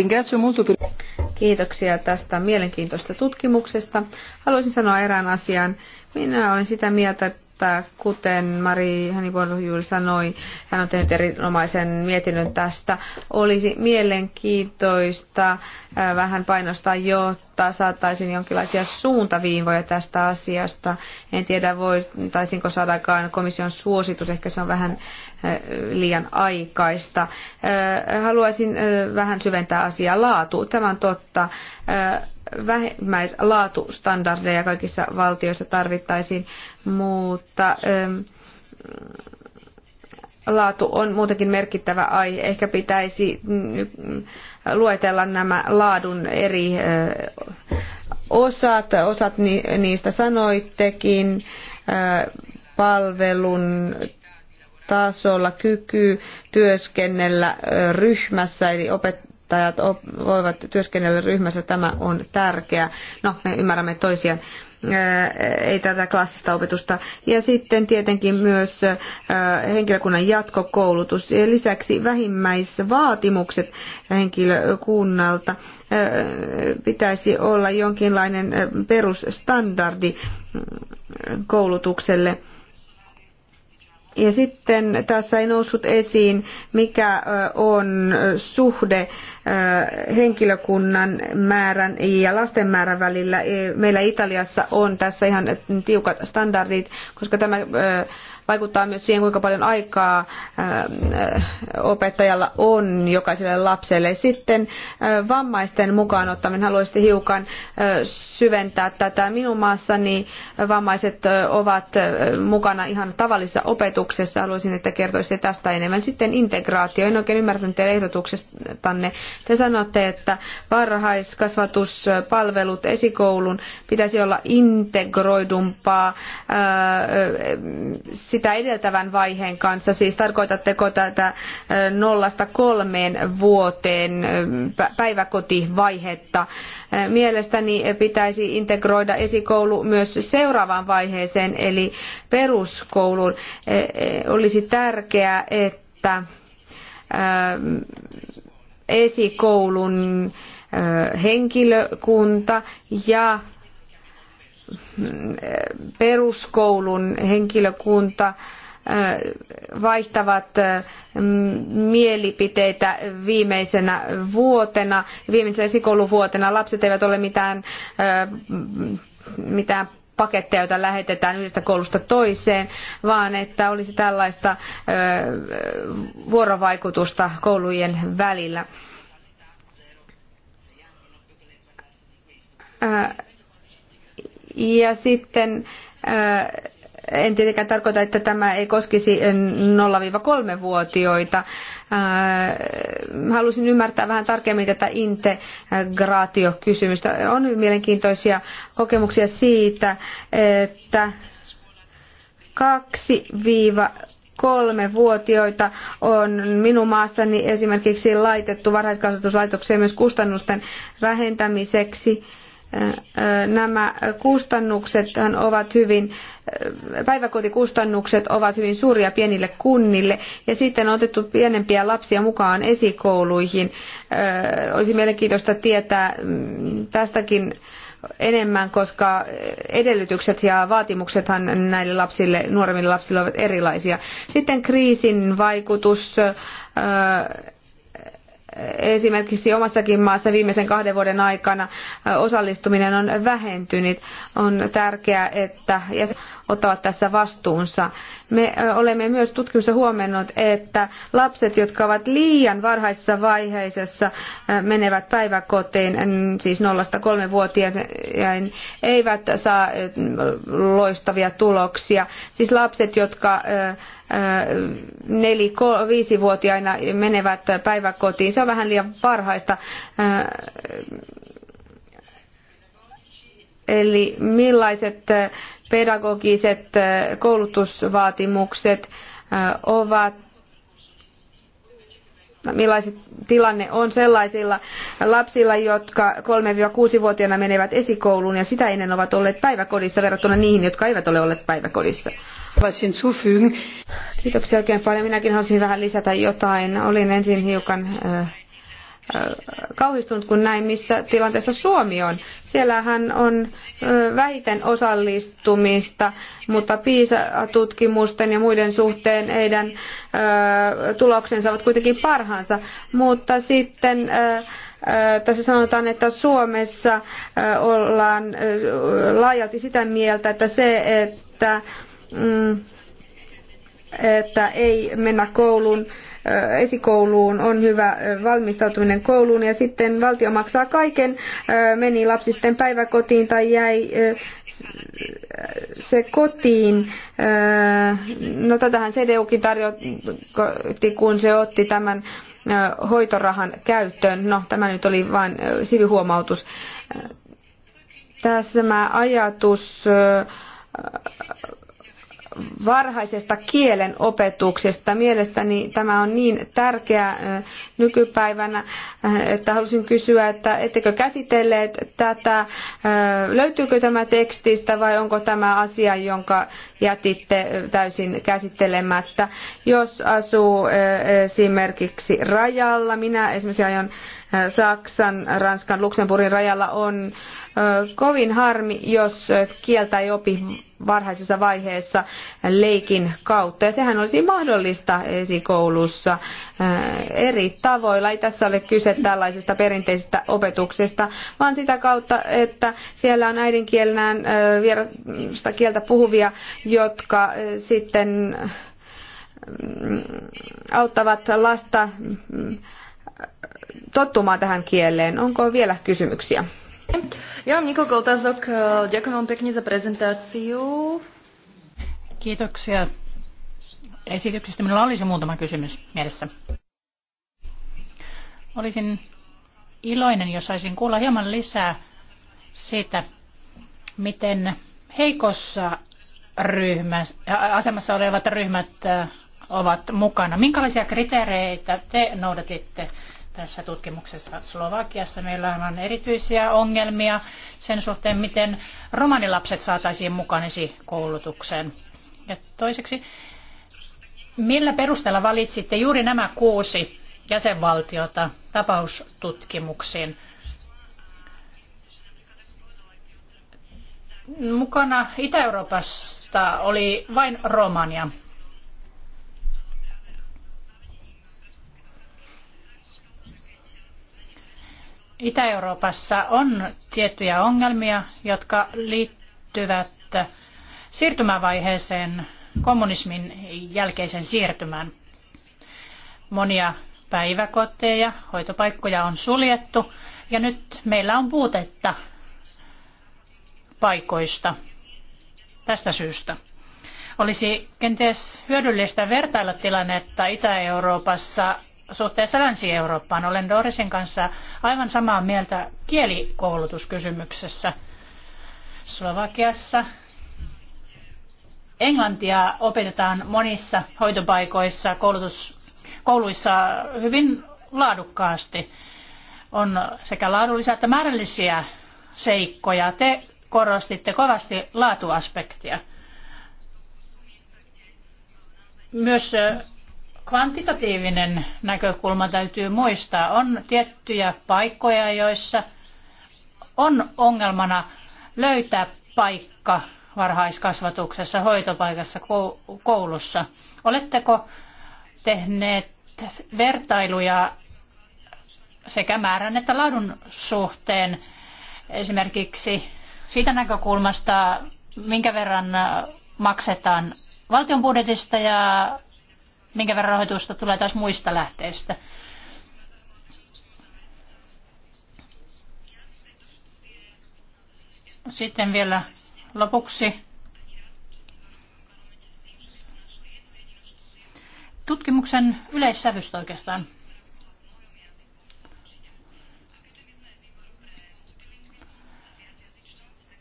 Kiitoksia tästä mielenkiintoista tutkimuksesta. Haluaisin sanoa erään asian. Minä olen sitä mieltä, että kuten Mari Hanipuolu juuri sanoi, hän on tehnyt erinomaisen mietinnön tästä. Olisi mielenkiintoista eh, vähän painostaa, jotta saataisiin jonkinlaisia suuntaviivoja tästä asiasta. En tiedä, voitaisinko saadakaan komission suositus, ehkä se on vähän Äh, liian aikaista. Äh, haluaisin äh, vähän syventää asiaa. Laatu, tämä on totta. Vähimmäislaatustandardeja kaikissa valtioissa tarvittaisiin, mutta ähm, laatu on muutenkin merkittävä aihe. Ehkä pitäisi mm, luetella nämä laadun eri osat. Osat niistä sanoittekin palvelun tasolla kyky työskennellä ryhmässä, eli opettajat voivat työskennellä ryhmässä, tämä on tärkeää. No, me ymmärrämme toisiaan ei tätä klassista opetusta. Ja sitten tietenkin myös henkilökunnan jatkokoulutus. Ja lisäksi vähimmäisvaatimukset henkilökunnalta pitäisi olla jonkinlainen perusstandardi mm, koulutukselle ja sitten tässä ei noussut esiin, mikä on suhde henkilökunnan määrän ja lasten määrän välillä. E, meillä Italiassa on tässä ihan tiukat standardit, koska tämä vaikuttaa myös siihen, kuinka paljon aikaa opettajalla on jokaiselle lapselle. Sitten vammaisten mukaan ottaminen haluaisin hiukan syventää tätä. Minun maassani vammaiset ovat mukana ihan tavallisessa opetuksessa. Haluaisin, että kertoisitte tästä enemmän. Sitten integraatio. En oikein ymmärtänyt teidän ehdotuksestanne. Te sanotte, että varhaiskasvatuspalvelut esikoulun pitäisi olla integroidumpaa sitä edeltävän vaiheen kanssa? Siis tarkoitatteko tätä nollasta kolmeen vuoteen päiväkotivaihetta? Mielestäni pitäisi integroida esikoulu myös seuraavaan vaiheeseen, eli peruskouluun. Olisi tärkeää, että esikoulun henkilökunta ja peruskoulun henkilökunta äh, vaihtavat äh, mielipiteitä viimeisenä vuotena, viimeisenä esikouluvuotena. Lapset eivät ole mitään, äh, mitään paketteja, joita lähetetään yhdestä koulusta toiseen, vaan että olisi tällaista vuorovaikutusta koulujen välillä. Ja sitten äh, en tietenkään tarkoita, että tämä ei koskisi 0-3-vuotioita. Äh, äh, halusin ymmärtää vähän tarkemmin tätä integraatiokysymystä. On hyvin mielenkiintoisia kokemuksia siitä, että 2- vuotioita on minun maassani esimerkiksi laitettu varhaiskasvatuslaitokseen myös kustannusten vähentämiseksi nämä kustannukset ovat hyvin, päiväkotikustannukset ovat hyvin suuria pienille kunnille ja sitten on otettu pienempiä lapsia mukaan esikouluihin. Olisi mielenkiintoista tietää mm, tästäkin enemmän, koska edellytykset ja vaatimuksethan näille lapsille, nuoremmille lapsille ovat erilaisia. Sitten kriisin vaikutus esimerkiksi omassakin maassa viimeisen kahden vuoden aikana osallistuminen on vähentynyt. On tärkeää, että ottavat tässä vastuunsa. Me olemme myös tutkimuksessa huomannut, että lapset, jotka ovat liian varhaisessa vaiheessa menevät päiväkotiin, mm, siis 0 kolme vuotiaiden eivät saa loistavia tuloksia. Siis lapset, jotka neli, viisi vuotiaina menevät päiväkotiin. Se on vähän liian varhaista Eli millaiset äh, pedagogiset äh, koulutusvaatimukset äh, ovat millaiset tilanne on sellaisilla lapsilla, jotka 3-6-vuotiaana menevät esikouluun ja sitä ennen ovat olleet päiväkodissa verrattuna niihin, jotka eivät ole olleet päiväkodissa. Kiitoksia oikein paljon. Minäkin haluaisin vähän lisätä jotain. Olin ensin hiukan äh, Äh, kauhistunut, kun näin, missä tilanteessa Suomi on. Siellähän on äh, vähiten osallistumista, mutta PISA-tutkimusten ja muiden suhteen heidän äh, tuloksensa ovat kuitenkin parhaansa. Mutta sitten tässä sanotaan, että Suomessa ollaan laajalti sitä mieltä, että se, että, mm, että ei mennä koulun esikouluun, on hyvä valmistautuminen kouluun ja sitten valtio maksaa kaiken, meni lapsi sitten päiväkotiin tai jäi se kotiin. No tätähän CDUkin tarjotti, kun se otti tämän hoitorahan käyttöön. No tämä nyt oli vain sivihuomautus. Tässä ajatus varhaisesta kielen opetuksesta. Mielestäni tämä on niin tärkeää nykypäivänä, että halusin kysyä, että ettekö käsitelleet tätä, löytyykö tämä tekstistä vai onko tämä asia, jonka jätitte täysin käsittelemättä. Jos asuu esimerkiksi rajalla, minä esimerkiksi ajan Saksan, Ranskan, Luxemburgin rajalla on kovin harmi, jos kieltä ei opi varhaisessa vaiheessa leikin kautta. Ja sehän olisi mahdollista esikoulussa eri tavoilla. Ei tässä ole kyse tällaisesta perinteisestä opetuksesta, vaan sitä kautta, että siellä on äidinkielenään vierasta kieltä puhuvia, jotka sitten mm, auttavat lasta mm, tottumaan tähän kieleen. Onko vielä kysymyksiä? Ja mám niekoľko otázok. Ďakujem vám pekne za prezentáciu. Kiitoksia esityksestä. Minulla olisi muutama kysymys mielessä. Olisin iloinen, jos saisin kuulla hieman lisää siitä, miten heikossa ryhmässä, äh, asemassa olevat ryhmät äh, ovat mukana. Minkälaisia kriteereitä te noudatitte tässä tutkimuksessa Slovakiassa. Meillä on erityisiä ongelmia sen suhteen, miten romanilapset saataisiin mukaan esikoulutukseen. Ja toiseksi, millä perusteella valitsitte juuri nämä kuusi jäsenvaltiota tapaustutkimuksiin? Mukana Itä-Euroopasta oli vain Romania. Itä-Euroopassa on tiettyjä ongelmia, jotka liittyvät siirtymävaiheeseen, kommunismin jälkeisen siirtymään. Monia päiväkoteja, hoitopaikkoja on suljettu ja nyt meillä on puutetta paikoista tästä syystä. Olisi kenties hyödyllistä vertailla tilannetta Itä-Euroopassa suhteessa Länsi-Eurooppaan. Olen Dorisin kanssa aivan samaa mieltä kielikoulutuskysymyksessä. Slovakiassa englantia opetetaan monissa hoitopaikoissa, koulutus, kouluissa hyvin laadukkaasti. On sekä laadullisia että määrällisiä seikkoja. Te korostitte kovasti laatuaspektia. Myös kvantitatiivinen näkökulma täytyy muistaa. On tiettyjä paikkoja, joissa on ongelmana löytää paikka varhaiskasvatuksessa, hoitopaikassa, koulussa. Oletteko tehneet vertailuja sekä määrän että laadun suhteen esimerkiksi siitä näkökulmasta, minkä verran maksetaan valtion budjetista ja minkä verran rahoitusta tulee taas muista lähteistä. Sitten vielä lopuksi tutkimuksen yleissävystä oikeastaan.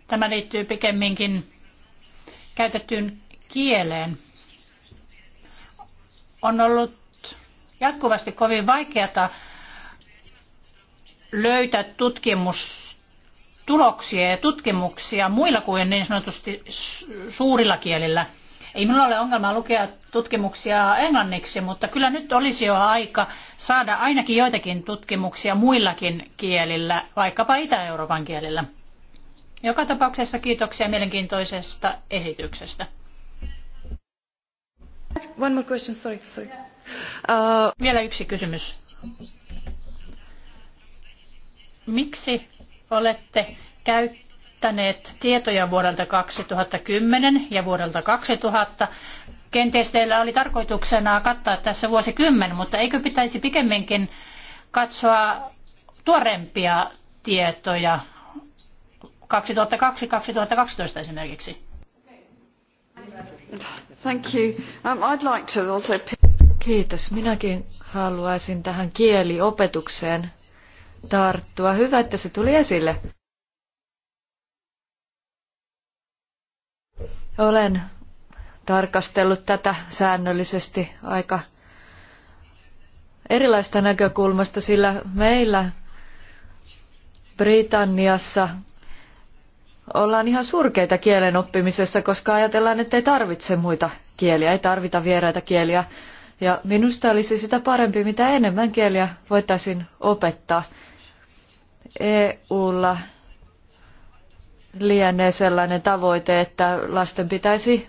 Tämä liittyy pikemminkin käytettyyn kieleen on ollut jatkuvasti kovin vaikeata löytää tutkimustuloksia ja tutkimuksia muilla kuin niin sanotusti suurilla kielillä. Ei minulla ole ongelmaa lukea tutkimuksia englanniksi, mutta kyllä nyt olisi jo aika saada ainakin joitakin tutkimuksia muillakin kielillä, vaikkapa Itä-Euroopan kielillä. Joka tapauksessa kiitoksia mielenkiintoisesta esityksestä. Uh, Vielä yksi kysymys. Miksi olette käyttäneet tietoja vuodelta 2010 ja vuodelta 2000? Kenties teillä oli tarkoituksena kattaa tässä vuosikymmen, mutta eikö pitäisi pikemminkin katsoa tuorempia tietoja 2002-2012 esimerkiksi? Thank you. Um, I'd like to also... Kiitos. Minäkin haluaisin tähän kieliopetukseen tarttua. Hyvä, että se tuli esille. Olen tarkastellut tätä säännöllisesti aika erilaista näkökulmasta, sillä meillä Britanniassa ollaan ihan surkeita kielen oppimisessa, koska ajatellaan, että ei tarvitse muita kieliä, ei tarvita vieraita kieliä. Ja minusta olisi sitä parempi, mitä enemmän kieliä voitaisiin opettaa. EUlla lienee sellainen tavoite, että lasten pitäisi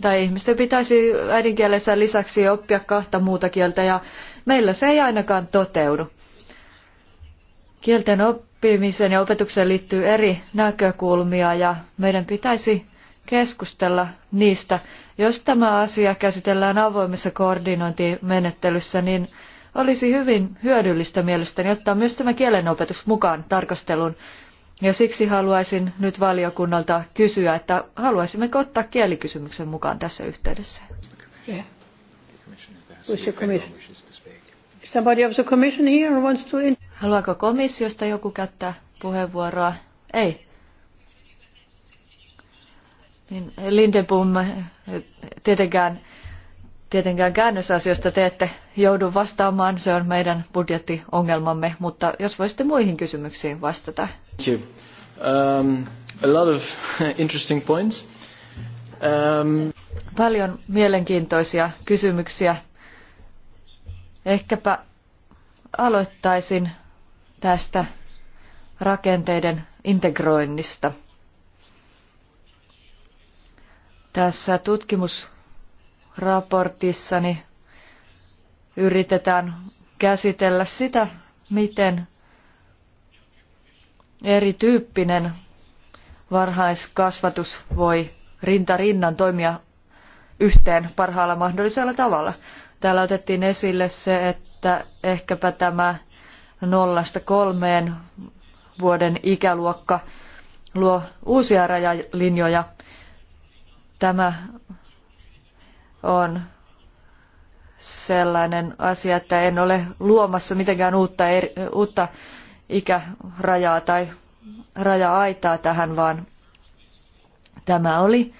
tai ihmisten pitäisi äidinkielensä lisäksi oppia kahta muuta kieltä ja meillä se ei ainakaan toteudu. Kielten op- oppimiseen ja opetukseen liittyy eri näkökulmia ja meidän pitäisi keskustella niistä. Jos tämä asia käsitellään avoimessa koordinointimenettelyssä, niin olisi hyvin hyödyllistä mielestäni ottaa myös tämä kielenopetus mukaan tarkasteluun. Ja siksi haluaisin nyt valiokunnalta kysyä, että haluaisimmeko ottaa kielikysymyksen mukaan tässä yhteydessä. Yeah. Somebody of the commission here wants to... Haluaako komissiosta joku käyttää puheenvuoroa? Ei. Niin Lindebum, tietenkään, tietenkään käännösasioista te ette joudu vastaamaan, se on meidän budjettiongelmamme, mutta jos voisitte muihin kysymyksiin vastata. Thank you. Um, a lot of interesting points. Um... Paljon mielenkiintoisia kysymyksiä. Ehkäpä aloittaisin tästä rakenteiden integroinnista. Tässä tutkimusraportissani yritetään käsitellä sitä, miten erityyppinen varhaiskasvatus voi rinta rinnan toimia yhteen parhaalla mahdollisella tavalla. Täällä otettiin esille se, että ehkäpä tämä nollasta kolmeen vuoden ikäluokka luo uusia rajalinjoja. Tämä on sellainen asia, että en ole luomassa mitenkään uutta, eri, uutta ikärajaa tai raja-aitaa tähän, vaan tämä oli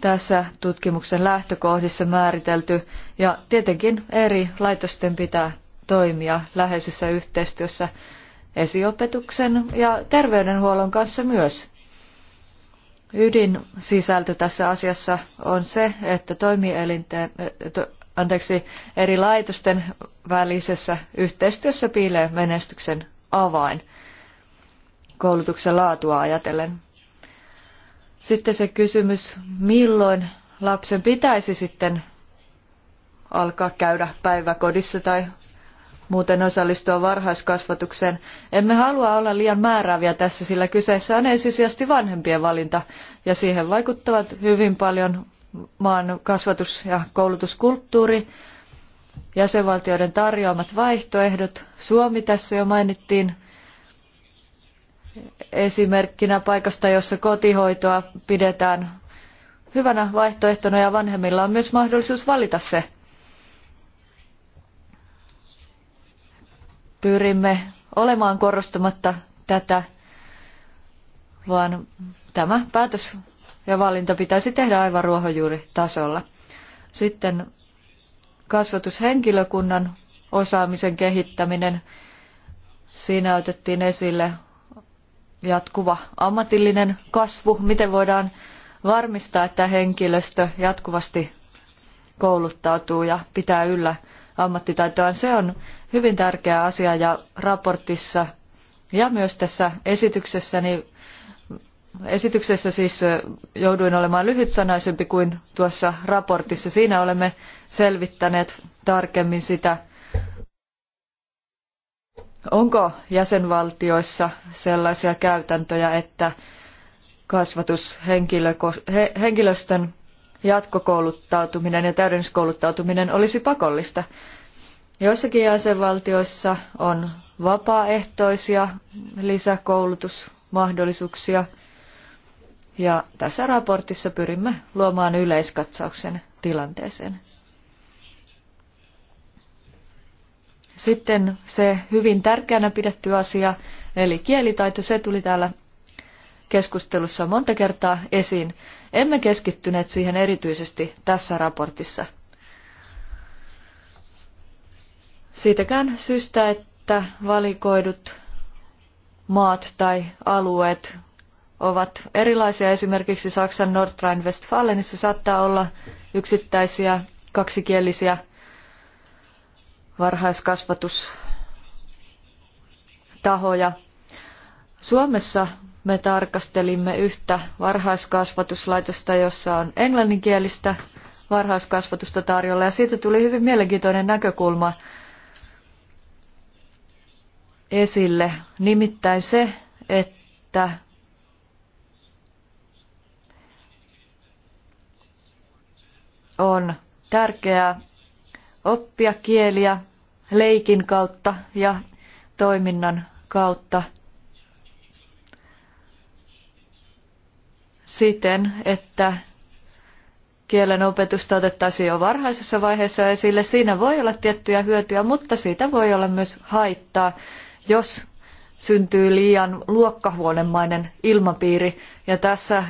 tässä tutkimuksen lähtökohdissa määritelty ja tietenkin eri laitosten pitää toimia läheisessä yhteistyössä esiopetuksen ja terveydenhuollon kanssa myös. Ydin sisältö tässä asiassa on se, että toimielinten, eh, anteeksi, eri laitosten välisessä yhteistyössä piilee menestyksen avain koulutuksen laatua ajatellen. Sitten se kysymys, milloin lapsen pitäisi sitten alkaa käydä päiväkodissa tai muuten osallistua varhaiskasvatukseen. Emme halua olla liian määrääviä tässä, sillä kyseessä on ensisijaisesti vanhempien valinta, ja siihen vaikuttavat hyvin paljon maan kasvatus- ja koulutuskulttuuri, jäsenvaltioiden tarjoamat vaihtoehdot. Suomi tässä jo mainittiin esimerkkinä paikasta, jossa kotihoitoa pidetään hyvänä vaihtoehtona ja vanhemmilla on myös mahdollisuus valita se pyrimme olemaan korostamatta tätä, vaan tämä päätös ja valinta pitäisi tehdä aivan ruohonjuuritasolla. Sitten kasvatushenkilökunnan osaamisen kehittäminen. Siinä otettiin esille jatkuva ammatillinen kasvu, miten voidaan varmistaa, että henkilöstö jatkuvasti kouluttautuu ja pitää yllä ammattitaitoaan. Se on hyvin tärkeä asia ja raportissa ja myös tässä esityksessä niin Esityksessä siis jouduin olemaan lyhytsanaisempi kuin tuossa raportissa. Siinä olemme selvittäneet tarkemmin sitä, onko jäsenvaltioissa sellaisia käytäntöjä, että kasvatushenkilöstön jatkokouluttautuminen ja täydennyskouluttautuminen olisi pakollista. Joissakin jäsenvaltioissa on vapaaehtoisia lisäkoulutusmahdollisuuksia ja tässä raportissa pyrimme luomaan yleiskatsauksen tilanteeseen. Sitten se hyvin tärkeänä pidetty asia, eli kielitaito, se tuli täällä keskustelussa monta kertaa esiin. Emme keskittyneet siihen erityisesti tässä raportissa. Siitäkään syystä, että valikoidut maat tai alueet ovat erilaisia. Esimerkiksi Saksan Nordrhein-Westfalenissa saattaa olla yksittäisiä kaksikielisiä varhaiskasvatustahoja. Suomessa me tarkastelimme yhtä varhaiskasvatuslaitosta, jossa on englanninkielistä varhaiskasvatusta tarjolla ja siitä tuli hyvin mielenkiintoinen näkökulma esille, nimittäin se, että on tärkeää oppia kieliä leikin kautta ja toiminnan kautta – siten, että kielen opetusta otettaisiin jo varhaisessa vaiheessa esille. Siinä voi olla tiettyjä hyötyjä, mutta siitä voi olla myös haittaa, jos syntyy liian luokkahuonemainen ilmapiiri. Ja tässä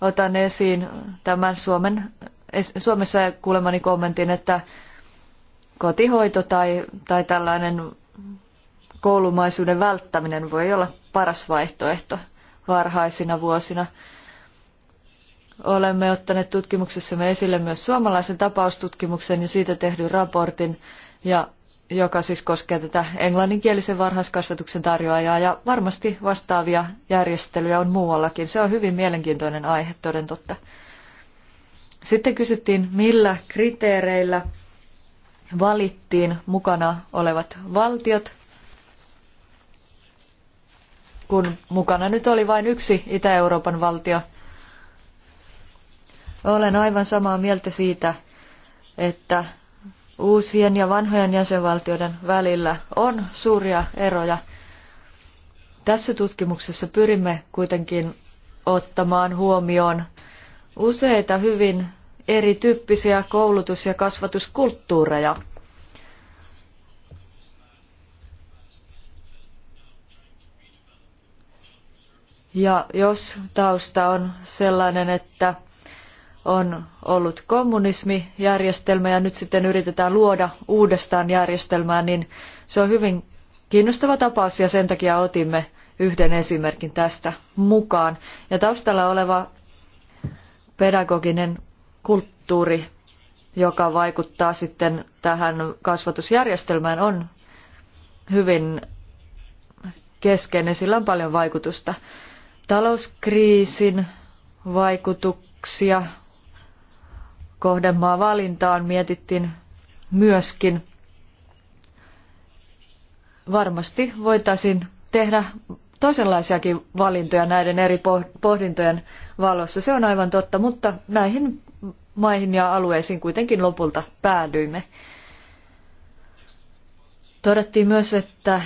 otan esiin tämän Suomen, Suomessa kuulemani kommentin, että kotihoito tai, tai tällainen koulumaisuuden välttäminen voi olla paras vaihtoehto varhaisina vuosina. Olemme ottaneet tutkimuksessamme esille myös suomalaisen tapaustutkimuksen ja siitä tehdyn raportin, ja joka siis koskee tätä englanninkielisen varhaiskasvatuksen tarjoajaa ja varmasti vastaavia järjestelyjä on muuallakin. Se on hyvin mielenkiintoinen aihe toden totta. Sitten kysyttiin, millä kriteereillä valittiin mukana olevat valtiot, kun mukana nyt oli vain yksi Itä-Euroopan valtio – olen aivan samaa mieltä siitä, että uusien ja vanhojen jäsenvaltioiden välillä on suuria eroja. Tässä tutkimuksessa pyrimme kuitenkin ottamaan huomioon useita hyvin erityyppisiä koulutus- ja kasvatuskulttuureja. Ja jos tausta on sellainen, että on ollut kommunismijärjestelmä ja nyt sitten yritetään luoda uudestaan järjestelmää, niin se on hyvin kiinnostava tapaus ja sen takia otimme yhden esimerkin tästä mukaan. Ja taustalla oleva pedagoginen kulttuuri, joka vaikuttaa sitten tähän kasvatusjärjestelmään, on hyvin keskeinen, sillä on paljon vaikutusta. Talouskriisin vaikutuksia kohdemaa valintaan mietittiin myöskin. Varmasti voitaisiin tehdä toisenlaisiakin valintoja näiden eri pohdintojen valossa. Se on aivan totta, mutta näihin maihin ja alueisiin kuitenkin lopulta päädyimme. Todettiin myös, että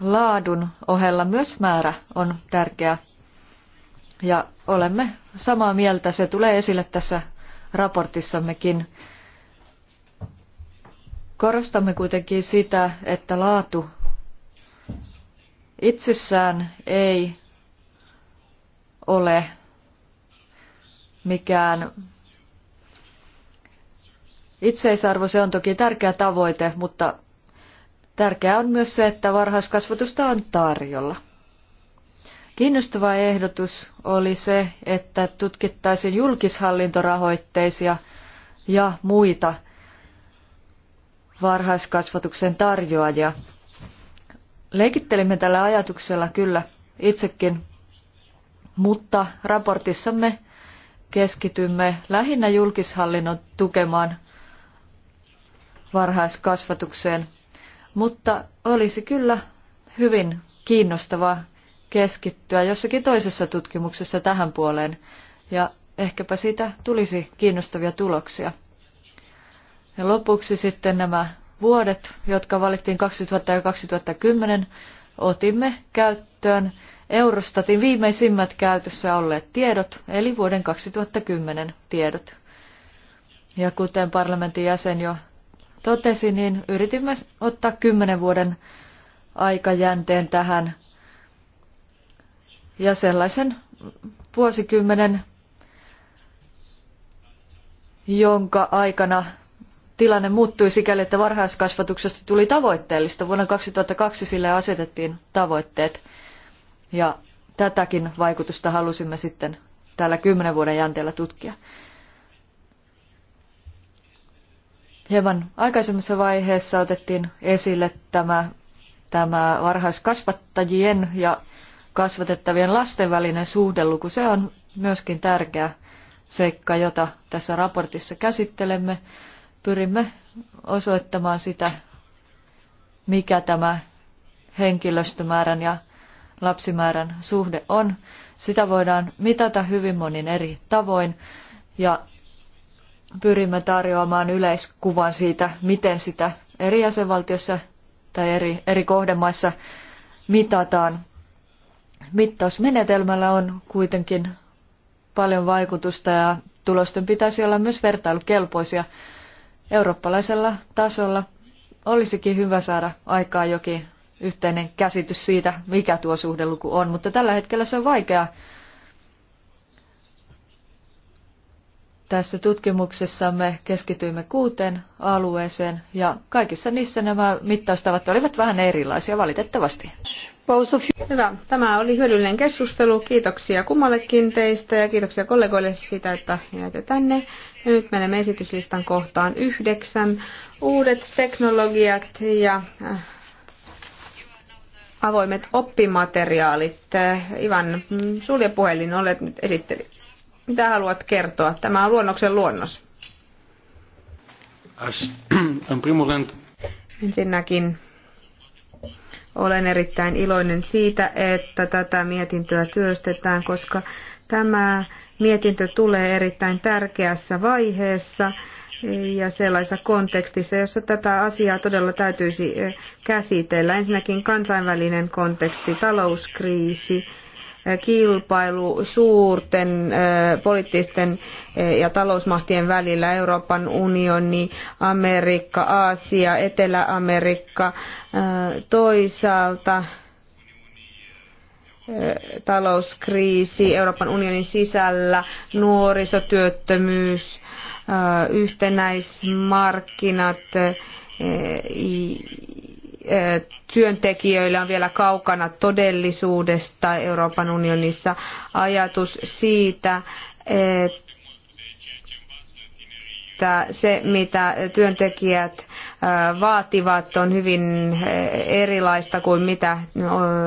laadun ohella myös määrä on tärkeä ja olemme samaa mieltä, se tulee esille tässä raportissammekin. Korostamme kuitenkin sitä, että laatu itsessään ei ole mikään itseisarvo. Se on toki tärkeä tavoite, mutta tärkeää on myös se, että varhaiskasvatusta on tarjolla. Kiinnostava ehdotus oli se, että tutkittaisiin julkishallintorahoitteisia ja muita varhaiskasvatuksen tarjoajia. Leikittelimme tällä ajatuksella kyllä itsekin, mutta raportissamme keskitymme lähinnä julkishallinnon tukemaan varhaiskasvatukseen, mutta olisi kyllä hyvin kiinnostavaa keskittyä jossakin toisessa tutkimuksessa tähän puoleen, ja ehkäpä siitä tulisi kiinnostavia tuloksia. Ja lopuksi sitten nämä vuodet, jotka valittiin 2000 ja 2010, otimme käyttöön Eurostatin viimeisimmät käytössä olleet tiedot, eli vuoden 2010 tiedot. Ja kuten parlamentin jäsen jo totesi, niin yritimme ottaa kymmenen vuoden aikajänteen tähän ja sellaisen vuosikymmenen, jonka aikana tilanne muuttui sikäli, että varhaiskasvatuksesta tuli tavoitteellista. Vuonna 2002 sille asetettiin tavoitteet ja tätäkin vaikutusta halusimme sitten tällä kymmenen vuoden jänteellä tutkia. Hieman aikaisemmassa vaiheessa otettiin esille tämä, tämä varhaiskasvattajien ja kasvatettavien lasten välinen suhdeluku, se on myöskin tärkeä seikka, jota tässä raportissa käsittelemme. Pyrimme osoittamaan sitä, mikä tämä henkilöstömäärän ja lapsimäärän suhde on. Sitä voidaan mitata hyvin monin eri tavoin ja pyrimme tarjoamaan yleiskuvan siitä, miten sitä eri jäsenvaltiossa tai eri, eri kohdemaissa mitataan. Mittausmenetelmällä on kuitenkin paljon vaikutusta ja tulosten pitäisi olla myös vertailukelpoisia. Eurooppalaisella tasolla olisikin hyvä saada aikaa jokin yhteinen käsitys siitä, mikä tuo suhdeluku on, mutta tällä hetkellä se on vaikeaa Tässä tutkimuksessamme keskityimme kuuteen alueeseen ja kaikissa niissä nämä mittaustavat olivat vähän erilaisia valitettavasti. Hyvä. Tämä oli hyödyllinen keskustelu. Kiitoksia kummallekin teistä ja kiitoksia kollegoille siitä, että jäätte tänne. Ja nyt menemme esityslistan kohtaan yhdeksän. Uudet teknologiat ja äh, avoimet oppimateriaalit. Äh, Ivan, mm, sulje puhelin, olet nyt esittelijä. Mitä haluat kertoa? Tämä on luonnoksen luonnos. Ensinnäkin olen erittäin iloinen siitä, että tätä mietintöä työstetään, koska tämä mietintö tulee erittäin tärkeässä vaiheessa ja sellaisessa kontekstissa, jossa tätä asiaa todella täytyisi käsitellä. Ensinnäkin kansainvälinen konteksti, talouskriisi, kilpailu suurten poliittisten ja talousmahtien välillä Euroopan unioni, Amerikka, Aasia, Etelä-Amerikka, toisaalta talouskriisi Euroopan unionin sisällä, nuorisotyöttömyys, yhtenäismarkkinat työntekijöillä on vielä kaukana todellisuudesta Euroopan unionissa. Ajatus siitä, että se, mitä työntekijät vaativat, on hyvin erilaista kuin mitä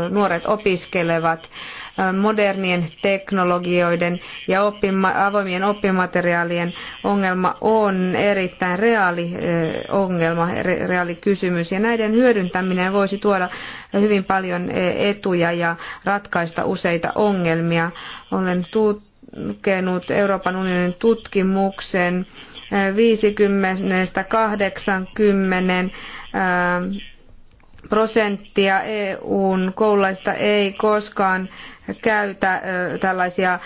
nuoret opiskelevat modernien teknologioiden ja avoimien oppimateriaalien ongelma on erittäin reaali ongelma, reaali kysymys. Ja näiden hyödyntäminen voisi tuoda hyvin paljon etuja ja ratkaista useita ongelmia. Olen tukenut Euroopan unionin tutkimuksen 50-80 prosenttia EUn koululaista ei koskaan käytä tällaisia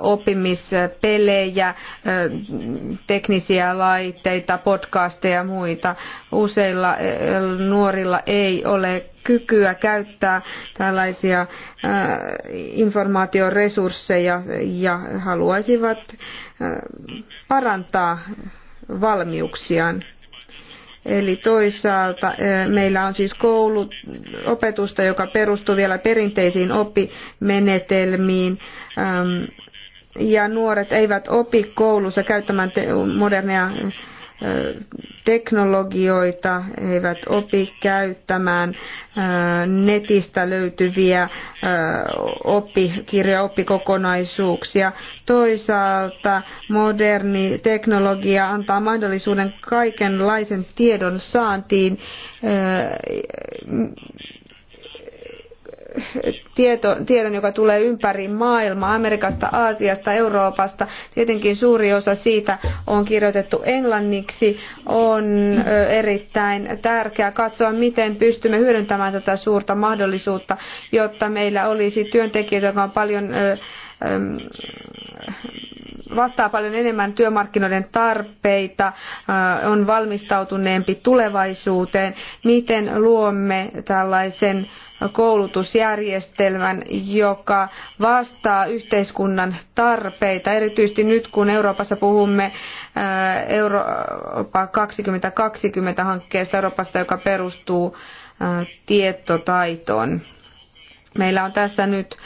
oppimispelejä, teknisiä laitteita, podcasteja ja muita. Useilla nuorilla ei ole kykyä käyttää tällaisia informaatioresursseja ja haluaisivat parantaa valmiuksiaan. Eli toisaalta eh, meillä on siis koulut, opetusta, joka perustuu vielä perinteisiin oppimenetelmiin. Ja nuoret eivät opi koulussa käyttämään moderneja eh, teknologioita, he eivät opi käyttämään netistä löytyviä oppikirja oppikokonaisuuksia. Toisaalta moderni teknologia antaa mahdollisuuden kaikenlaisen tiedon saantiin tieto, tiedon, joka tulee ympäri maailmaa, Amerikasta, Aasiasta, Euroopasta. Tietenkin suuri osa siitä on kirjoitettu englanniksi. On erittäin tärkeää katsoa, miten pystymme hyödyntämään tätä suurta mahdollisuutta, jotta meillä olisi työntekijöitä, jotka on paljon vastaa paljon enemmän työmarkkinoiden tarpeita, on valmistautuneempi tulevaisuuteen. Miten luomme tällaisen koulutusjärjestelmän, joka vastaa yhteiskunnan tarpeita, erityisesti nyt kun Euroopassa puhumme Eurooppa 2020 hankkeesta Euroopasta, joka perustuu tietotaitoon. Meillä on tässä nyt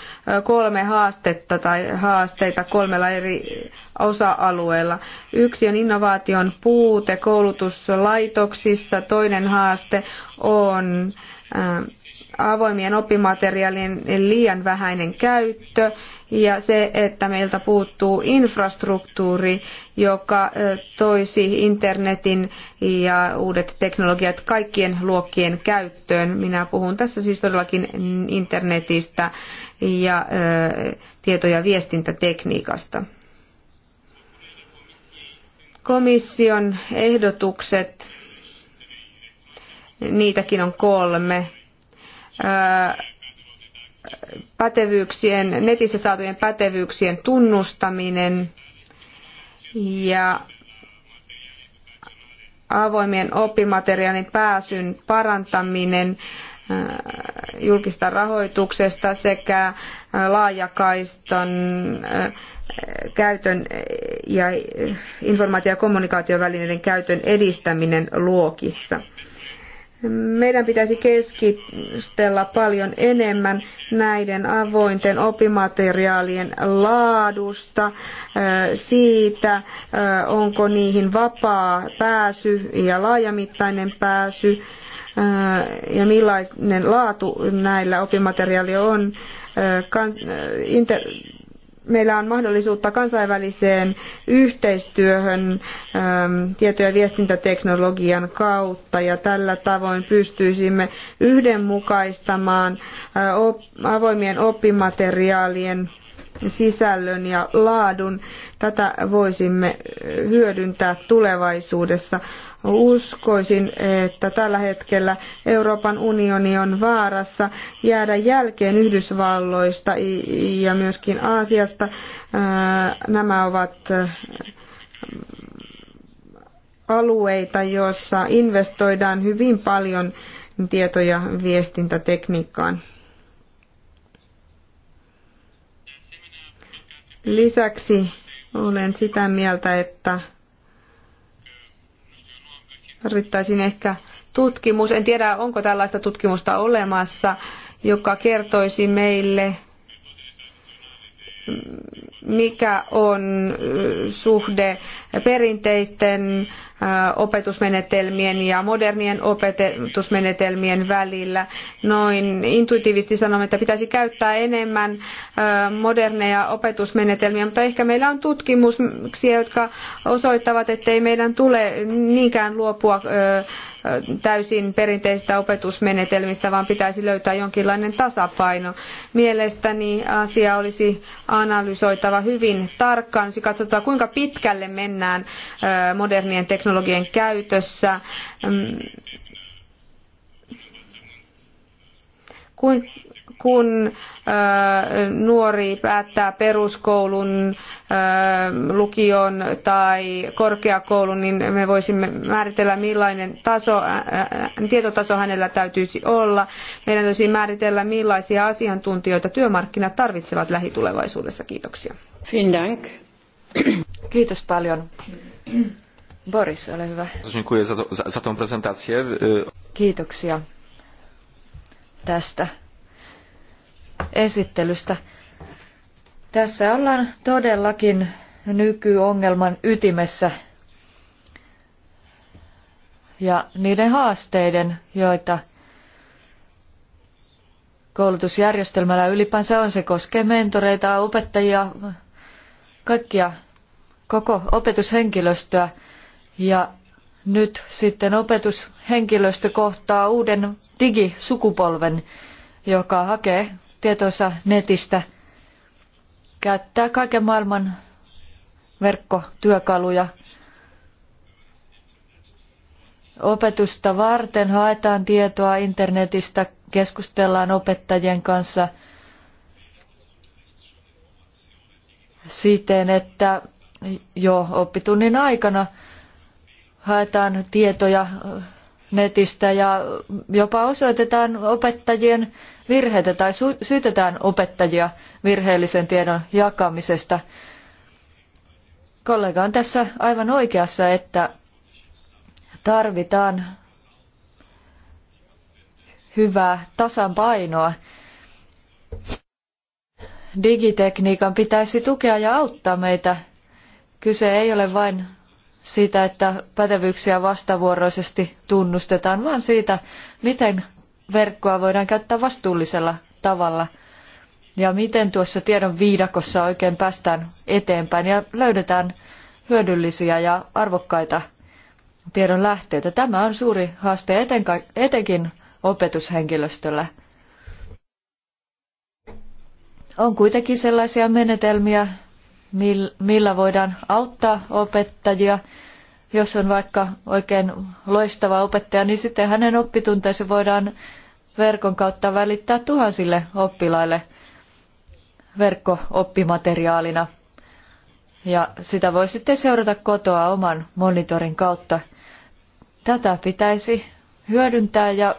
kolme haastetta tai haasteita kolmella eri osa-alueella. Yksi on innovaation puute koulutuslaitoksissa, toinen haaste on avoimien oppimateriaalien liian vähäinen käyttö ja se, että meiltä puuttuu infrastruktuuri, joka toisi internetin ja uudet teknologiat kaikkien luokkien käyttöön. Minä puhun tässä siis todellakin internetistä ja tieto- ja viestintätekniikasta. Komission ehdotukset, niitäkin on kolme pätevyyksien, netissä saatujen pätevyyksien tunnustaminen ja avoimien oppimateriaalin pääsyn parantaminen julkista rahoituksesta sekä laajakaistan käytön ja informaatio- ja kommunikaatiovälineiden käytön edistäminen luokissa. Meidän pitäisi keskitellä paljon enemmän näiden avointen oppimateriaalien laadusta, siitä onko niihin vapaa pääsy ja laajamittainen pääsy ja millainen laatu näillä oppimateriaalilla on. Inter- meillä on mahdollisuutta kansainväliseen yhteistyöhön ähm, tieto- ja viestintäteknologian kautta ja tällä tavoin pystyisimme yhdenmukaistamaan äh, avoimien oppimateriaalien sisällön ja laadun. Tätä voisimme hyödyntää tulevaisuudessa. Uskoisin, että tällä hetkellä Euroopan unioni on vaarassa jäädä jälkeen Yhdysvalloista ja myöskin Aasiasta. Nämä ovat alueita, joissa investoidaan hyvin paljon tieto- ja viestintätekniikkaan. Lisäksi olen sitä mieltä, että Tarvittaisiin ehkä tutkimus. En tiedä, onko tällaista tutkimusta olemassa, joka kertoisi meille, mikä on suhde perinteisten opetusmenetelmien ja modernien opetusmenetelmien välillä. Noin intuitiivisesti sanomme, että pitäisi käyttää enemmän moderneja opetusmenetelmiä, mutta ehkä meillä on tutkimuksia, jotka osoittavat, ettei meidän tule niinkään luopua täysin perinteisistä opetusmenetelmistä, vaan pitäisi löytää jonkinlainen tasapaino. Mielestäni asia olisi analysoitava hyvin tarkkaan, olisi katsottava kuinka pitkälle mennään modernien teknologioiden teknologian käytössä. Mm. Kun, kun nuori päättää peruskoulun, lukion tai korkeakoulun, niin me voisimme määritellä millainen taso, tietotaso hänellä täytyisi olla. Meidän täytyisi määritellä millaisia asiantuntijoita työmarkkinat tarvitsevat lähitulevaisuudessa. Kiitoksia. Kiitos paljon. Boris, ole hyvä. Dziękuję za, za, za tą prezentację. Kiitoksia tästä esittelystä. Tässä ollaan todellakin nykyongelman ytimessä ja niiden haasteiden, joita koulutusjärjestelmällä ylipäänsä on. Se koskee mentoreita, opettajia, kaikkia, koko opetushenkilöstöä. Ja nyt sitten opetushenkilöstö kohtaa uuden digisukupolven, joka hakee tietonsa netistä, käyttää kaiken maailman verkkotyökaluja. Opetusta varten haetaan tietoa internetistä, keskustellaan opettajien kanssa siten, että jo oppitunnin aikana – haetaan tietoja netistä ja jopa osoitetaan opettajien virheitä tai syytetään opettajia virheellisen tiedon jakamisesta. Kollega on tässä aivan oikeassa, että tarvitaan hyvää tasapainoa. Digitekniikan pitäisi tukea ja auttaa meitä. Kyse ei ole vain siitä, että pätevyyksiä vastavuoroisesti tunnustetaan, vaan siitä, miten verkkoa voidaan käyttää vastuullisella tavalla ja miten tuossa tiedon viidakossa oikein päästään eteenpäin ja löydetään hyödyllisiä ja arvokkaita tiedon lähteitä. Tämä on suuri haaste etenkin opetushenkilöstöllä. On kuitenkin sellaisia menetelmiä, millä voidaan auttaa opettajia. Jos on vaikka oikein loistava opettaja, niin sitten hänen oppitunteensa voidaan verkon kautta välittää tuhansille oppilaille verkko-oppimateriaalina. Ja sitä voi sitten seurata kotoa oman monitorin kautta. Tätä pitäisi hyödyntää ja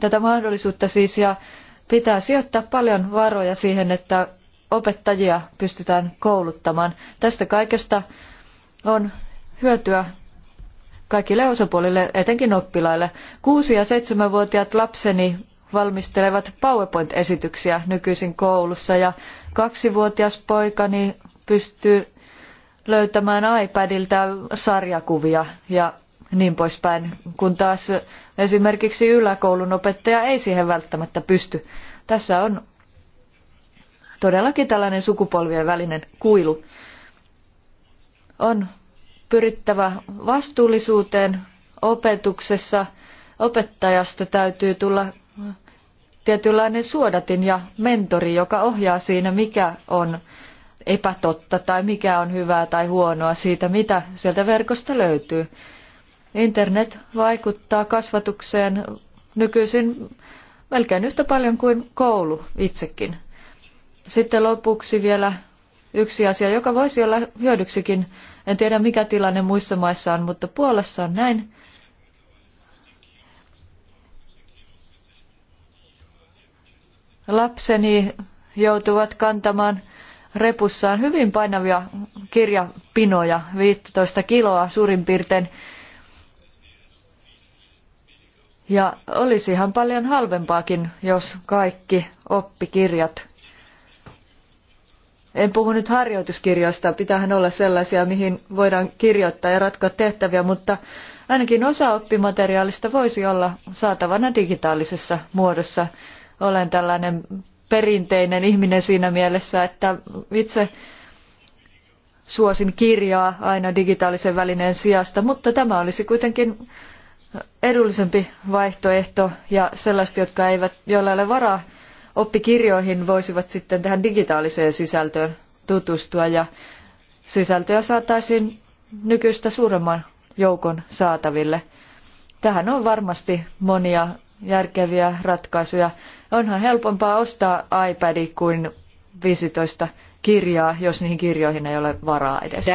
tätä mahdollisuutta siis ja pitää sijoittaa paljon varoja siihen, että opettajia pystytään kouluttamaan. Tästä kaikesta on hyötyä kaikille osapuolille, etenkin oppilaille. Kuusi- ja seitsemänvuotiaat lapseni valmistelevat PowerPoint-esityksiä nykyisin koulussa ja kaksivuotias poikani pystyy löytämään iPadilta sarjakuvia ja niin poispäin, kun taas esimerkiksi yläkoulun opettaja ei siihen välttämättä pysty. Tässä on todellakin tällainen sukupolvien välinen kuilu. On pyrittävä vastuullisuuteen opetuksessa. Opettajasta täytyy tulla tietynlainen suodatin ja mentori, joka ohjaa siinä, mikä on epätotta tai mikä on hyvää tai huonoa siitä, mitä sieltä verkosta löytyy. Internet vaikuttaa kasvatukseen nykyisin melkein yhtä paljon kuin koulu itsekin. Sitten lopuksi vielä yksi asia, joka voisi olla hyödyksikin. En tiedä mikä tilanne muissa maissa on, mutta Puolassa on näin. Lapseni joutuvat kantamaan repussaan hyvin painavia kirjapinoja, 15 kiloa suurin piirtein. Ja ihan paljon halvempaakin, jos kaikki oppikirjat en puhu nyt harjoituskirjoista, pitäähän olla sellaisia, mihin voidaan kirjoittaa ja ratkoa tehtäviä, mutta ainakin osa oppimateriaalista voisi olla saatavana digitaalisessa muodossa. Olen tällainen perinteinen ihminen siinä mielessä, että itse suosin kirjaa aina digitaalisen välineen sijasta, mutta tämä olisi kuitenkin edullisempi vaihtoehto ja sellaista, jotka eivät, joilla ei ole varaa oppikirjoihin voisivat sitten tähän digitaaliseen sisältöön tutustua ja sisältöä saataisiin nykyistä suuremman joukon saataville. Tähän on varmasti monia järkeviä ratkaisuja. Onhan helpompaa ostaa iPad kuin 15 kirjaa, jos niihin kirjoihin ei ole varaa edes.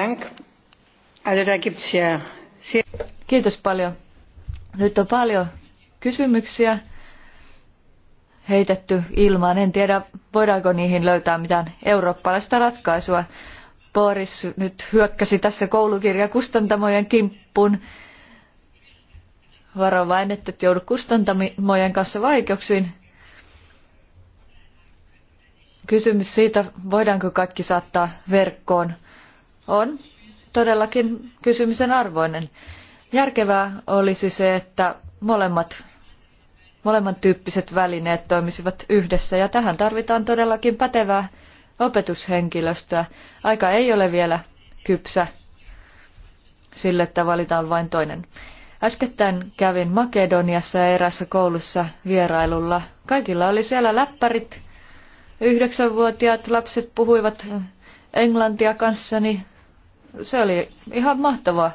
Kiitos paljon. Nyt on paljon kysymyksiä heitetty ilmaan. En tiedä, voidaanko niihin löytää mitään eurooppalaista ratkaisua. Boris nyt hyökkäsi tässä koulukirjakustantamojen kimppuun. Varo vain, että et joudu kustantamojen kanssa vaikeuksiin. Kysymys siitä, voidaanko kaikki saattaa verkkoon, on todellakin kysymisen arvoinen. Järkevää olisi se, että molemmat molemman tyyppiset välineet toimisivat yhdessä ja tähän tarvitaan todellakin pätevää opetushenkilöstöä. Aika ei ole vielä kypsä sille, että valitaan vain toinen. Äskettäin kävin Makedoniassa ja erässä koulussa vierailulla. Kaikilla oli siellä läppärit. Yhdeksänvuotiaat lapset puhuivat englantia kanssani. Se oli ihan mahtavaa.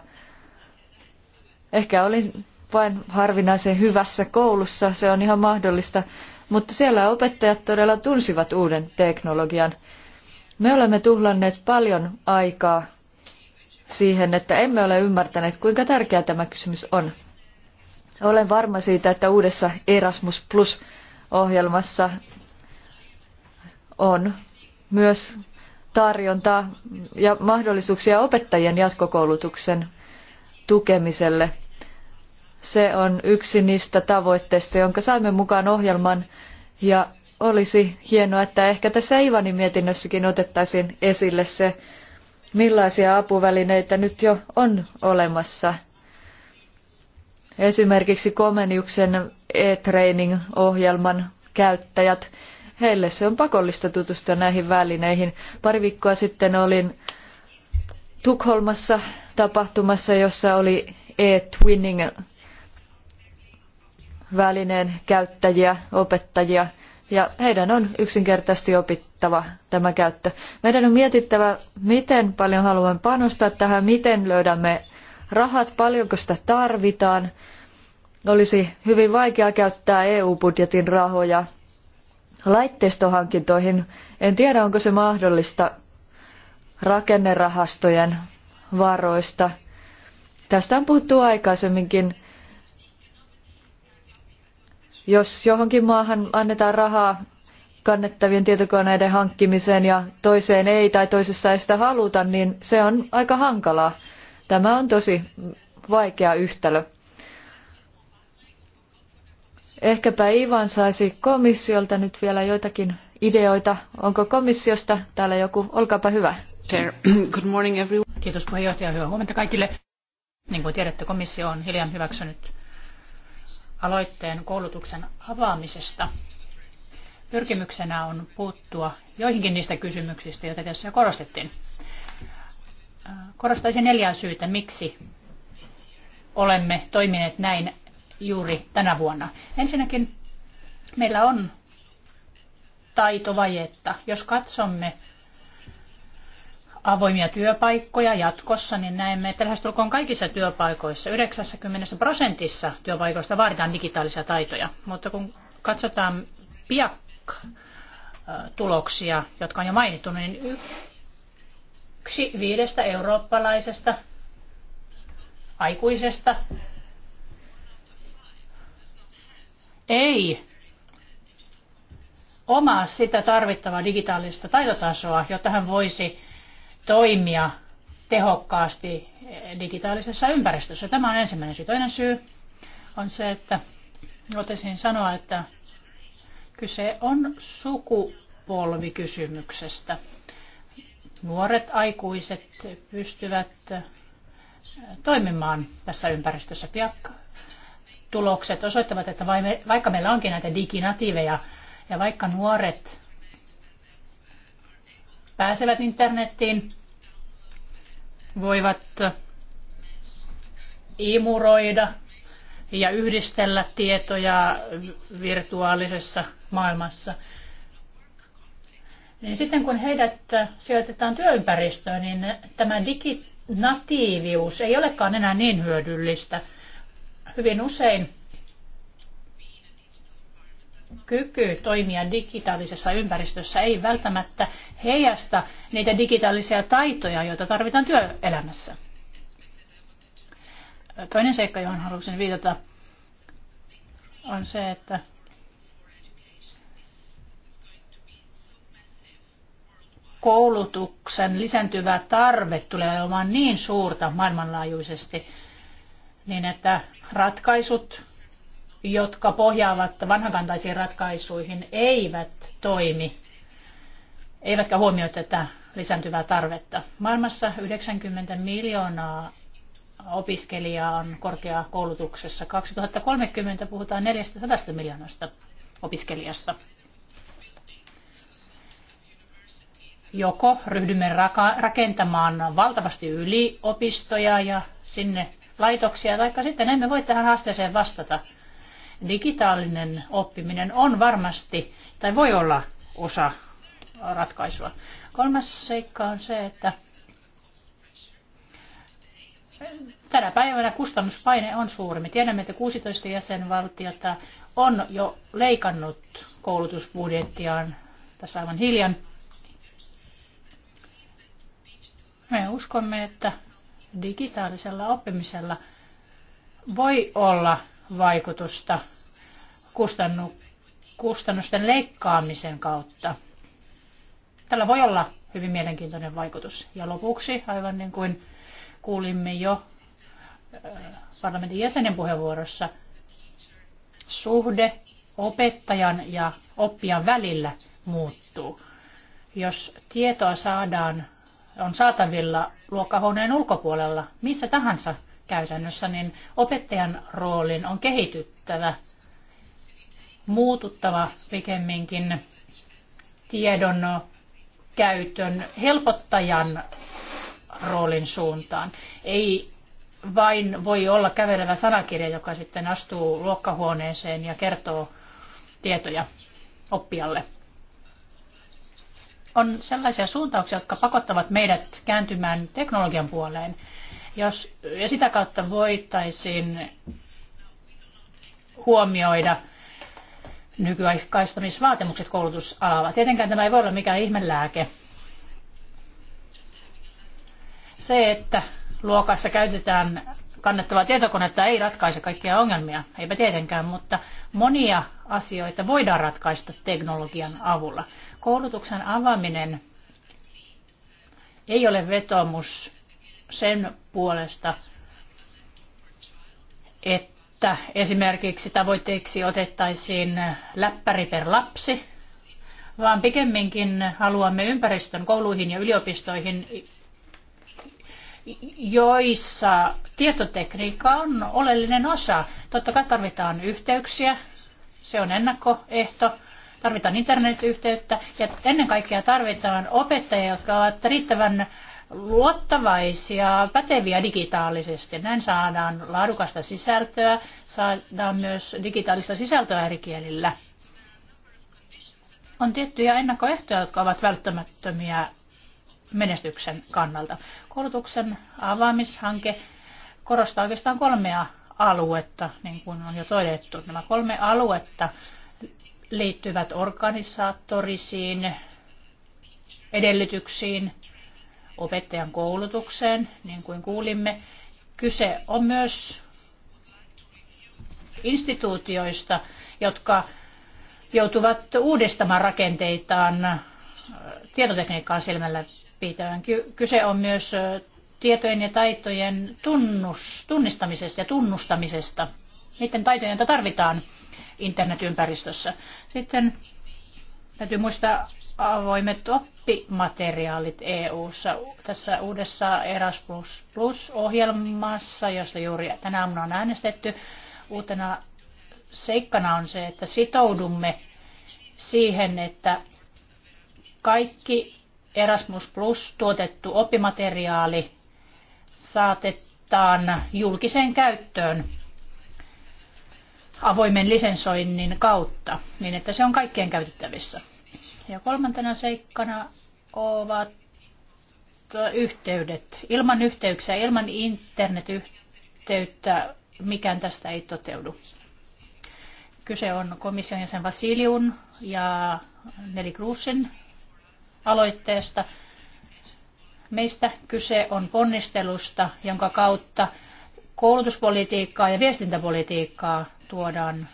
Ehkä olin vain harvinaisen hyvässä koulussa, se on ihan mahdollista, mutta siellä opettajat todella tunsivat uuden teknologian. Me olemme tuhlanneet paljon aikaa siihen, että emme ole ymmärtäneet, kuinka tärkeä tämä kysymys on. Olen varma siitä, että uudessa Erasmus Plus-ohjelmassa on myös tarjontaa ja mahdollisuuksia opettajien jatkokoulutuksen tukemiselle – se on yksi niistä tavoitteista, jonka saimme mukaan ohjelman ja olisi hienoa, että ehkä tässä Ivanin mietinnössäkin otettaisiin esille se, millaisia apuvälineitä nyt jo on olemassa. Esimerkiksi Komeniuksen e-training-ohjelman käyttäjät, heille se on pakollista tutustua näihin välineihin. Pari viikkoa sitten olin Tukholmassa tapahtumassa, jossa oli e-twinning välineen käyttäjiä, opettajia ja heidän on yksinkertaisesti opittava tämä käyttö. Meidän on mietittävä, miten paljon haluamme panostaa tähän, miten löydämme rahat, paljonko sitä tarvitaan. Olisi hyvin vaikea käyttää EU-budjetin rahoja laitteistohankintoihin. En tiedä, onko se mahdollista rakennerahastojen varoista. Tästä on puhuttu aikaisemminkin jos johonkin maahan annetaan rahaa kannettavien tietokoneiden hankkimiseen ja toiseen ei tai toisessa ei sitä haluta, niin se on aika hankalaa. Tämä on tosi vaikea yhtälö. Ehkäpä Ivan saisi komissiolta nyt vielä joitakin ideoita. Onko komissiosta täällä joku? Olkaapa hyvä. Good morning everyone. Kiitos puheenjohtaja. Hyvää huomenta kaikille. Niin kuin tiedätte, komissio on hiljan hyväksynyt aloitteen koulutuksen avaamisesta. Pyrkimyksenä on puuttua joihinkin niistä kysymyksistä, joita tässä jo korostettiin. Korostaisin neljää syytä, miksi olemme toimineet näin juuri tänä vuonna. Ensinnäkin meillä on taitovajetta. Jos katsomme avoimia työpaikkoja jatkossa, niin näemme, että lähestulkoon kaikissa työpaikoissa, 90 prosentissa työpaikoista vaaditaan digitaalisia taitoja. Mutta kun katsotaan PIAC-tuloksia, jotka on jo mainittu, niin yksi viidestä eurooppalaisesta aikuisesta ei omaa sitä tarvittavaa digitaalista taitotasoa, jotta hän voisi toimia tehokkaasti digitaalisessa ympäristössä. Tämä on ensimmäinen syy. Toinen syy on se, että otesin sanoa, että kyse on sukupolvikysymyksestä. Nuoret aikuiset pystyvät toimimaan tässä ympäristössä. Piakka tulokset osoittavat, että vaikka meillä onkin näitä diginatiiveja ja vaikka nuoret pääsevät internettiin, voivat imuroida ja yhdistellä tietoja virtuaalisessa maailmassa. Niin sitten kun heidät sijoitetaan työympäristöön, niin tämä diginatiivius ei olekaan enää niin hyödyllistä. Hyvin usein kyky toimia digitaalisessa ympäristössä ei välttämättä heijasta niitä digitaalisia taitoja, joita tarvitaan työelämässä. Toinen seikka, johon haluaisin viitata, on se, että koulutuksen lisääntyvä tarve tulee olemaan niin suurta maailmanlaajuisesti, niin että ratkaisut jotka pohjaavat vanhakantaisiin ratkaisuihin, eivät toimi, eivätkä huomioi tätä lisääntyvää tarvetta. Maailmassa 90 miljoonaa opiskelijaa on korkeakoulutuksessa. 2030 puhutaan 400 miljoonasta opiskelijasta. Joko ryhdymme rakentamaan valtavasti yliopistoja ja sinne laitoksia, tai sitten emme voi tähän haasteeseen vastata digitaalinen oppiminen on varmasti tai voi olla osa ratkaisua. Kolmas seikka on se, että tänä päivänä kustannuspaine on suuri. Me tiedämme, että 16 jäsenvaltiota on jo leikannut koulutusbudjettiaan tässä aivan hiljan. Me uskomme, että digitaalisella oppimisella voi olla vaikutusta kustannusten leikkaamisen kautta. Tällä voi olla hyvin mielenkiintoinen vaikutus. Ja lopuksi, aivan niin kuin kuulimme jo äh, parlamentin jäsenen puheenvuorossa, suhde opettajan ja oppijan välillä muuttuu. Jos tietoa saadaan, on saatavilla luokkahuoneen ulkopuolella, missä tahansa käytännössä, niin opettajan roolin on kehityttävä, muututtava pikemminkin tiedon käytön helpottajan roolin suuntaan. Ei vain voi olla kävelevä sanakirja, joka sitten astuu luokkahuoneeseen ja kertoo tietoja oppijalle. On sellaisia suuntauksia, jotka pakottavat meidät kääntymään teknologian puoleen – jos, ja sitä kautta voitaisiin huomioida nykyaikaistamisvaatimukset koulutusalalla. Tietenkään tämä ei voi olla mikään ihmelääke. Se, että luokassa käytetään kannettavaa tietokonetta, ei ratkaise kaikkia ongelmia. Eipä tietenkään, mutta monia asioita voidaan ratkaista teknologian avulla. Koulutuksen avaaminen ei ole vetomus sen puolesta, että esimerkiksi tavoitteeksi otettaisiin läppäri per lapsi, vaan pikemminkin haluamme ympäristön kouluihin ja yliopistoihin, joissa tietotekniikka on oleellinen osa. Totta kai tarvitaan yhteyksiä, se on ennakkoehto, tarvitaan internetyhteyttä ja ennen kaikkea tarvitaan opettajia, jotka ovat riittävän luottavaisia, päteviä digitaalisesti. Näin saadaan laadukasta sisältöä, saadaan myös digitaalista sisältöä eri kielillä. On tiettyjä ennakkoehtoja, jotka ovat välttämättömiä menestyksen kannalta. Koulutuksen avaamishanke korostaa oikeastaan kolmea aluetta, niin kuin on jo todettu. Nämä kolme aluetta liittyvät organisaattorisiin edellytyksiin, opettajan koulutukseen, niin kuin kuulimme. Kyse on myös instituutioista, jotka joutuvat uudistamaan rakenteitaan äh, tietotekniikkaa silmällä pitävän. Kyse on myös äh, tietojen ja taitojen tunnus, tunnistamisesta ja tunnustamisesta, niiden taitojen, joita tarvitaan internetympäristössä. Sitten Täytyy muistaa avoimet oppimateriaalit EU-ssa. Tässä uudessa Erasmus Plus-ohjelmassa, josta juuri tänä aamuna on äänestetty, uutena seikkana on se, että sitoudumme siihen, että kaikki Erasmus Plus tuotettu oppimateriaali saatetaan julkiseen käyttöön avoimen lisensoinnin kautta, niin että se on kaikkien käytettävissä. Ja kolmantena seikkana ovat yhteydet. Ilman yhteyksiä, ilman internetyhteyttä mikään tästä ei toteudu. Kyse on komission jäsen Vasiliun ja Neli Kruusin aloitteesta. Meistä kyse on ponnistelusta, jonka kautta koulutuspolitiikkaa ja viestintäpolitiikkaa tuodaan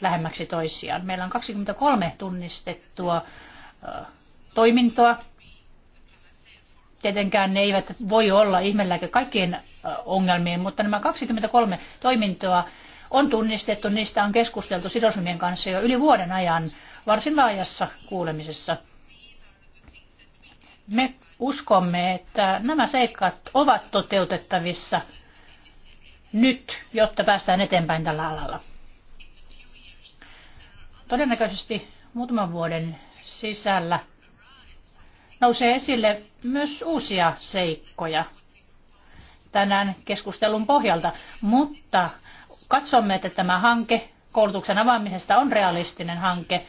lähemmäksi toisiaan. Meillä on 23 tunnistettua toimintoa. Tietenkään ne eivät voi olla ihmeelläkään kaikkien ongelmien, mutta nämä 23 toimintoa on tunnistettu, niistä on keskusteltu sidosryhmien kanssa jo yli vuoden ajan varsin laajassa kuulemisessa. Me uskomme, että nämä seikat ovat toteutettavissa – nyt, jotta päästään eteenpäin tällä alalla? Todennäköisesti muutaman vuoden sisällä nousee esille myös uusia seikkoja tänään keskustelun pohjalta, mutta katsomme, että tämä hanke koulutuksen avaamisesta on realistinen hanke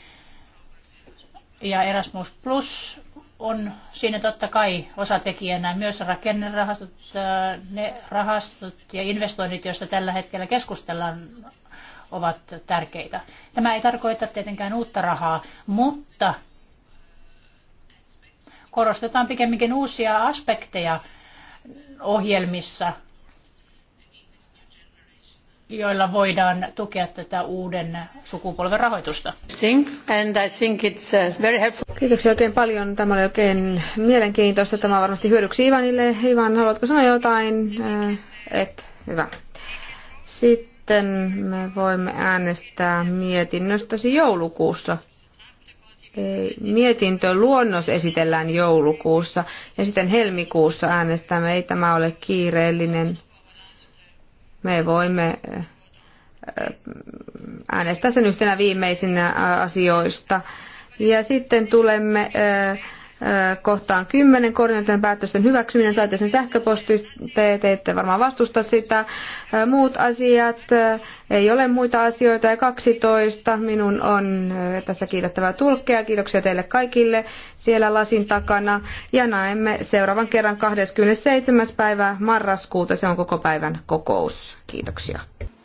ja Erasmus Plus on siinä totta kai osatekijänä myös rakennerahastot, äh, ne rahastot ja investoinnit, joista tällä hetkellä keskustellaan, ovat tärkeitä. Tämä ei tarkoita tietenkään uutta rahaa, mutta korostetaan pikemminkin uusia aspekteja ohjelmissa – joilla voidaan tukea tätä uuden sukupolven rahoitusta. Uh, Kiitoksia oikein paljon. Tämä oli oikein mielenkiintoista. Tämä on varmasti hyödyksi Ivanille. Ivan, haluatko sanoa jotain? Äh, et, hyvä. Sitten me voimme äänestää mietinnöstäsi joulukuussa. Mietintö luonnos esitellään joulukuussa ja sitten helmikuussa äänestämme. Ei tämä ole kiireellinen me voimme eh, äänestää sen yhtenä viimeisinä asioista. Ja sitten tulemme äh, kohtaan 10, koordinoitujen päätösten hyväksyminen, saitte sen sähköposti, te, te ette varmaan vastusta sitä. Muut asiat, ei ole muita asioita ja 12, minun on tässä kiitettävää tulkkeja, kiitoksia teille kaikille siellä lasin takana ja näemme seuraavan kerran 27. päivä marraskuuta, se on koko päivän kokous. Kiitoksia.